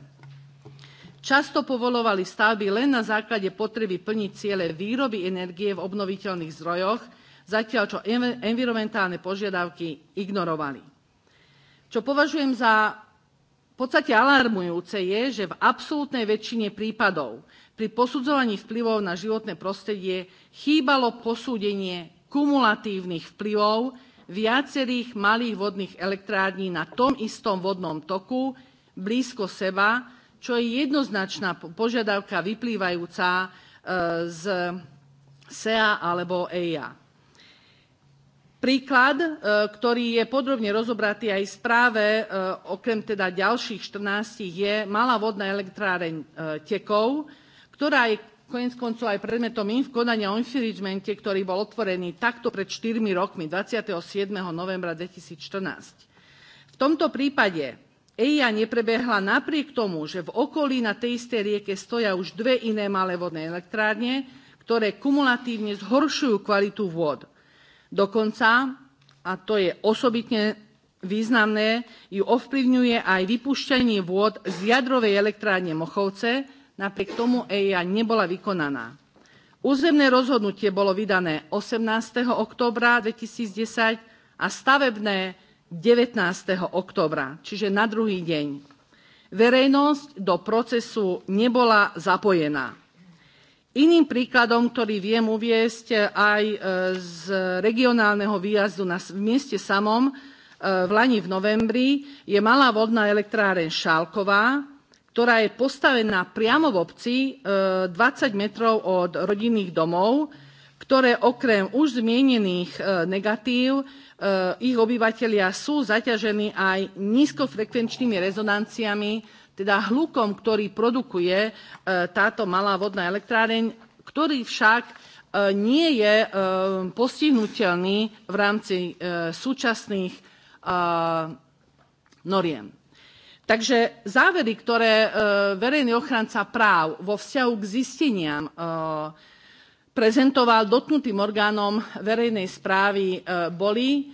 Často povolovali stavby len na základe potreby plniť ciele výroby energie v obnoviteľných zdrojoch, zatiaľ čo environmentálne požiadavky ignorovali. Čo považujem za v podstate alarmujúce je, že v absolútnej väčšine prípadov pri posudzovaní vplyvov na životné prostredie chýbalo posúdenie kumulatívnych vplyvov viacerých malých vodných elektrární na tom istom vodnom toku blízko seba, čo je jednoznačná požiadavka vyplývajúca e, z SEA alebo EIA. Príklad, e, ktorý je podrobne rozobratý aj v správe, e, okrem teda ďalších 14, je malá vodná elektráreň e, Tekov, ktorá je konec koncov aj predmetom konania o infringemente, ktorý bol otvorený takto pred 4 rokmi, 27. novembra 2014. V tomto prípade EIA neprebehla napriek tomu, že v okolí na tej istej rieke stoja už dve iné malé vodné elektrárne, ktoré kumulatívne zhoršujú kvalitu vôd. Dokonca, a to je osobitne významné, ju ovplyvňuje aj vypušťanie vôd z jadrovej elektrárne Mochovce, napriek tomu EIA nebola vykonaná. Územné rozhodnutie bolo vydané 18. októbra 2010 a stavebné 19. októbra, čiže na druhý deň. Verejnosť do procesu nebola zapojená. Iným príkladom, ktorý viem uviesť e, aj e, z regionálneho výjazdu na, v mieste samom e, v Lani v novembri, je malá vodná elektráreň Šálková, ktorá je postavená priamo v obci 20 metrov od rodinných domov, ktoré okrem už zmienených negatív ich obyvatelia sú zaťažení aj nízkofrekvenčnými rezonanciami teda hlukom, ktorý produkuje e, táto malá vodná elektráreň, ktorý však e, nie je e, postihnutelný v rámci súčasných noriem. Takže závery, ktoré verejný ochranca práv vo vzťahu k zisteniam prezentoval dotknutým orgánom verejnej správy, boli,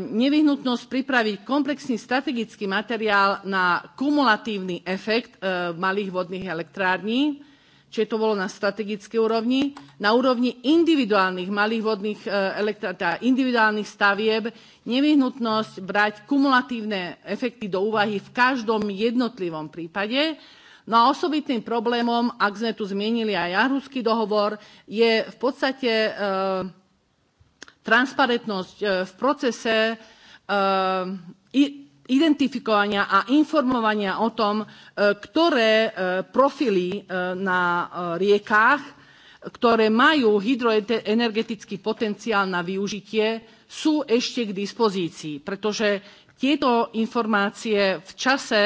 nevyhnutnosť pripraviť komplexný strategický materiál na kumulatívny efekt e, malých vodných elektrární, čiže to bolo na strategickej úrovni. Na úrovni individuálnych malých vodných e, elektrární, teda individuálnych stavieb, nevyhnutnosť brať kumulatívne efekty do úvahy v každom jednotlivom prípade. No a osobitným problémom, ak sme tu zmienili aj Jarhuský dohovor, je v podstate e, transparentnosť e, v procese e, identifikovania a informovania o tom, e, ktoré profily na riekách, ktoré majú hydroenergetický potenciál na využitie, sú ešte k dispozícii, pretože tieto informácie v čase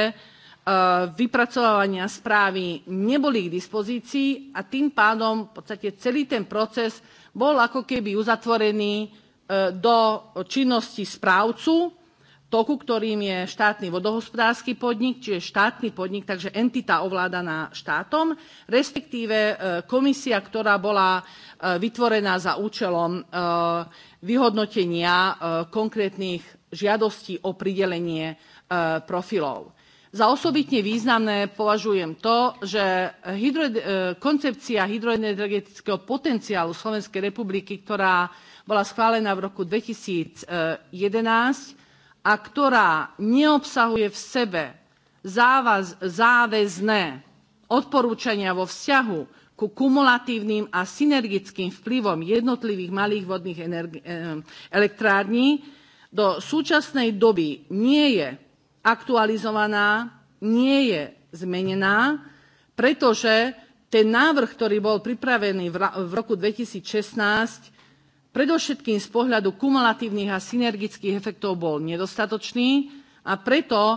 vypracovávania správy neboli k dispozícii a tým pádom v podstate celý ten proces bol ako keby uzatvorený e, do činnosti správcu, toku, ktorým je štátny vodohospodársky podnik, čiže štátny podnik, takže entita ovládaná štátom, respektíve e, komisia, ktorá bola e, vytvorená za účelom vyhodnotenia konkrétnych žiadostí o pridelenie profilov. Za osobitne významné považujem to, že hydro, eh, koncepcia hydroenergetického potenciálu Slovenskej republiky, ktorá bola schválená v roku 2011 a ktorá neobsahuje v sebe závaz, záväzné odporúčania vo vzťahu ku kumulatívnym a synergickým vplyvom jednotlivých malých vodných eh, elektrární do súčasnej doby nie je aktualizovaná, nie je zmenená, pretože ten návrh, ktorý bol pripravený v roku 2016, predovšetkým z pohľadu kumulatívnych a synergických efektov bol nedostatočný a preto e,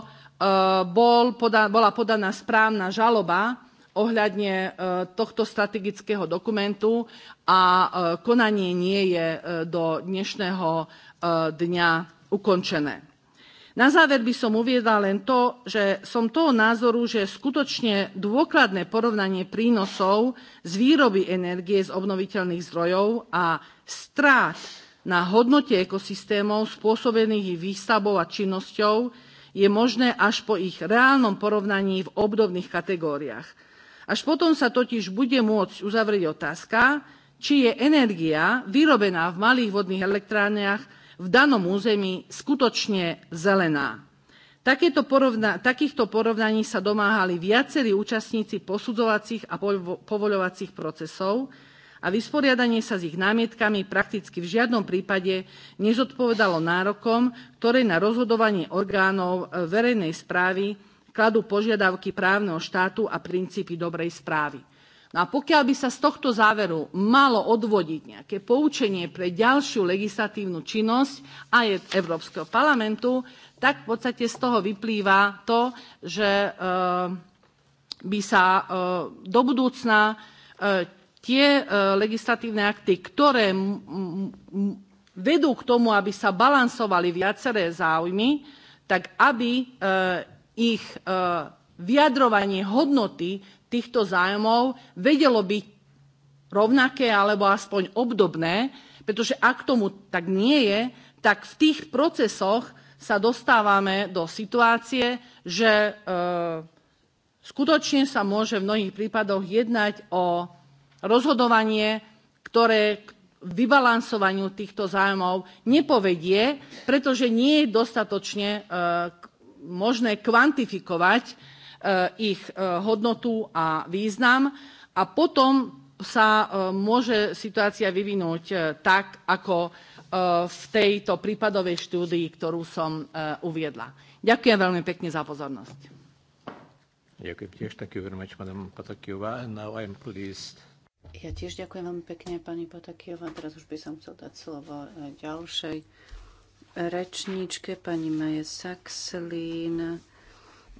bol poda bola podaná správna žaloba ohľadne e, tohto strategického dokumentu a e, konanie nie je do dnešného dňa ukončené. Na záver by som uviedla len to, že som toho názoru, že skutočne dôkladné porovnanie prínosov z výroby energie z obnoviteľných zdrojov a strát na hodnote ekosystémov spôsobených ich výstavbou a činnosťou je možné až po ich reálnom porovnaní v obdobných kategóriách. Až potom sa totiž bude môcť uzavrieť otázka, či je energia vyrobená v malých vodných elektrárniach v danom území skutočne zelená. Takéto porovna- takýchto porovnaní sa domáhali viacerí účastníci posudzovacích a povoľovacích procesov a vysporiadanie sa s ich námietkami prakticky v žiadnom prípade nezodpovedalo nárokom, ktoré na rozhodovanie orgánov e, verejnej správy kladú požiadavky právneho štátu a princípy dobrej správy. No a pokiaľ by sa z tohto záveru malo odvodiť nejaké poučenie pre ďalšiu legislatívnu činnosť aj Európskeho parlamentu, tak v podstate z toho vyplýva to, že e, by sa e, do budúcna e, tie legislatívne akty, ktoré vedú k tomu, aby sa balansovali viaceré záujmy, tak aby ich vyjadrovanie hodnoty týchto zájmov vedelo byť rovnaké alebo aspoň obdobné, pretože ak tomu tak nie je, tak v tých procesoch sa dostávame do situácie, že e, skutočne sa môže v mnohých prípadoch jednať o rozhodovanie, ktoré k vybalansovaniu týchto zájmov nepovedie, pretože nie je dostatočne e, možné kvantifikovať Eh, ich eh, hodnotu a význam a potom sa eh, môže situácia vyvinúť tak, ako v tejto prípadovej štúdii, ktorú som uviedla. Ďakujem veľmi pekne za pozornosť. Ďakujem tiež. Thank you very much, madam Now pleased. Ja tiež ďakujem veľmi pekne, pani Patakiová. Teraz už by som chcel dať slovo ďalšej rečníčke, pani Maje Saxlín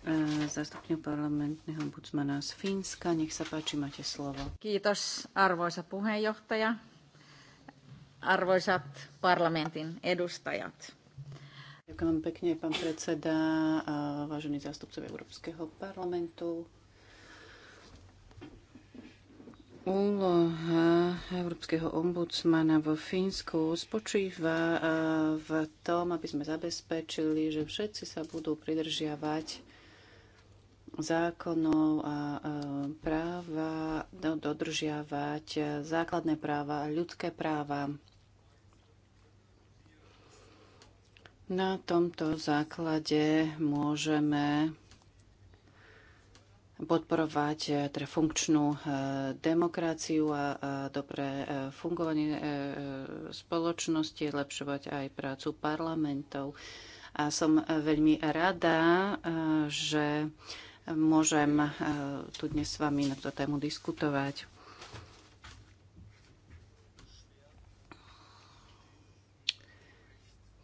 Eh, zástupňu parlamentného ombudsmana z Fínska. Nech sa páči, máte slovo. Kiitos, arvoisa puheenjohtaja, arvoisat parlamentin edustajat. Ďakujem vám pekne, pán predseda, vážení zástupcovia Európskeho parlamentu. Úloha Európskeho ombudsmana vo Fínsku spočíva eh, v tom, aby sme zabezpečili, že všetci sa budú pridržiavať zákonov a práva, dodržiavať základné práva, ľudské práva. Na tomto základe môžeme podporovať e, teda funkčnú e, demokraciu a dobré e, fungovanie spoločnosti, lepšovať aj prácu parlamentov. A som veľmi rada, že môžem e, tu dnes s vami na túto tému diskutovať.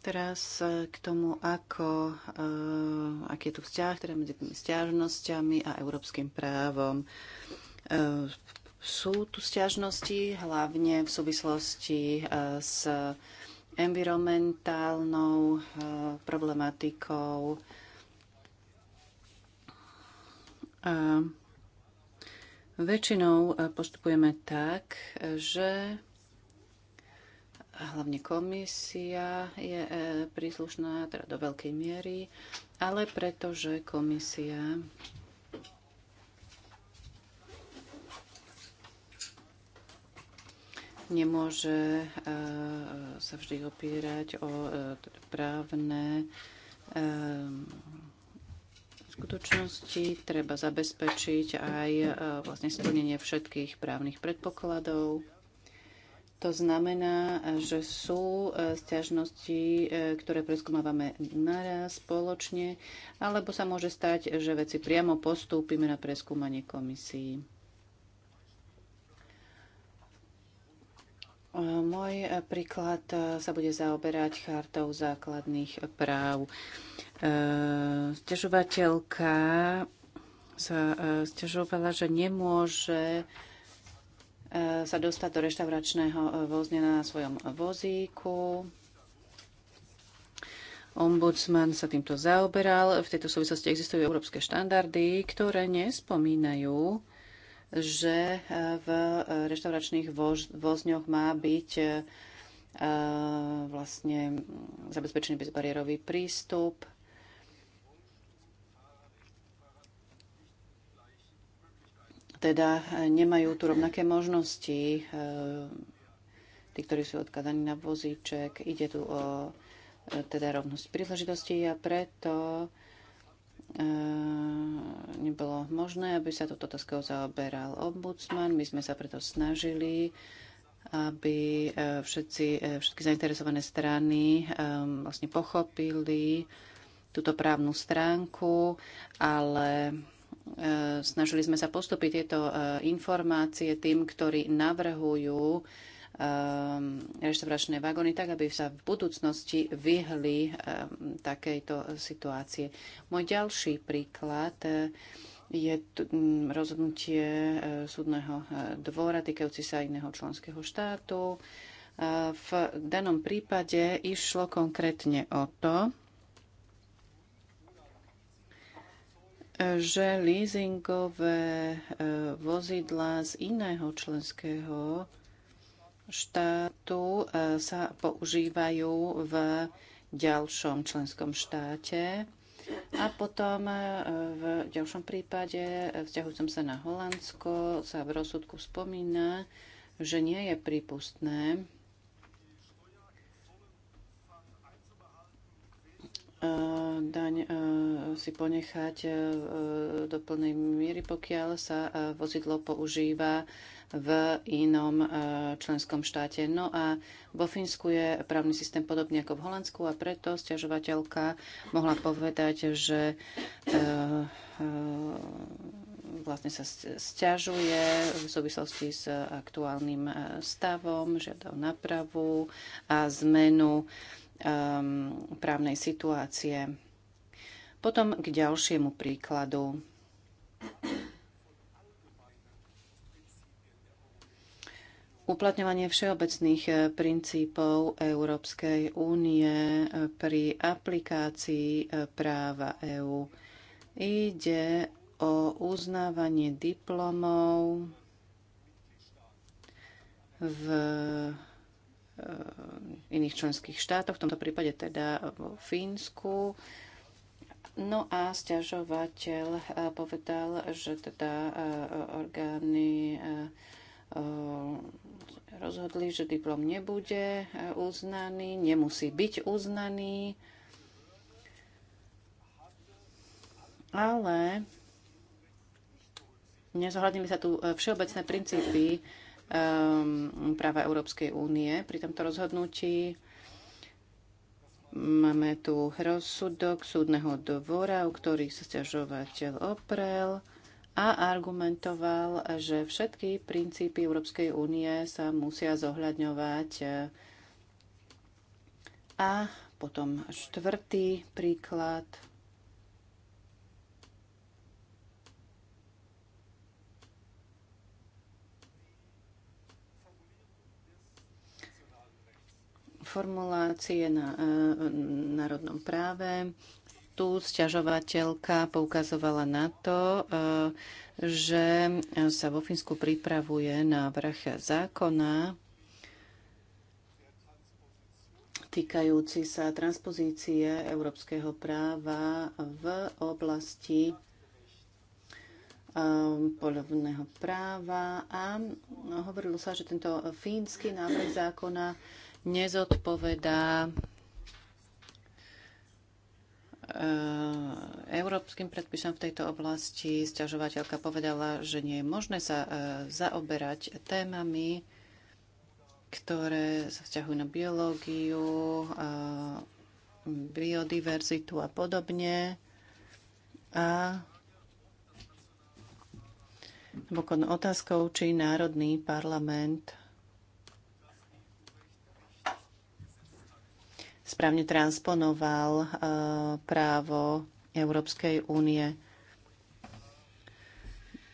Teraz e, k tomu, ako, e, aký je tu vzťah teda medzi tými stiažnosťami a európskym právom. Sú tu stiažnosti hlavne v súvislosti s environmentálnou problematikou, a väčšinou e, postupujeme tak, že hlavne komisia je e, príslušná teda do veľkej miery, ale pretože komisia nemôže e, sa vždy opírať o teda právne v skutočnosti treba zabezpečiť aj e, vlastne splnenie všetkých právnych predpokladov. To znamená, že sú e, stiažnosti, e, ktoré preskúmávame naraz spoločne, alebo sa môže stať, že veci priamo postúpime na preskúmanie komisii. Môj príklad sa bude zaoberať chartou základných práv. E, Stežovateľka sa e, stežovala, že nemôže e, sa dostať do reštauračného vozňa na svojom vozíku. Ombudsman sa týmto zaoberal. V tejto súvislosti existujú európske štandardy, ktoré nespomínajú, že v reštauračných vozňoch má byť vlastne zabezpečený bezbariérový prístup teda e, nemajú tu rovnaké možnosti. E, tí, ktorí sú odkladaní na vozíček, ide tu o e, teda rovnosť príležitostí a preto nebolo možné, aby sa toto otázkou zaoberal ombudsman. My sme sa preto snažili, aby všetci, všetky zainteresované strany vlastne pochopili túto právnu stránku, ale E, snažili sme sa postupiť tieto e, informácie tým, ktorí navrhujú e, reštauračné vagóny, tak aby sa v budúcnosti vyhli takejto situácie. Môj ďalší príklad je rozhodnutie súdneho dvora týkajúci sa iného členského štátu. V danom prípade išlo konkrétne o to, že leasingové e, vozidlá z iného členského štátu e, sa používajú v ďalšom členskom štáte a potom e, v ďalšom prípade, vzťahujúcom sa na Holandsko, sa v rozsudku spomína, že nie je prípustné daň si ponechať do plnej miery, pokiaľ sa vozidlo používa v inom členskom štáte. No a vo Fínsku je právny systém podobný ako v Holandsku a preto stiažovateľka mohla povedať, že e, e, vlastne sa stiažuje v súvislosti s aktuálnym e, stavom, žiada o napravu a zmenu Um, právnej situácie. Potom k ďalšiemu príkladu. Uplatňovanie všeobecných eh, princípov Európskej únie eh, pri aplikácii eh, práva EÚ. Ide o uznávanie diplomov v Eh, iných členských štátoch, v tomto prípade teda vo Fínsku. No a stiažovateľ eh, povedal, že teda eh, orgány rozhodli, že diplom nebude uznaný, nemusí byť uznaný, ale nezohľadnili sa tu všeobecné princípy Um, práva Európskej únie pri tomto rozhodnutí. Máme tu rozsudok súdneho dvora, u ktorých sa stiažovateľ oprel a argumentoval, že všetky princípy Európskej únie sa musia zohľadňovať. A potom štvrtý príklad – formulácie na e, národnom práve. Tu sťažovateľka poukazovala na to, e, že sa vo Fínsku pripravuje návrh zákona týkajúci sa transpozície európskeho práva v oblasti e, polovného práva a hovorilo sa, že tento fínsky návrh zákona nezodpovedá eh, európskym predpisom v tejto oblasti. Sťažovateľka povedala, že nie je možné sa eh, zaoberať témami, ktoré sa vzťahujú na biológiu, eh, biodiverzitu a podobne. A napokon otázkou, či Národný parlament správne transponoval eh, právo Európskej únie.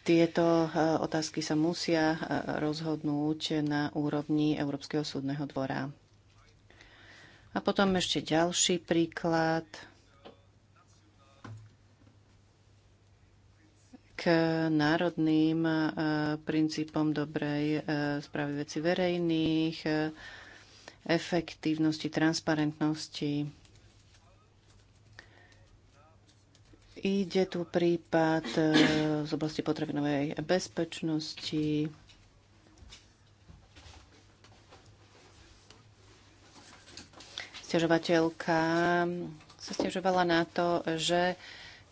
Tieto eh, otázky sa musia eh, rozhodnúť na úrovni Európskeho súdneho dvora. A potom ešte ďalší príklad k národným princípom dobrej správy veci verejných efektívnosti, transparentnosti. Ide tu prípad e, z oblasti potravinovej bezpečnosti. Stiažovateľka sa stiažovala na to, že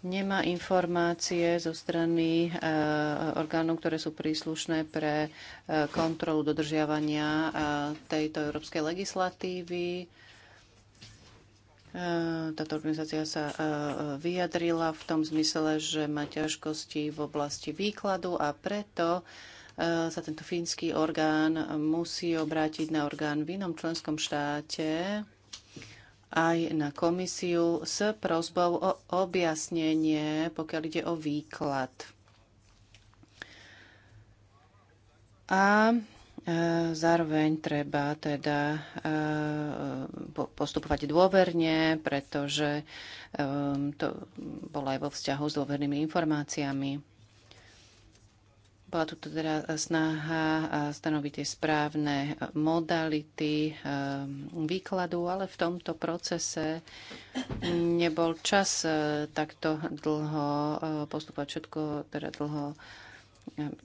nemá informácie zo strany eh, orgánov, ktoré sú príslušné pre eh, kontrolu dodržiavania eh, tejto európskej legislatívy. Táto organizácia sa vyjadrila v tom zmysle, že má ťažkosti v oblasti výkladu a preto sa tento fínsky orgán musí obrátiť na orgán v inom členskom štáte, aj na komisiu s prozbou o objasnenie, pokiaľ ide o výklad. A e, Zároveň treba teda e, postupovať dôverne, pretože e, to bolo aj vo vzťahu s dôvernými informáciami. Bola tu teda snaha stanoviť tie správne modality ehm, výkladu, ale v tomto procese nebol čas e, takto dlho e, postupovať. Všetko teda dlho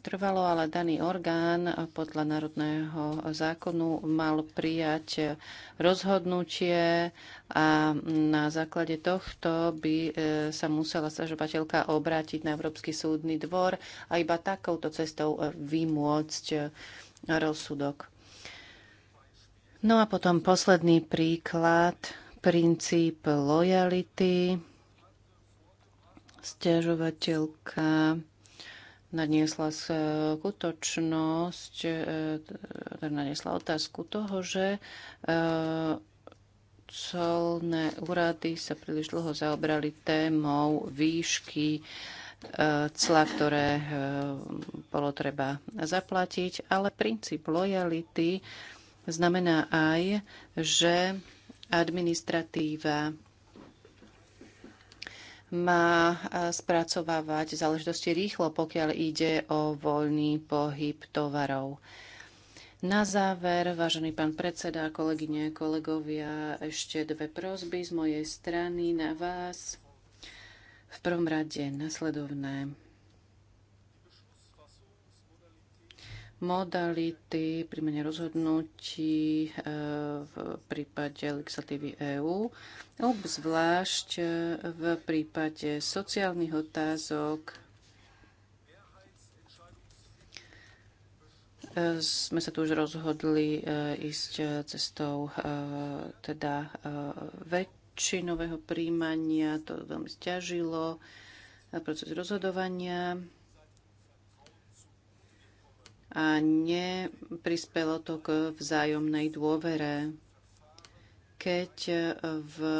trvalo, ale daný orgán podľa národného zákonu mal prijať rozhodnutie a na základe tohto by e, sa musela stažovateľka obrátiť na Európsky súdny dvor a iba takouto cestou e, vymôcť rozsudok. No a potom posledný príklad, princíp lojality. Stiažovateľka nadniesla skutočnosť, e, teda nadniesla otázku toho, že e, colné úrady sa príliš dlho zaobrali témou výšky e, cla, ktoré bolo treba zaplatiť, ale princíp lojality znamená aj, že administratíva má spracovávať záležitosti rýchlo, pokiaľ ide o voľný pohyb tovarov. Na záver, vážený pán predseda, kolegyne, kolegovia, ešte dve prosby z mojej strany na vás. V prvom rade nasledovné. modality príjmania rozhodnutí eh, v prípade legislatívy EÚ, obzvlášť eh, v prípade sociálnych otázok. Eh, sme sa tu už rozhodli ísť cestou teda väčšinového príjmania, to veľmi stiažilo proces rozhodovania a neprispelo to k vzájomnej dôvere. Keď e, v e,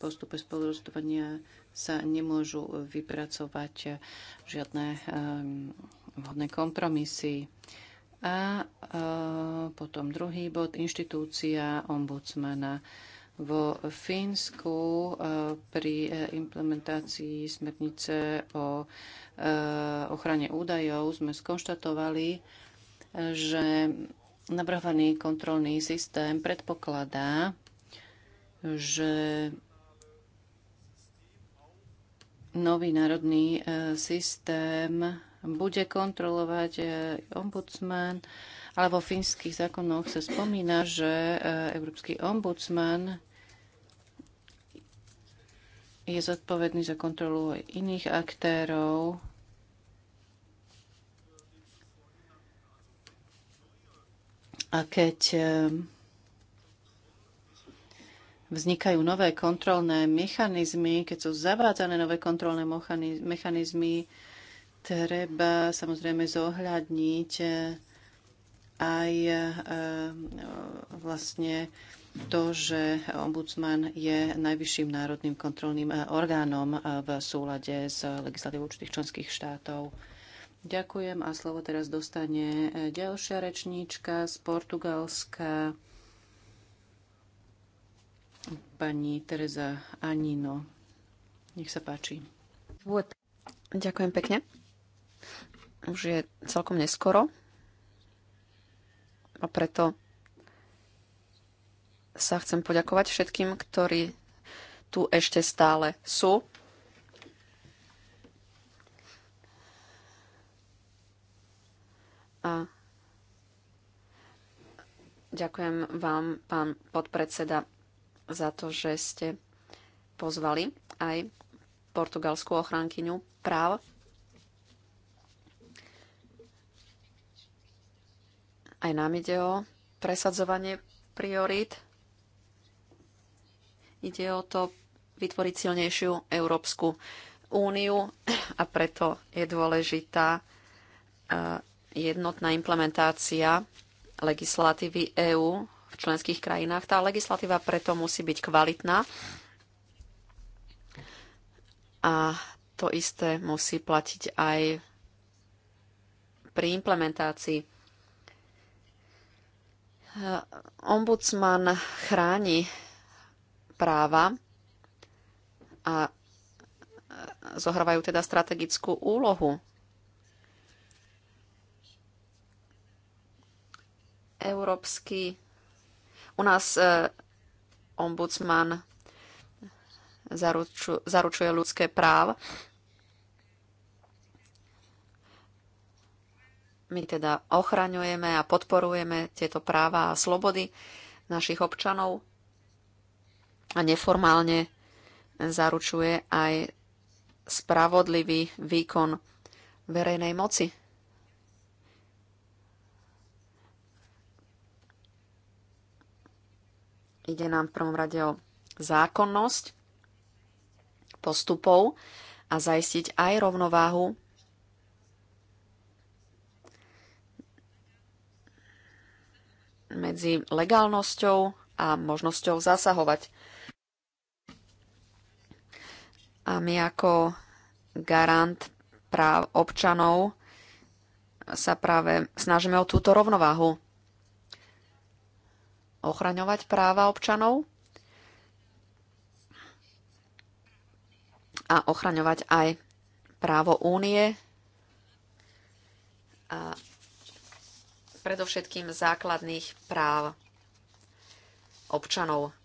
postupe spolurozhodovania sa nemôžu vypracovať e, žiadne vhodné kompromisy. A potom druhý bod, inštitúcia ombudsmana. Vo Fínsku e, pri e, implementácii smernice o e, ochrane údajov sme skonštatovali, že navrhovaný kontrolný systém predpokladá, že nový národný systém bude kontrolovať ombudsman ale vo fínskych zákonoch sa spomína, že e, Európsky ombudsman je zodpovedný za kontrolu iných aktérov. A keď e, vznikajú nové kontrolné mechanizmy, keď sú zavádzané nové kontrolné mechanizmy, treba samozrejme zohľadniť e, aj e, vlastne to, že ombudsman je najvyšším národným kontrolným e, orgánom e, v súlade s legislatívou určitých členských štátov. Ďakujem a slovo teraz dostane ďalšia rečníčka z Portugalska, pani Teresa Anino. Nech sa páči. Ďakujem pekne. Už je celkom neskoro, a preto sa chcem poďakovať všetkým, ktorí tu ešte stále sú. A ďakujem vám, pán podpredseda, za to, že ste pozvali aj portugalskú ochránkyňu práv Aj nám ide o presadzovanie priorít. Ide o to vytvoriť silnejšiu Európsku úniu a preto je dôležitá e, jednotná implementácia legislatívy EÚ v členských krajinách. Tá legislatíva preto musí byť kvalitná a to isté musí platiť aj pri implementácii Ombudsman chráni práva a zohrávajú teda strategickú úlohu. Európsky. U nás e, ombudsman zaručuje ľudské práv My teda ochraňujeme a podporujeme tieto práva a slobody našich občanov a neformálne zaručuje aj spravodlivý výkon verejnej moci. Ide nám v prvom rade o zákonnosť postupov a zaistiť aj rovnováhu medzi legálnosťou a možnosťou zasahovať. A my ako garant práv občanov sa práve snažíme o túto rovnováhu. Ochraňovať práva občanov a ochraňovať aj právo únie a predovšetkým základných práv občanov.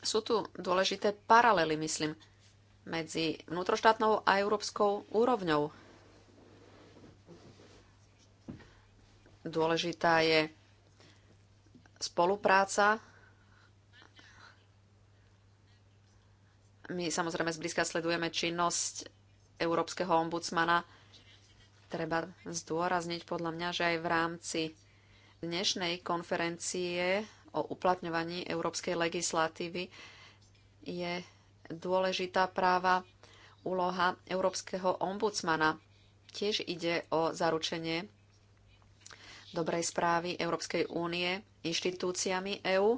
Sú tu dôležité paralely, myslím, medzi vnútroštátnou a európskou úrovňou. Dôležitá je spolupráca. My samozrejme zblízka sledujeme činnosť európskeho ombudsmana treba zdôrazniť podľa mňa, že aj v rámci dnešnej konferencie o uplatňovaní európskej legislatívy je dôležitá práva úloha európskeho ombudsmana. Tiež ide o zaručenie dobrej správy Európskej únie inštitúciami EÚ.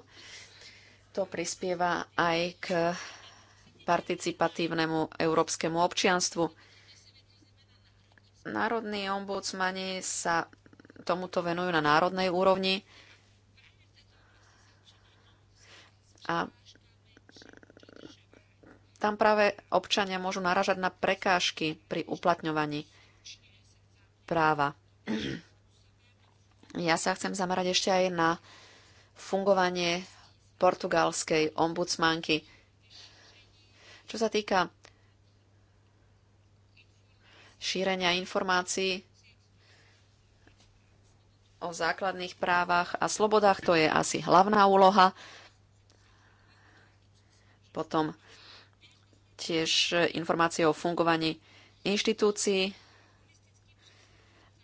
To prispieva aj k participatívnemu európskemu občianstvu. Národní ombudsmani sa tomuto venujú na národnej úrovni a tam práve občania môžu naražať na prekážky pri uplatňovaní práva. Ja sa chcem zamerať ešte aj na fungovanie portugalskej ombudsmanky. Čo sa týka šírenia informácií o základných právach a slobodách. To je asi hlavná úloha. Potom tiež informácie o fungovaní inštitúcií.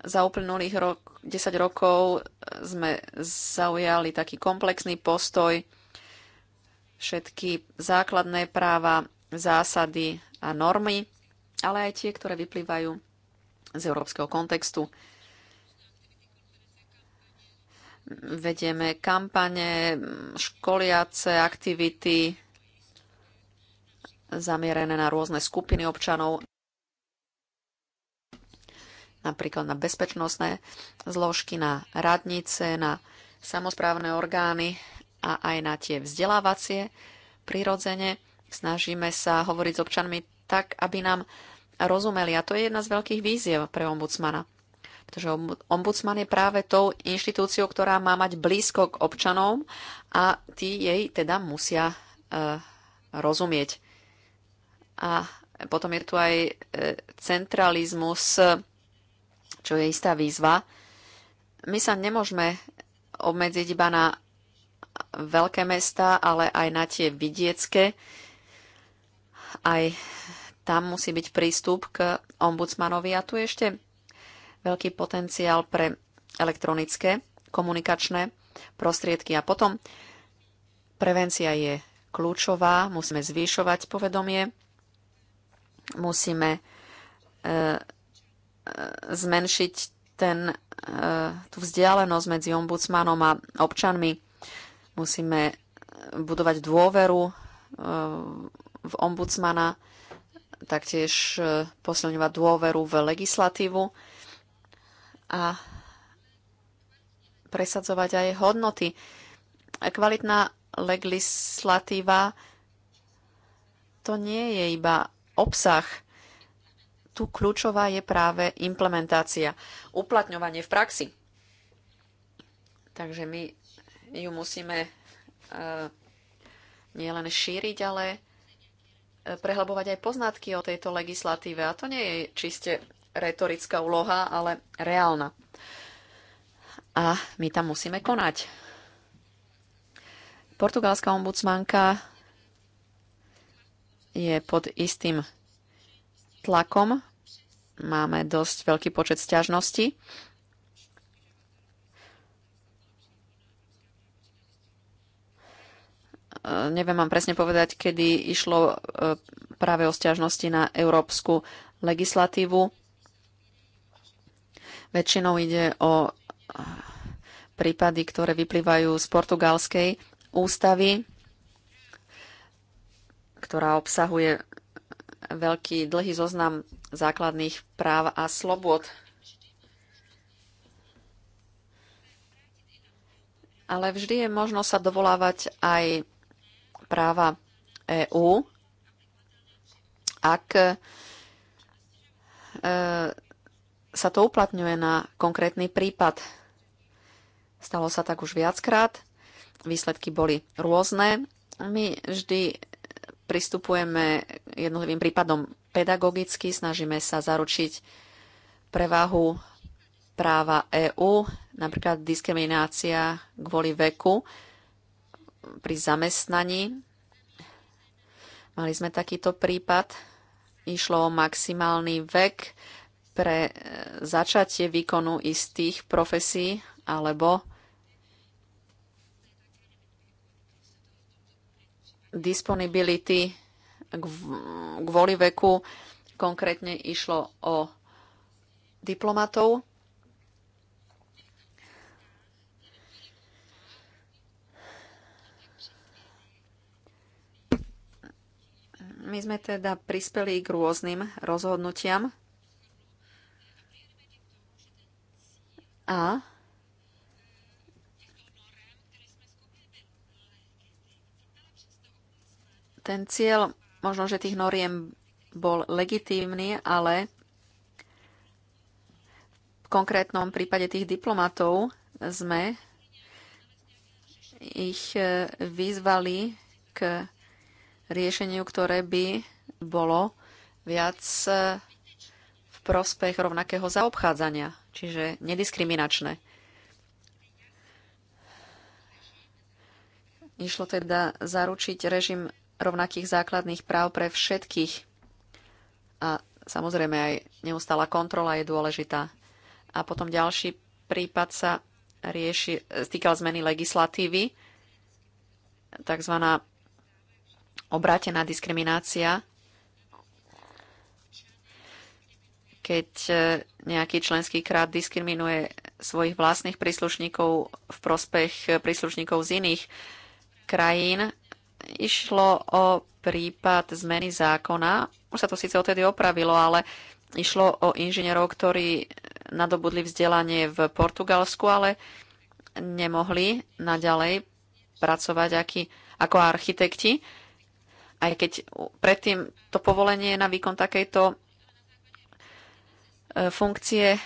Za uplynulých rok, 10 rokov sme zaujali taký komplexný postoj všetky základné práva, zásady a normy ale aj tie, ktoré vyplývajú z európskeho kontextu. Vedieme kampane, školiace aktivity zamierené na rôzne skupiny občanov, napríklad na bezpečnostné zložky, na radnice, na samozprávne orgány a aj na tie vzdelávacie. Prirodzene snažíme sa hovoriť s občanmi tak, aby nám rozumeli. A to je jedna z veľkých víziev pre ombudsmana. Pretože ombudsman je práve tou inštitúciou, ktorá má mať blízko k občanom a tí jej teda musia e, rozumieť. A potom je tu aj e, centralizmus, čo je istá výzva. My sa nemôžeme obmedziť iba na veľké mesta, ale aj na tie vidiecké, aj tam musí byť prístup k ombudsmanovi a tu je ešte veľký potenciál pre elektronické komunikačné prostriedky. A potom prevencia je kľúčová, musíme zvyšovať povedomie, musíme e, e zmenšiť ten, e, tú vzdialenosť medzi ombudsmanom a občanmi. Musíme budovať dôveru e, v ombudsmana taktiež e, posilňovať dôveru v legislatívu a presadzovať aj hodnoty. Kvalitná legislatíva to nie je iba obsah. Tu kľúčová je práve implementácia, uplatňovanie v praxi. Takže my ju musíme uh, nielen šíriť, ale prehlbovať aj poznatky o tejto legislatíve. A to nie je čiste retorická úloha, ale reálna. A my tam musíme konať. Portugalská ombudsmanka je pod istým tlakom. Máme dosť veľký počet stiažností E, neviem vám presne povedať, kedy išlo e, práve o stiažnosti na európsku legislatívu. Väčšinou ide o e, prípady, ktoré vyplývajú z portugalskej ústavy, ktorá obsahuje veľký dlhý zoznam základných práv a slobod. Ale vždy je možno sa dovolávať aj práva EÚ, ak e, sa to uplatňuje na konkrétny prípad. Stalo sa tak už viackrát, výsledky boli rôzne. My vždy pristupujeme jednotlivým prípadom pedagogicky, snažíme sa zaručiť prevahu práva EÚ, napríklad diskriminácia kvôli veku pri zamestnaní. Mali sme takýto prípad. Išlo o maximálny vek pre e, začatie výkonu istých profesí alebo disponibility kvôli veku. Konkrétne išlo o diplomatov. My sme teda prispeli k rôznym rozhodnutiam a ten cieľ, možno, že tých noriem bol legitímny, ale v konkrétnom prípade tých diplomatov sme ich eh, vyzvali k riešeniu, ktoré by bolo viac e, v prospech rovnakého zaobchádzania, čiže nediskriminačné. Išlo teda zaručiť režim rovnakých základných práv pre všetkých. A samozrejme aj neustála kontrola je dôležitá. A potom ďalší prípad sa rieši, e, týkal zmeny legislatívy, tzv obrátená diskriminácia, keď e, nejaký členský krát diskriminuje svojich vlastných príslušníkov v prospech e, príslušníkov z iných krajín. Išlo o prípad zmeny zákona. Už sa to síce odtedy opravilo, ale išlo o inžinierov, ktorí nadobudli vzdelanie v Portugalsku, ale nemohli naďalej pracovať aký, ako architekti aj keď predtým to povolenie na výkon takejto e, funkcie e,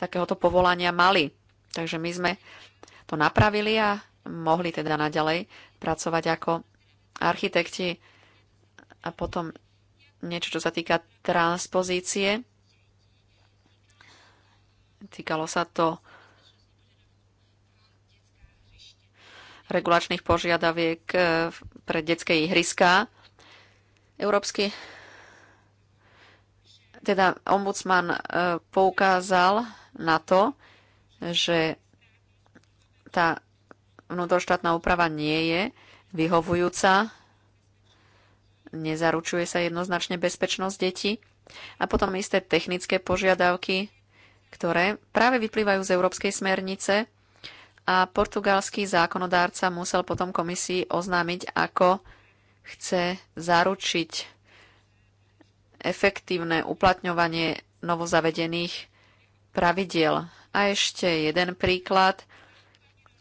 takéhoto povolania mali. Takže my sme to napravili a mohli teda naďalej pracovať ako architekti a potom niečo, čo sa týka transpozície. Týkalo sa to regulačných požiadaviek e, pre detské ihriská. Európsky teda ombudsman e, poukázal na to, že tá vnútroštátna úprava nie je vyhovujúca, nezaručuje sa jednoznačne bezpečnosť detí a potom isté technické požiadavky, ktoré práve vyplývajú z európskej smernice a portugalský zákonodárca musel potom komisii oznámiť, ako chce zaručiť efektívne uplatňovanie novozavedených pravidiel. A ešte jeden príklad,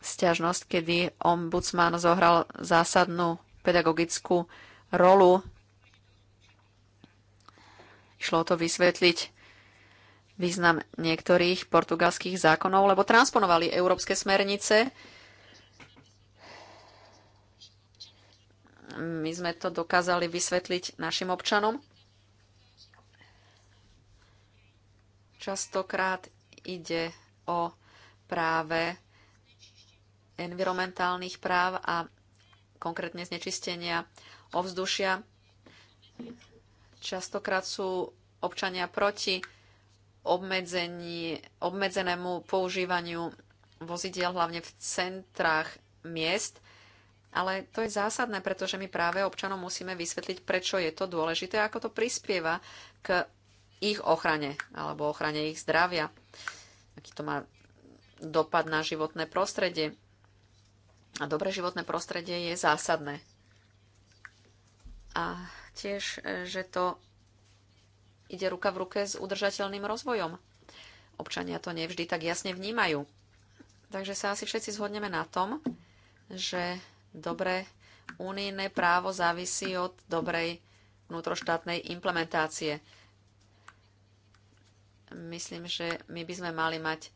sťažnosť, kedy ombudsman zohral zásadnú pedagogickú rolu. Išlo o to vysvetliť význam niektorých portugalských zákonov, lebo transponovali európske smernice. My sme to dokázali vysvetliť našim občanom. Častokrát ide o práve environmentálnych práv a konkrétne znečistenia ovzdušia. Častokrát sú občania proti obmedzenému používaniu vozidiel hlavne v centrách miest. Ale to je zásadné, pretože my práve občanom musíme vysvetliť, prečo je to dôležité a ako to prispieva k ich ochrane alebo ochrane ich zdravia. Aký to má dopad na životné prostredie. A dobré životné prostredie je zásadné. A tiež, e, že to ide ruka v ruke s udržateľným rozvojom. Občania to nevždy tak jasne vnímajú. Takže sa asi všetci zhodneme na tom, že dobré unijné právo závisí od dobrej vnútroštátnej implementácie. Myslím, že my by sme mali mať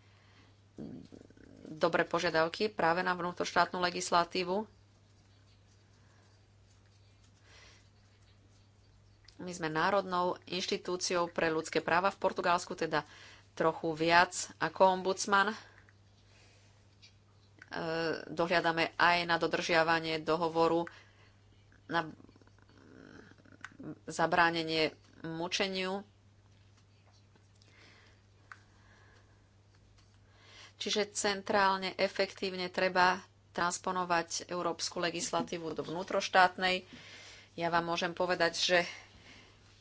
dobré požiadavky práve na vnútroštátnu legislatívu, My sme národnou inštitúciou pre ľudské práva v Portugalsku, teda trochu viac ako ombudsman. E, Dohliadame aj na dodržiavanie dohovoru, na zabránenie mučeniu. Čiže centrálne, efektívne treba transponovať európsku legislatívu do vnútroštátnej. Ja vám môžem povedať, že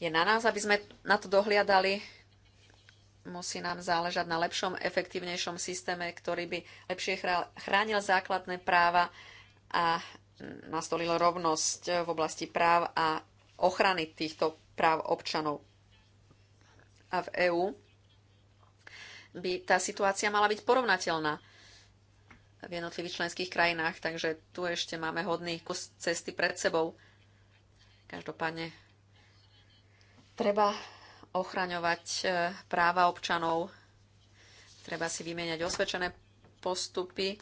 je na nás, aby sme na to dohliadali. Musí nám záležať na lepšom, efektívnejšom systéme, ktorý by lepšie chránil základné práva a nastolil rovnosť v oblasti práv a ochrany týchto práv občanov. A v EÚ by tá situácia mala byť porovnateľná v jednotlivých členských krajinách, takže tu ešte máme hodný kus cesty pred sebou. Každopádne Treba ochraňovať e, práva občanov, treba si vymieňať osvedčené postupy, e,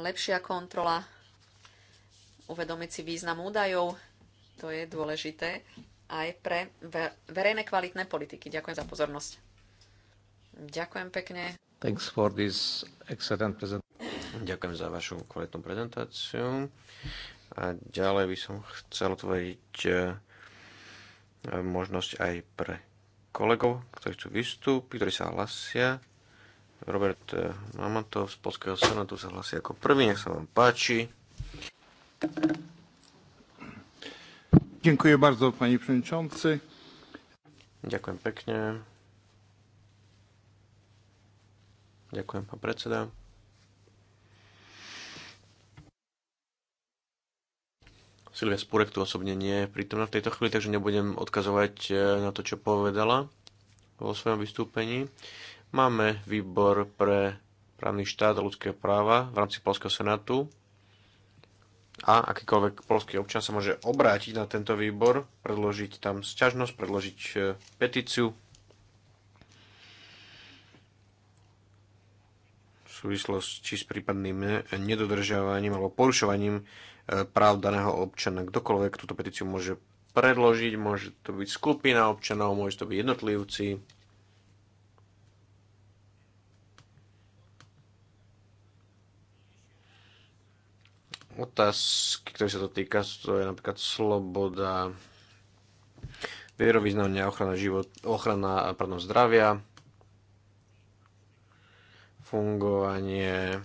lepšia kontrola, uvedomiť si význam údajov, to je dôležité aj pre verejné kvalitné politiky. Ďakujem za pozornosť. Ďakujem pekne. Thanks for this excellent Ďakujem za vašu kvalitnú prezentáciu. A ďalej by som chcel otvoriť e, E, možnosť aj pre kolegov, ktorí chcú vystúpiť, ktorí sa hlasia. Robert e, Mamatov z Polského senátu sa hlasí ako prvý, nech sa vám páči. Ďakujem bardzo, pani przewodniczący. Ďakujem pekne. Ďakujem, pán predseda. Silvia Spurek tu osobne nie je prítomná v tejto chvíli, takže nebudem odkazovať e, na to, čo povedala vo svojom vystúpení. Máme výbor pre právny štát a ľudské práva v rámci Polského senátu a akýkoľvek polský občan sa môže obrátiť na tento výbor, predložiť tam sťažnosť, predložiť e, petíciu v súvislosti s prípadným nedodržiavaním alebo porušovaním práv daného občana. Kdokoľvek túto petíciu môže predložiť, môže to byť skupina občanov, môže to byť jednotlivci. Otázky, ktoré sa to týka, to je napríklad sloboda vierovýznania, ochrana, život, ochrana pardon, zdravia, fungovanie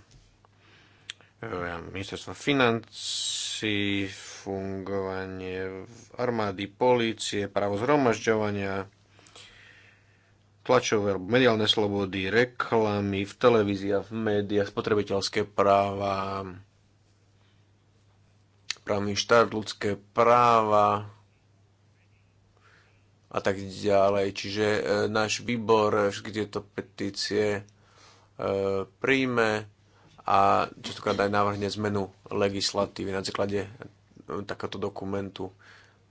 Ministerstvo financí, fungovanie armády, polície, právo zhromažďovania, tlačové alebo mediálne slobody, reklamy v televízii a v médiách, spotrebiteľské práva, právny štát, ľudské práva a tak ďalej. Čiže e, náš výbor e, všetky tieto petície e, príjme a častokrát aj návrhne zmenu legislatívy na základe no, takéto dokumentu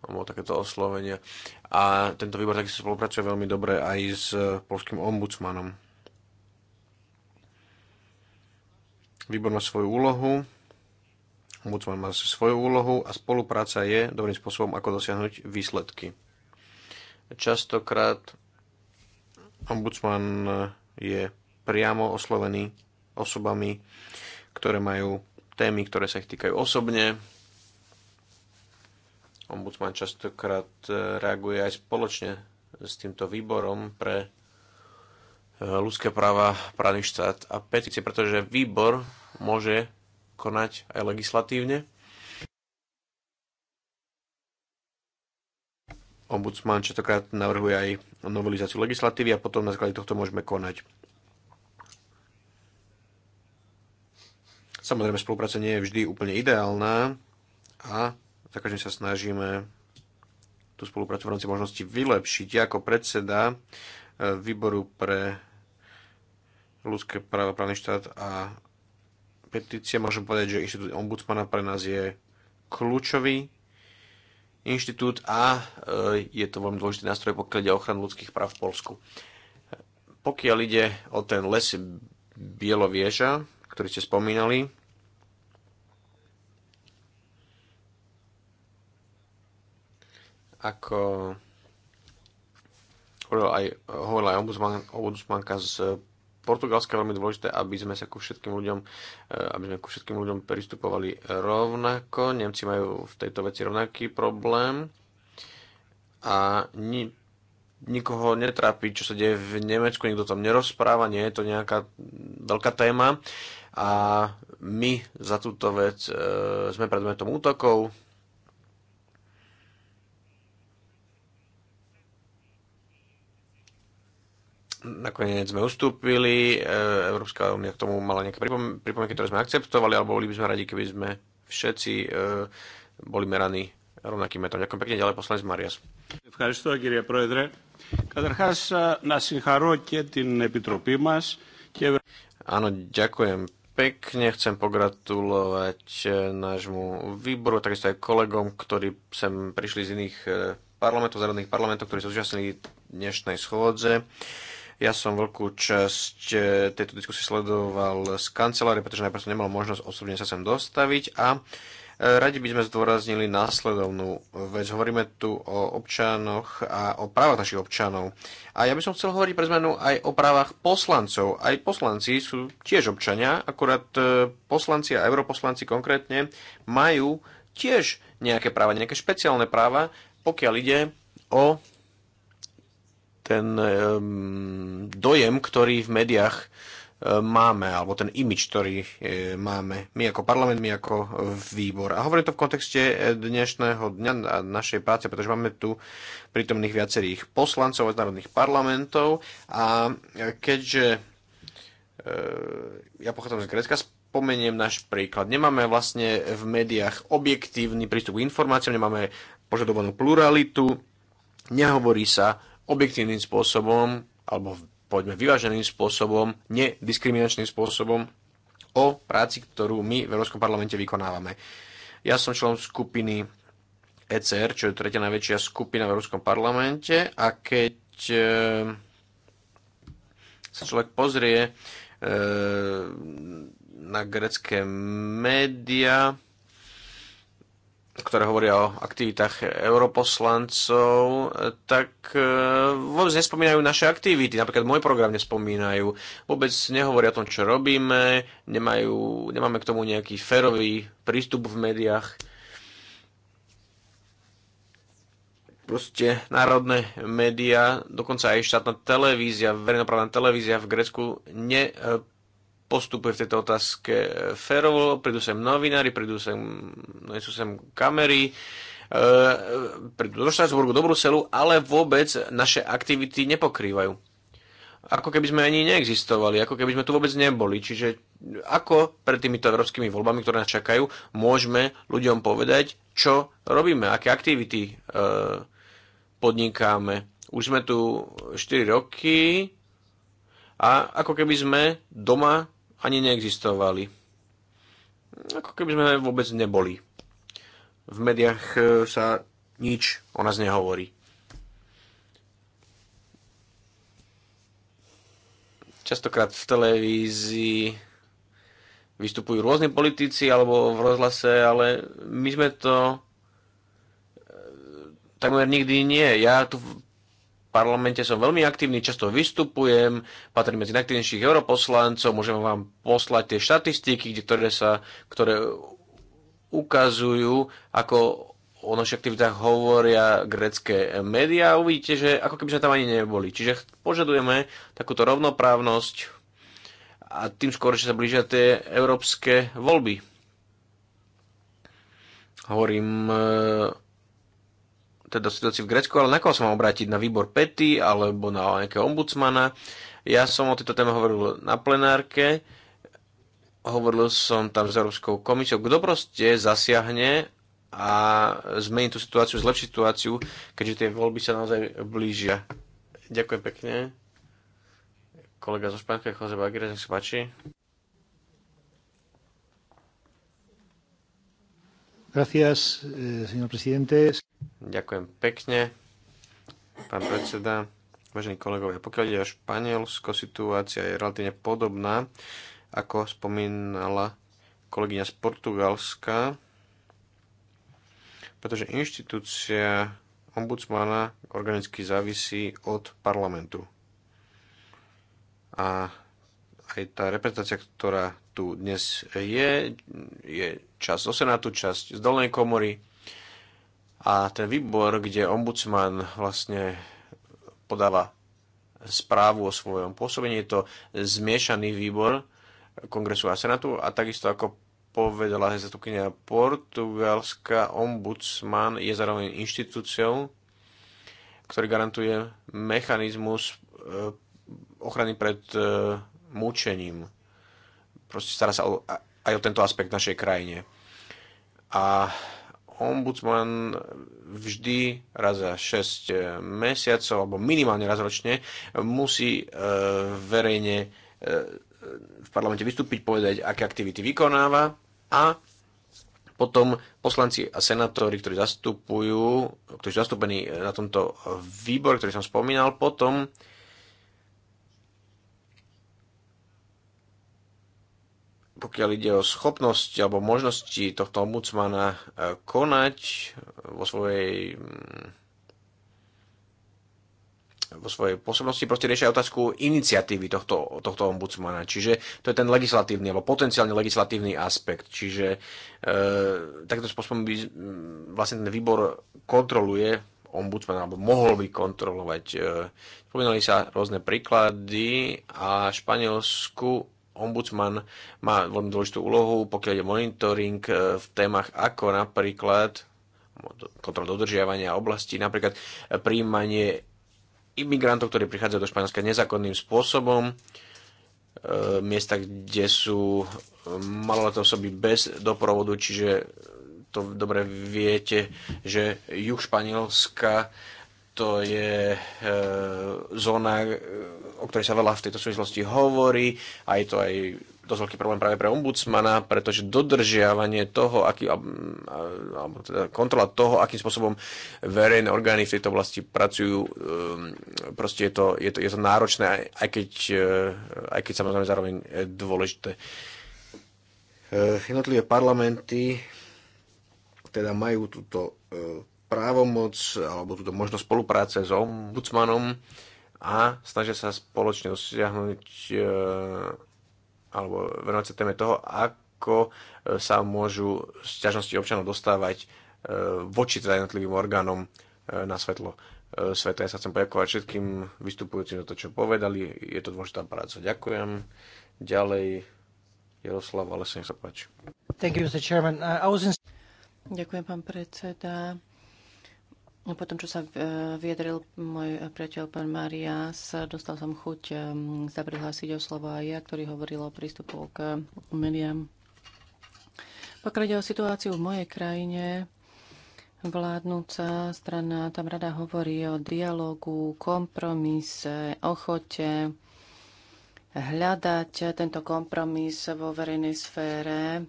alebo takéto oslovenia. A tento výbor takisto spolupracuje veľmi dobre aj s e, polským ombudsmanom. Výbor má svoju úlohu, ombudsman má svoju úlohu a spolupráca je dobrým spôsobom, ako dosiahnuť výsledky. Častokrát ombudsman e, je priamo oslovený osobami, ktoré majú témy, ktoré sa ich týkajú osobne. Ombudsman častokrát e, reaguje aj spoločne s týmto výborom pre e, ľudské práva, právny štát a petície, pretože výbor môže konať aj legislatívne. Ombudsman častokrát navrhuje aj novelizáciu legislatívy a potom na základe tohto môžeme konať. Samozrejme, spolupráca nie je vždy úplne ideálna a za každým sa snažíme tú spoluprácu v rámci možnosti vylepšiť. Ja ako predseda e, výboru pre ľudské práva, právny štát a petície môžem povedať, že inštitút ombudsmana pre nás je kľúčový inštitút a e, je to veľmi dôležitý nástroj, pokiaľ ide o ochranu ľudských práv v Polsku. Pokiaľ ide o ten les Bielovieža, ktorý ste spomínali. Ako hovorila aj, hovoril aj ombudsman, ombudsmanka z Portugalska veľmi dôležité, aby sme sa ku všetkým ľuďom, eh, aby sme ku všetkým ľuďom pristupovali rovnako. Nemci majú v tejto veci rovnaký problém a ni, nikoho netrápi, čo sa deje v Nemecku, nikto tam nerozpráva, nie je to nejaká veľká téma. Uh, a my za túto vec e, sme predmetom útokov. Nakoniec sme ustúpili, e, Európska únia k tomu mala nejaké pripom pripomienky, ktoré sme akceptovali, alebo boli by sme radi, keby sme všetci e, boli meraní rovnakým metom. Ďakujem pekne, ďalej poslanec Marias. Áno, ďakujem pekne, chcem pogratulovať eh, nášmu výboru, takisto aj kolegom, ktorí sem prišli z iných eh, parlamentov, z parlamentov, ktorí sa zúčastnili dnešnej schôdze. Ja som veľkú časť eh, tejto diskusie sledoval z kancelárie, pretože najprv som nemal možnosť osobne sa sem dostaviť a Radi by sme zdôraznili následovnú vec. Hovoríme tu o občanoch a o právach našich občanov. A ja by som chcel hovoriť pre zmenu aj o právach poslancov. Aj poslanci sú tiež občania, akurát e, poslanci a europoslanci konkrétne majú tiež nejaké práva, nejaké špeciálne práva, pokiaľ ide o ten um, dojem, ktorý v médiách máme, alebo ten imič, ktorý eh, máme my ako parlament, my ako výbor. A hovorím to v kontexte eh, dnešného dňa a našej práce, pretože máme tu prítomných viacerých poslancov z národných parlamentov a eh, keďže ja pochádzam z Grécka, spomeniem náš príklad. Nemáme vlastne v médiách objektívny prístup k informáciám, nemáme požadovanú pluralitu, nehovorí sa objektívnym spôsobom alebo poďme vyváženým spôsobom, nediskriminačným spôsobom o práci, ktorú my v Európskom parlamente vykonávame. Ja som člen skupiny ECR, čo je tretia najväčšia skupina v Európskom parlamente a keď e, sa človek pozrie e, na grecké médiá, ktoré hovoria o aktivitách europoslancov, tak e, vôbec nespomínajú naše aktivity. Napríklad môj program nespomínajú. Vôbec nehovoria o tom, čo robíme, nemajú, nemáme k tomu nejaký férový prístup v médiách. Proste národné médiá, dokonca aj štátna televízia, verejnoprávna televízia v Grécku ne postupuje v tejto otázke férovo, prídu sem novinári, prídu sem, sú sem kamery, e, prídu do Štrasburgu, do Bruselu, ale vôbec naše aktivity nepokrývajú. Ako keby sme ani neexistovali, ako keby sme tu vôbec neboli. Čiže ako pred týmito európskymi voľbami, ktoré nás čakajú, môžeme ľuďom povedať, čo robíme, aké aktivity e, podnikáme. Už sme tu 4 roky, a ako keby sme doma ani neexistovali. Ako keby sme vôbec neboli. V médiách e, sa nič o nás nehovorí. Častokrát v televízii vystupujú rôzni politici alebo v rozhlase, ale my sme to e, takmer nikdy nie. Ja tu parlamente som veľmi aktívny, často vystupujem, patrím medzi najaktívnejších europoslancov, môžem vám poslať tie štatistiky, ktoré, sa, ktoré ukazujú, ako o našich aktivitách hovoria grecké médiá uvidíte, že ako keby sme tam ani neboli. Čiže požadujeme takúto rovnoprávnosť a tým skôr, že sa blížia tie európske voľby. Hovorím e, teda situácii v Grécku, ale na koho sa mám obrátiť? Na výbor PETI alebo na nejakého ombudsmana? Ja som o tejto téme hovoril na plenárke, hovoril som tam s Európskou komisiou, kto proste zasiahne a zmení tú situáciu, zlepší situáciu, keďže tie voľby sa naozaj blížia. Ďakujem pekne. Kolega zo Španielska, Jose Bagres, nech sa páči. Gracias, eh, señor presidente. Ďakujem pekne, pán predseda. Vážení kolegovia, pokiaľ ide o Španielsko, situácia je relatívne podobná, ako spomínala kolegyňa z Portugalska, pretože inštitúcia ombudsmana organicky závisí od parlamentu. A aj tá reprezentácia, ktorá tu dnes je, je časť zo Senátu, časť z Dolnej komory. A ten výbor, kde ombudsman vlastne podáva správu o svojom pôsobení, je to zmiešaný výbor Kongresu a Senátu a takisto ako povedala zastupkynia Portugalská ombudsman je zároveň inštitúciou, ktorý garantuje mechanizmus e, ochrany pred e, mučením. Proste stará sa o aj o tento aspekt našej krajine. A ombudsman vždy raz za 6 eh, mesiacov alebo minimálne raz ročne musí eh, verejne eh, v parlamente vystúpiť, povedať, aké aktivity vykonáva a potom poslanci a senátori, ktorí zastupujú, ktorí sú zastúpení na tomto výbore, ktorý som spomínal, potom pokiaľ ide o schopnosť alebo možnosti tohto ombudsmana eh, konať eh, vo svojej mm, vo svojej pôsobnosti proste riešia otázku iniciatívy tohto, tohto ombudsmana. Čiže to je ten legislatívny alebo potenciálne legislatívny aspekt. Čiže e, eh, takto spôsobom by mm, vlastne ten výbor kontroluje ombudsman alebo mohol by kontrolovať. E, spomínali sa rôzne príklady a Španielsku ombudsman má veľmi dôležitú úlohu, pokiaľ je monitoring e, v témach ako napríklad kontrol dodržiavania oblasti, napríklad e, príjmanie imigrantov, ktorí prichádzajú do Španielska nezákonným spôsobom, e, miesta, kde sú maloleté osoby bez doprovodu, čiže to dobre viete, že juh Španielska to je e, zóna, e, o ktorej sa veľa v tejto súvislosti hovorí a je to aj dosť veľký problém práve pre ombudsmana, pretože dodržiavanie toho, aký, alebo teda kontrola toho, akým spôsobom verejné orgány v tejto oblasti pracujú, e, proste je to, je to, je to náročné, aj keď, e, aj keď samozrejme zároveň dôležité. Jednotlivé parlamenty teda majú túto právomoc alebo túto možnosť spolupráce s ombudsmanom a snažia sa spoločne dosiahnuť e, alebo venovať sa téme toho, ako e, sa môžu sťažnosti občanov dostávať e, voči teda jednotlivým orgánom na svetlo sveta. Ja sa chcem poďakovať všetkým vystupujúcim za to, čo povedali. Je to dôležitá práca. Ďakujem. Ďalej Jaroslav, ale sa nech sa páči. Thank you, Mr. Chairman. Uh, I was in... Ďakujem, pán predseda. Po tom, čo sa e, vyjadril môj priateľ pán Marias, dostal som chuť e, sa prihlásiť o slovo aj ja, ktorý hovoril o prístupu k médiám. Pokiaľ ide o situáciu v mojej krajine, vládnúca strana tam rada hovorí o dialogu, kompromise, ochote hľadať tento kompromis vo verejnej sfére,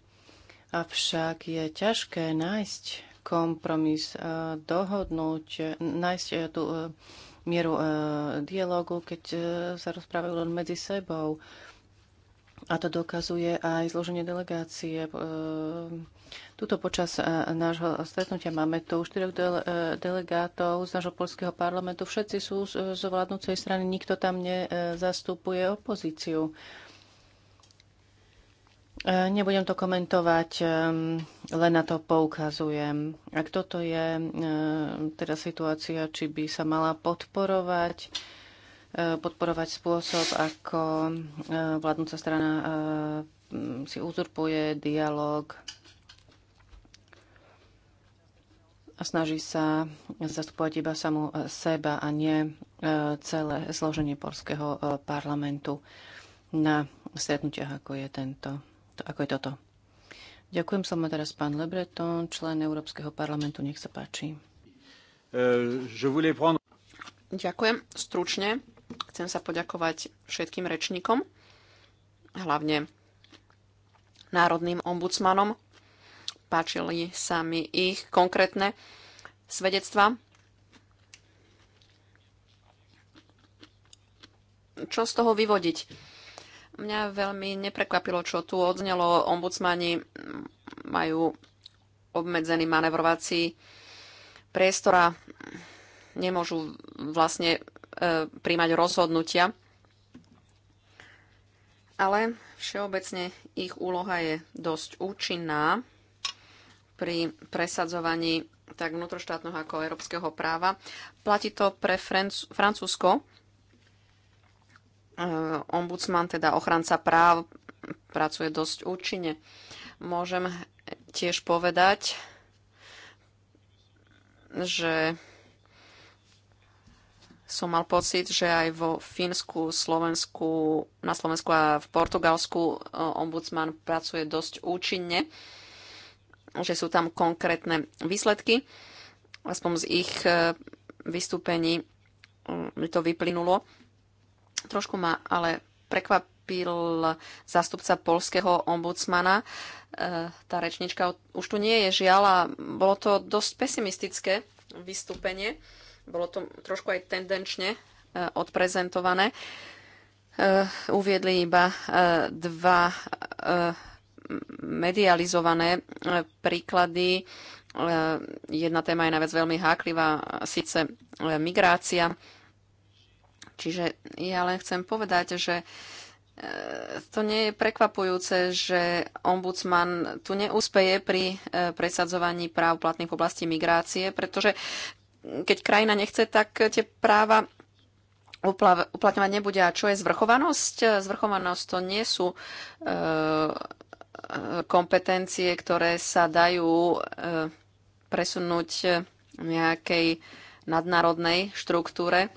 avšak je ťažké nájsť kompromis e, dohodnúť, nájsť e, tú e, mieru dialogu, keď sa rozprávajú len medzi sebou. A to dokazuje aj zloženie delegácie. Tuto počas nášho stretnutia máme tu štyroch delegátov z nášho polského parlamentu. Všetci sú z vládnúcej strany, nikto tam nezastupuje opozíciu. E, nebudem to komentovať, e, len na to poukazujem. Ak toto je e, teda situácia, či by sa mala podporovať, podporovať spôsob, ako vládnúca strana si uzurpuje dialog a snaží sa zastupovať iba samú seba a nie celé zloženie polského parlamentu na stretnutiach, ako je tento ako je toto. Ďakujem, som teraz pán Lebreton, člen Európskeho parlamentu, nech sa páči. E, Ďakujem, stručne. Chcem sa poďakovať všetkým rečníkom, hlavne národným ombudsmanom. Páčili sa mi ich konkrétne svedectva. Čo z toho vyvodiť? Mňa veľmi neprekvapilo, čo tu odznelo. Ombudsmani majú obmedzený manevrovací priestor a nemôžu vlastne e, príjmať rozhodnutia. Ale všeobecne ich úloha je dosť účinná pri presadzovaní tak vnútroštátneho ako európskeho práva. Platí to pre Francúzsko, Eh, ombudsman, teda ochranca práv, pracuje dosť účinne. Môžem tiež povedať, že som mal pocit, že aj vo Fínsku, Slovensku, na Slovensku a v Portugalsku eh, ombudsman pracuje dosť účinne, že sú tam konkrétne výsledky. Aspoň z ich eh, vystúpení mi to vyplynulo. Trošku ma ale prekvapil zástupca polského ombudsmana. E, tá rečnička už tu nie je žiaľ a bolo to dosť pesimistické vystúpenie. Bolo to trošku aj tendenčne e, odprezentované. E, uviedli iba dva medializované príklady. Jedna téma je najviac veľmi háklivá, síce migrácia Čiže ja len chcem povedať, že e, to nie je prekvapujúce, že ombudsman tu neúspeje pri e, presadzovaní práv platných v oblasti migrácie, pretože keď krajina nechce, tak tie práva uplatňovať nebude. A čo je zvrchovanosť? Zvrchovanosť to nie sú e, kompetencie, ktoré sa dajú presunúť nejakej nadnárodnej štruktúre.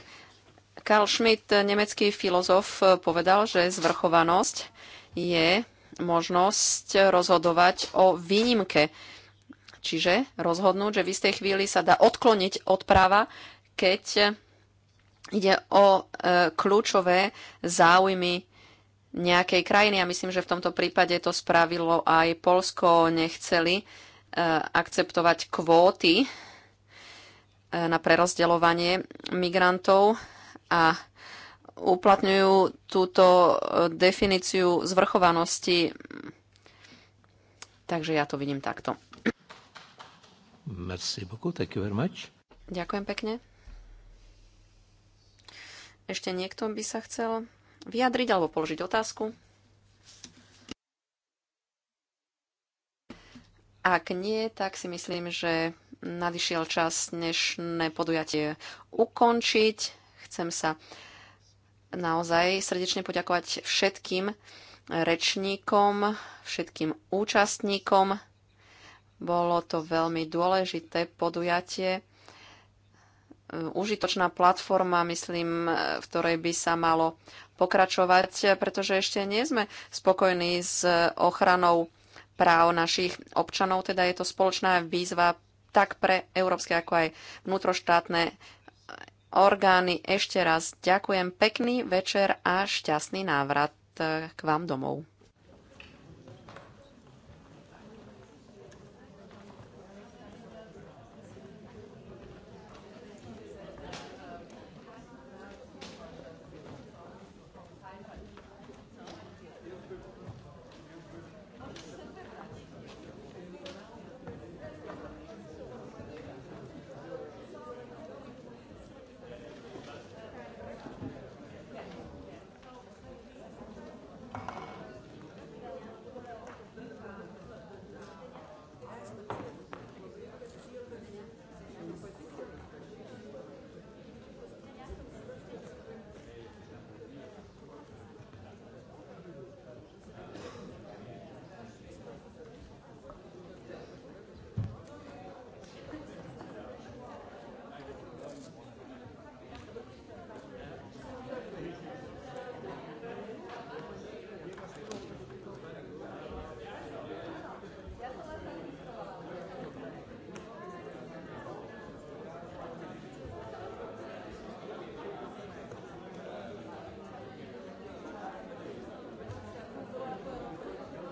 Karl Schmidt, nemecký filozof, povedal, že zvrchovanosť je možnosť rozhodovať o výnimke. Čiže rozhodnúť, že v istej chvíli sa dá odkloniť od práva, keď ide o e, kľúčové záujmy nejakej krajiny. A myslím, že v tomto prípade to spravilo aj Polsko. Nechceli e, akceptovať kvóty e, na prerozdeľovanie migrantov a uplatňujú túto e, definíciu zvrchovanosti. Takže ja to vidím takto. Merci beaucoup, thank you very much. Ďakujem pekne. Ešte niekto by sa chcel vyjadriť alebo položiť otázku? Ak nie, tak si myslím, že nadišiel čas dnešné podujatie ukončiť. Chcem sa naozaj srdečne poďakovať všetkým rečníkom, všetkým účastníkom. Bolo to veľmi dôležité podujatie, užitočná platforma, myslím, v ktorej by sa malo pokračovať, pretože ešte nie sme spokojní s ochranou práv našich občanov, teda je to spoločná výzva tak pre európske, ako aj vnútroštátne orgány. Ešte raz ďakujem pekný večer a šťastný návrat k vám domov.